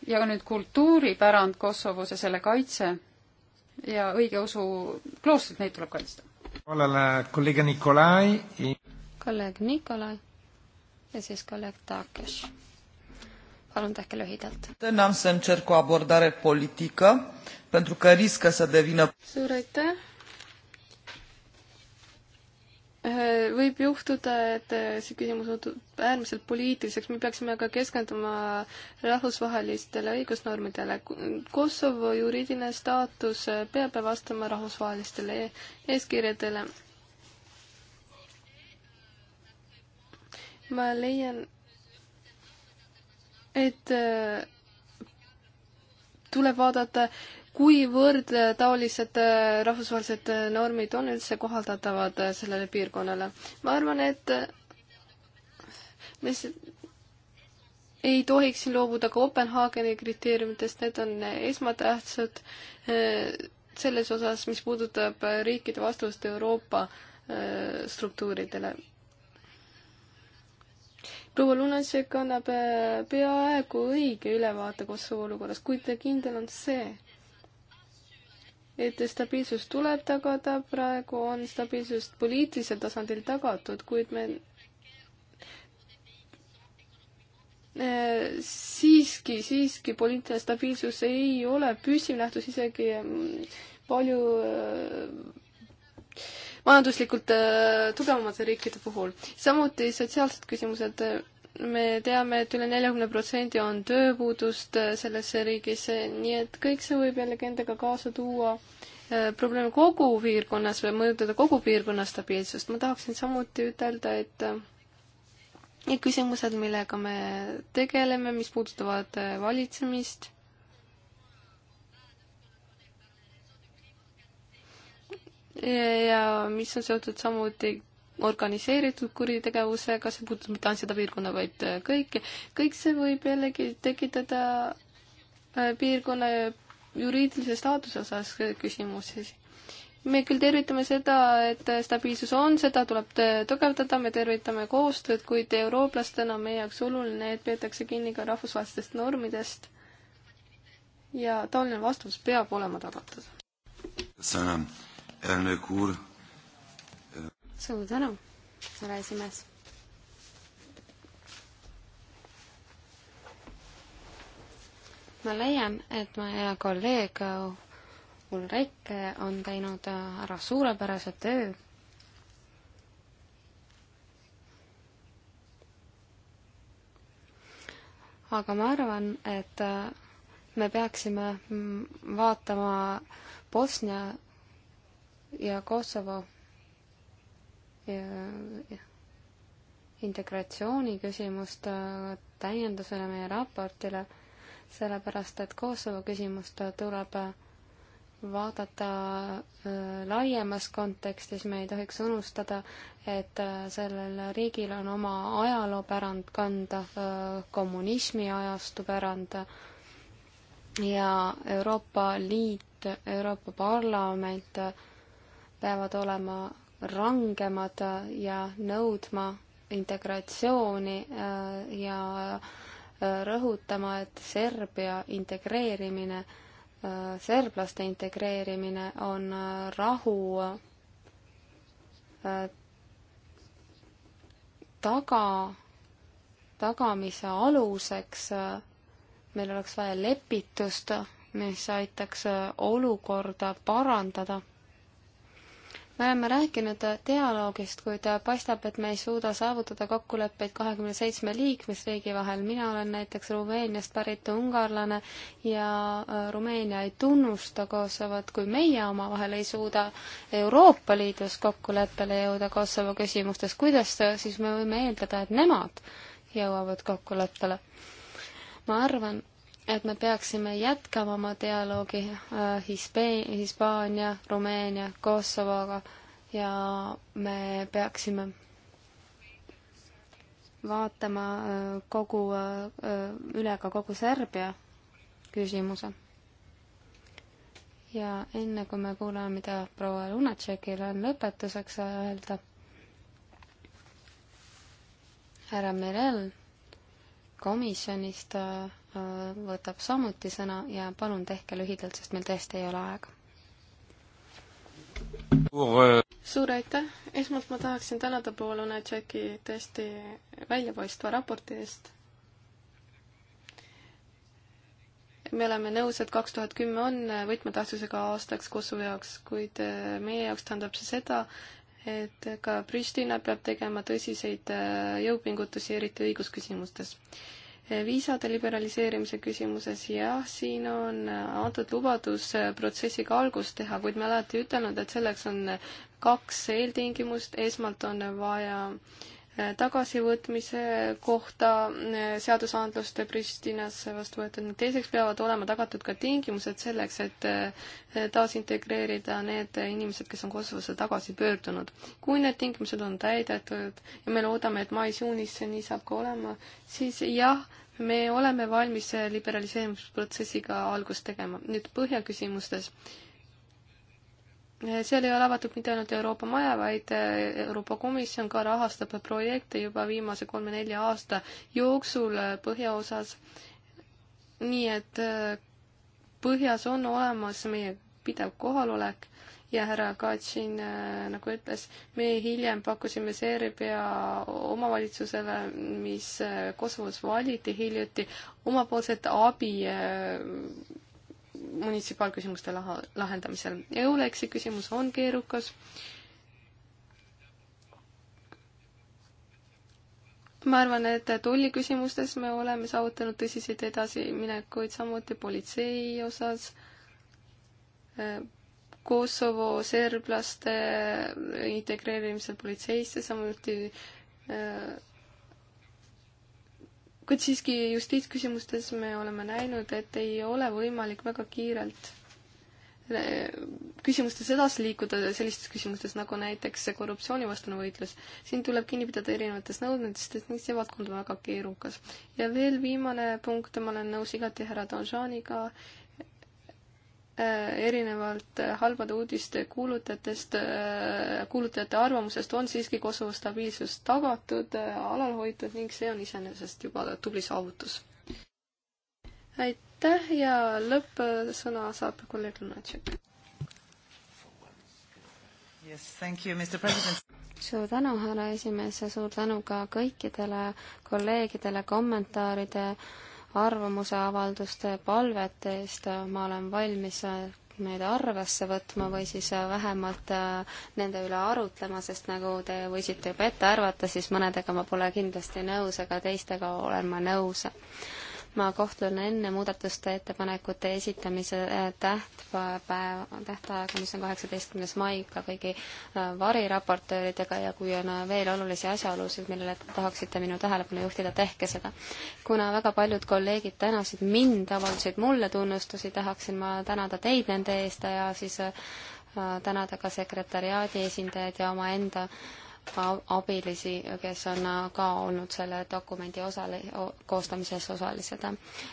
ja nüüd kultuuripärand Kosovos ja selle kaitse ja õigeusu kloostrit, neid tuleb kaitsta. E- kolleeg Nikolai. kolleeg Nikolai ja siis kolleeg Taakes. palun tehke lühidalt. tänan, see on tšerko abordare poliitika, pentru că riscă să devină. suur aitäh Äh, võib juhtuda, et äh, see küsimus muutub äärmiselt poliitiliseks, me peaksime aga keskenduma rahvusvahelistele õigusnormidele. Kosovo juriidiline staatus äh, peab vastama rahvusvahelistele eeskirjadele. ma leian, et tuleb vaadata kuivõrd äh, taolised äh, rahvusvahelised äh, normid on üldse kohaldatavad sellele piirkonnale? ma arvan, et me ei tohiks siin loobuda Kopenhaageni kriteeriumitest, need on esmatähtsad selles osas, mis puudutab riikide vastust Euroopa struktuuridele. proua Lunasek annab peaaegu õige ülevaate Kosovo olukorrast, kuid kindel on see, et stabiilsus tuleb tagada, praegu on stabiilsust poliitilisel tasandil tagatud, kuid me äh, siiski, siiski poliitiline stabiilsus ei ole püsiv nähtus isegi äh, palju äh, majanduslikult tugevamate riikide puhul. samuti sotsiaalsed küsimused me teame, et üle neljakümne protsendi on tööpuudust äh, selles riigis, nii et kõik see võib jällegi endaga kaasa tuua äh, probleeme kogu piirkonnas või mõjutada kogu piirkonna stabiilsust. ma tahaksin samuti ütelda, et äh, need küsimused, millega me tegeleme, mis puudutavad valitsemist, ja mis on seotud samuti organiseeritud kuritegevusega, see puudutab mitte ainult seda piirkonna, vaid äh, kõiki, kõik see võib jällegi tekitada äh, piirkonna äh, juriidilise staatuse osas küsimusi. me küll tervitame seda, et stabiilsus on, seda tuleb tugevdada, me tervitame koostööd, kuid eurooplastena on meie jaoks oluline, et peetakse kinni ka rahvusvahelistest normidest ja taoline vastutus peab olema tagatud. sõna, Elnök úr suur tänu, härra esimees. ma leian, et mu hea kolleeg Ulrike on teinud ära suurepärase töö aga ma arvan, et me peaksime vaatama Bosnia ja Kosovo integratsiooni küsimust äh, täiendusena meie raportile, sellepärast et Kosovo küsimust äh, tuleb äh, vaadata laiemas kontekstis, me ei tohiks unustada, et sellel riigil on oma ajaloopärand kanda, kommunismi ajastu pärand ja Euroopa Liit, Euroopa Parlament peavad olema rangemad ja nõudma integratsiooni äh, ja äh, rõhutama, et Serbia integreerimine, äh, serblaste integreerimine on rahu taga, tagamise aluseks. meil oleks vaja lepitust, mis aitaks olukorda parandada me oleme rääkinud dialoogist, kuid paistab, et me ei suuda saavutada kokkuleppeid kahekümne seitsme liikmesriigi vahel. mina olen näiteks Rumeeniast pärit ungarlane ja äh, Rumeenia ei tunnusta Kosovot, kui meie omavahel ei suuda Euroopa Liidus kokkuleppele jõuda Kosovo küsimustes, kuidas äh, siis me võime eeldada, et nemad jõuavad kokkuleppele? ma arvan, et me peaksime jätkama oma dialoogi äh, Hispe-, Hispaania, Rumeenia, Kosovoga ja me peaksime vaatama äh, kogu, äh, üle ka kogu Serbia küsimuse. ja enne, kui me kuulame, mida proua Lunatšekil on lõpetuseks öelda, härra Merel komisjonist äh, Äh, võtab samuti sõna ja palun tehke lühidalt, sest meil tõesti ei ole aega. Äh, suur aitäh, esmalt ma tahaksin tänada Paulune Tšeki tõesti väljapaistva raporti eest. me oleme nõus, et kaks tuhat kümme on võtmetähtsusega aastaks Kosovo jaoks, kuid äh, meie jaoks tähendab see seda, et ka Pristina peab tegema tõsiseid jõupingutusi, eriti õigusküsimustes viisade liberaliseerimise küsimuses, jah, siin on antud lubadus protsessiga algust teha, kuid me alati ütelnud, et selleks on kaks eeltingimust, esmalt on vaja äh, Äh, tagasivõtmise kohta äh, seadusandluste Pristinas vastu võetud ning teiseks peavad olema tagatud ka tingimused selleks, et äh, taasintegreerida need inimesed, kes on Kosovosse tagasi pöördunud. kui need tingimused on täidetud ja me loodame, et mais-juunis see nii saab ka olema, siis jah, me oleme valmis liberaliseerimisprotsessiga algust tegema. nüüd põhjaküsimustes seal ei ole avatud mitte ainult Euroopa Maja, vaid eh, Euroopa Komisjon ka rahastab projekte juba viimase kolme-nelja aasta jooksul eh, põhjaosas. nii et eh, põhjas on olemas meie pidev kohalolek ja härra Katšin nagu ütles, me hiljem pakkusime Serbia omavalitsusele, mis Kosovos valiti hiljuti, omapoolset abi munitsipaalküsimuste laha, lahendamisel. EULEX-i küsimus on keerukas. ma arvan, et tolliküsimustes me oleme saavutanud tõsiseid edasiminekuid, samuti politsei osas, eh, Kosovo serblaste integreerimisel politseisse, samuti eh, kuid siiski justiitsküsimustes me oleme näinud, et ei ole võimalik väga kiirelt äh, küsimustes edasi liikuda, sellistes küsimustes nagu näiteks korruptsioonivastane võitlus. siin tuleb kinni pidada erinevatest nõudmistest, et see valdkond on väga keerukas. ja veel viimane punkt, ma olen nõus igati härra Donžaniga, Äh, erinevalt äh, halbade uudiste kuulutajatest, äh, kuulutajate arvamusest on siiski Kosovo stabiilsus tagatud, alal hoitud ning see on iseenesest juba tubli saavutus. aitäh ja lõppsõna saab kolleeg Lunatšek. suur tänu, härra esimees ja suur tänu ka kõikidele kolleegidele kommentaaride äh, arvamuse avalduste, palvete eest, äh, ma olen valmis äh, neid arvesse võtma või siis äh, vähemalt nende üle arutlema, sest nagu te võisite juba ette arvata, siis mõnedega ma pole kindlasti nõus, aga teistega olen ma nõus ma kohtun enne muudatuste ettepanekute esitamise äh, tähtpäeva, tähtaega, mis on kaheksateistkümnes mai, ka kõigi äh, variraportööridega ja kui on äh, veel olulisi asjaolusid, millele tahaksite minu tähelepanu juhtida, tehke seda. kuna väga paljud kolleegid tänasid mind, avaldasid mulle tunnustusi, tahaksin ma tänada teid nende eest ja siis tänada ka sekretäriaadi esindajaid ja omaenda äh, abilisi, kes on äh, ka olnud selle dokumendi osale-, koostamises osalised.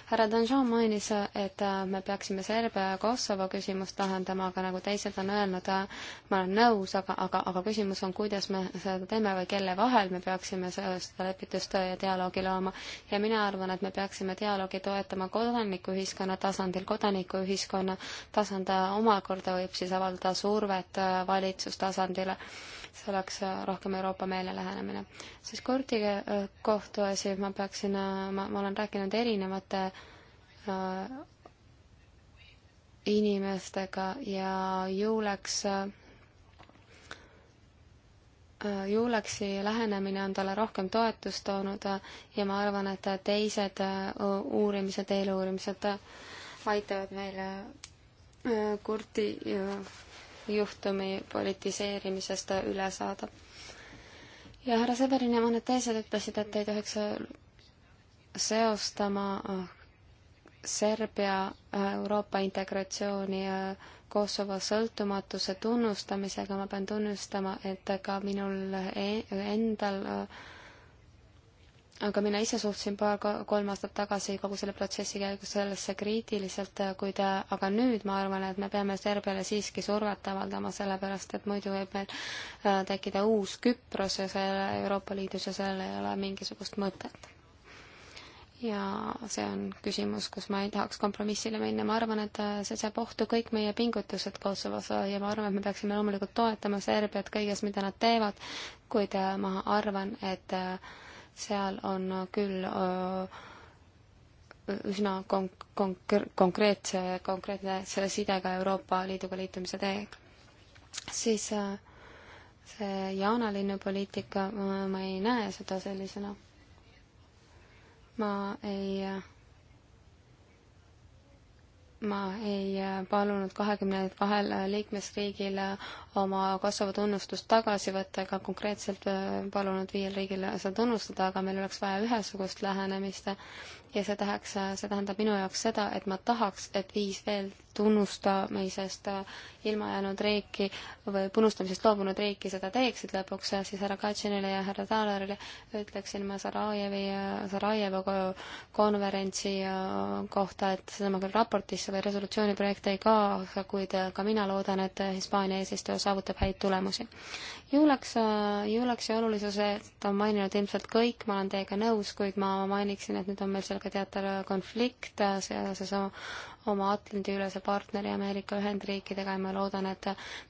härra Danjean mainis, et äh, me peaksime Serbia ja Kosovo küsimust lahendama, aga nagu teised on öelnud, äh, ma olen nõus, aga, aga, aga küsimus on, kuidas me seda teeme või kelle vahel me peaksime seda lepitustöö ja dialoogi looma. ja mina arvan, et me peaksime dialoogi toetama kodanikuühiskonna tasandil, kodanikuühiskonna tasand omakorda võib siis avaldada survet valitsustasandile see oleks äh, rohkem Euroopa meele lähenemine. siis Kurdi äh, kohtuasi, ma peaksin, äh, ma, ma olen rääkinud erinevate äh, inimestega ja jõuleks äh, Juuleksi lähenemine on talle rohkem toetust toonud ja ma arvan, et teised uurimised, eeluurimised aitavad meile kurdi juhtumi politiseerimisest üle saada. ja härra Severin ja mõned teised ütlesid, et ei tohiks seostama äh, Serbia äh, Euroopa integratsiooni ja äh, Kosovo sõltumatuse tunnustamisega ma pean tunnustama, et ka minul e-, endal äh, aga mina ise suhtlesin paar-kolm aastat tagasi kogu selle protsessi käigus sellesse kriitiliselt, kuid aga nüüd ma arvan, et me peame Serbiale siiski survet avaldama, sellepärast et muidu võib meil äh, tekkida uus Küpros ja selle Euroopa Liidus ja sellel ei ole mingisugust mõtet. ja see on küsimus, kus ma ei tahaks kompromissile minna, ma arvan, et äh, see seab ohtu kõik meie pingutused Kosovos ja ma arvan, et me peaksime loomulikult toetama Serbiat kõiges, mida nad teevad, kuid äh, ma arvan, et äh, seal on küll üsna konk-, konk-, konkreetse, konkreetne selle sidega Euroopa Liiduga liitumise teega. siis see jaanalinnu poliitika, ma ei näe seda sellisena. ma ei ma ei äh, palunud kahekümne kahel äh, liikmesriigil äh, oma Kosovo tunnustust tagasi võtta ega konkreetselt palunud viiel riigil seda tunnustada, aga meil oleks vaja ühesugust lähenemist ja see tahaks, see tähendab minu jaoks seda, et ma tahaks, et viis veel tunnustamisest äh, ilma jäänud riiki või tunnustamisest loobunud riiki seda teeksid lõpuks, äh, siis härra Katšinile ja härra Taalerile ütleksin ma Sarajevi, Sarajevo konverentsi äh, kohta, et seda ma küll raportisse või resolutsiooni projekte ei kaasa, kuid ka mina loodan, et Hispaania eesistuja saavutab häid tulemusi. Juuleks, Juuleksi olulisuse on maininud ilmselt kõik, ma olen teiega nõus, kuid ma mainiksin, et nüüd on meil seal ka teatav konflikt seoses oma Atlandi-ülese partneri Ameerika Ühendriikidega ja ma loodan, et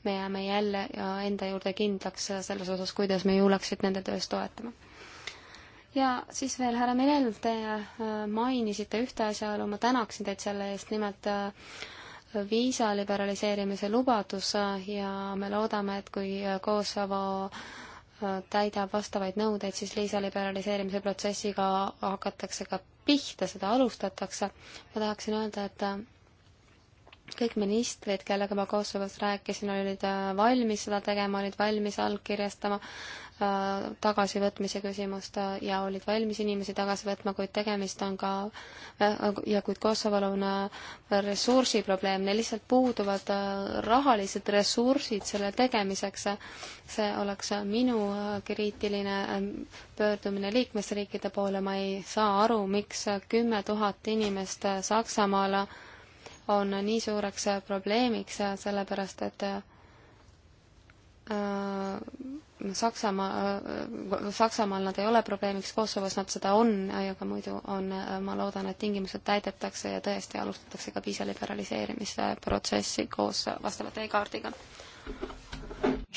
me jääme jälle enda juurde kindlaks selles osas, kuidas me julgeksid nende töös toetama ja siis veel, härra Merel, te äh, mainisite ühte asjaolu, ma tänaksin teid selle eest, nimelt äh, viisa liberaliseerimise lubadus äh, ja me loodame, et kui Kosovo täidab vastavaid nõudeid, siis viisa liberaliseerimise protsessiga hakatakse ka pihta seda alustatakse, ma tahaksin öelda, et kõik ministrid, kellega ma Kosovos rääkisin, olid äh, valmis seda tegema, olid valmis allkirjastama äh, tagasivõtmise küsimust äh, ja olid valmis inimesi tagasi võtma, kuid tegemist on ka äh, ja kuid Kosovol on äh, ressursiprobleem, neil lihtsalt puuduvad äh, rahalised ressursid selle tegemiseks. see oleks minu kriitiline ähm, pöördumine liikmesriikide poole, ma ei saa aru, miks kümme tuhat inimest Saksamaale on nii suureks probleemiks, sellepärast et äh, Saksamaa, äh, Saksamaal nad ei ole probleemiks, Kosovos nad seda on, aga muidu on, äh, ma loodan, et tingimused täidetakse ja tõesti alustatakse ka viisa liberaliseerimise protsessi koos vastava teekaardiga.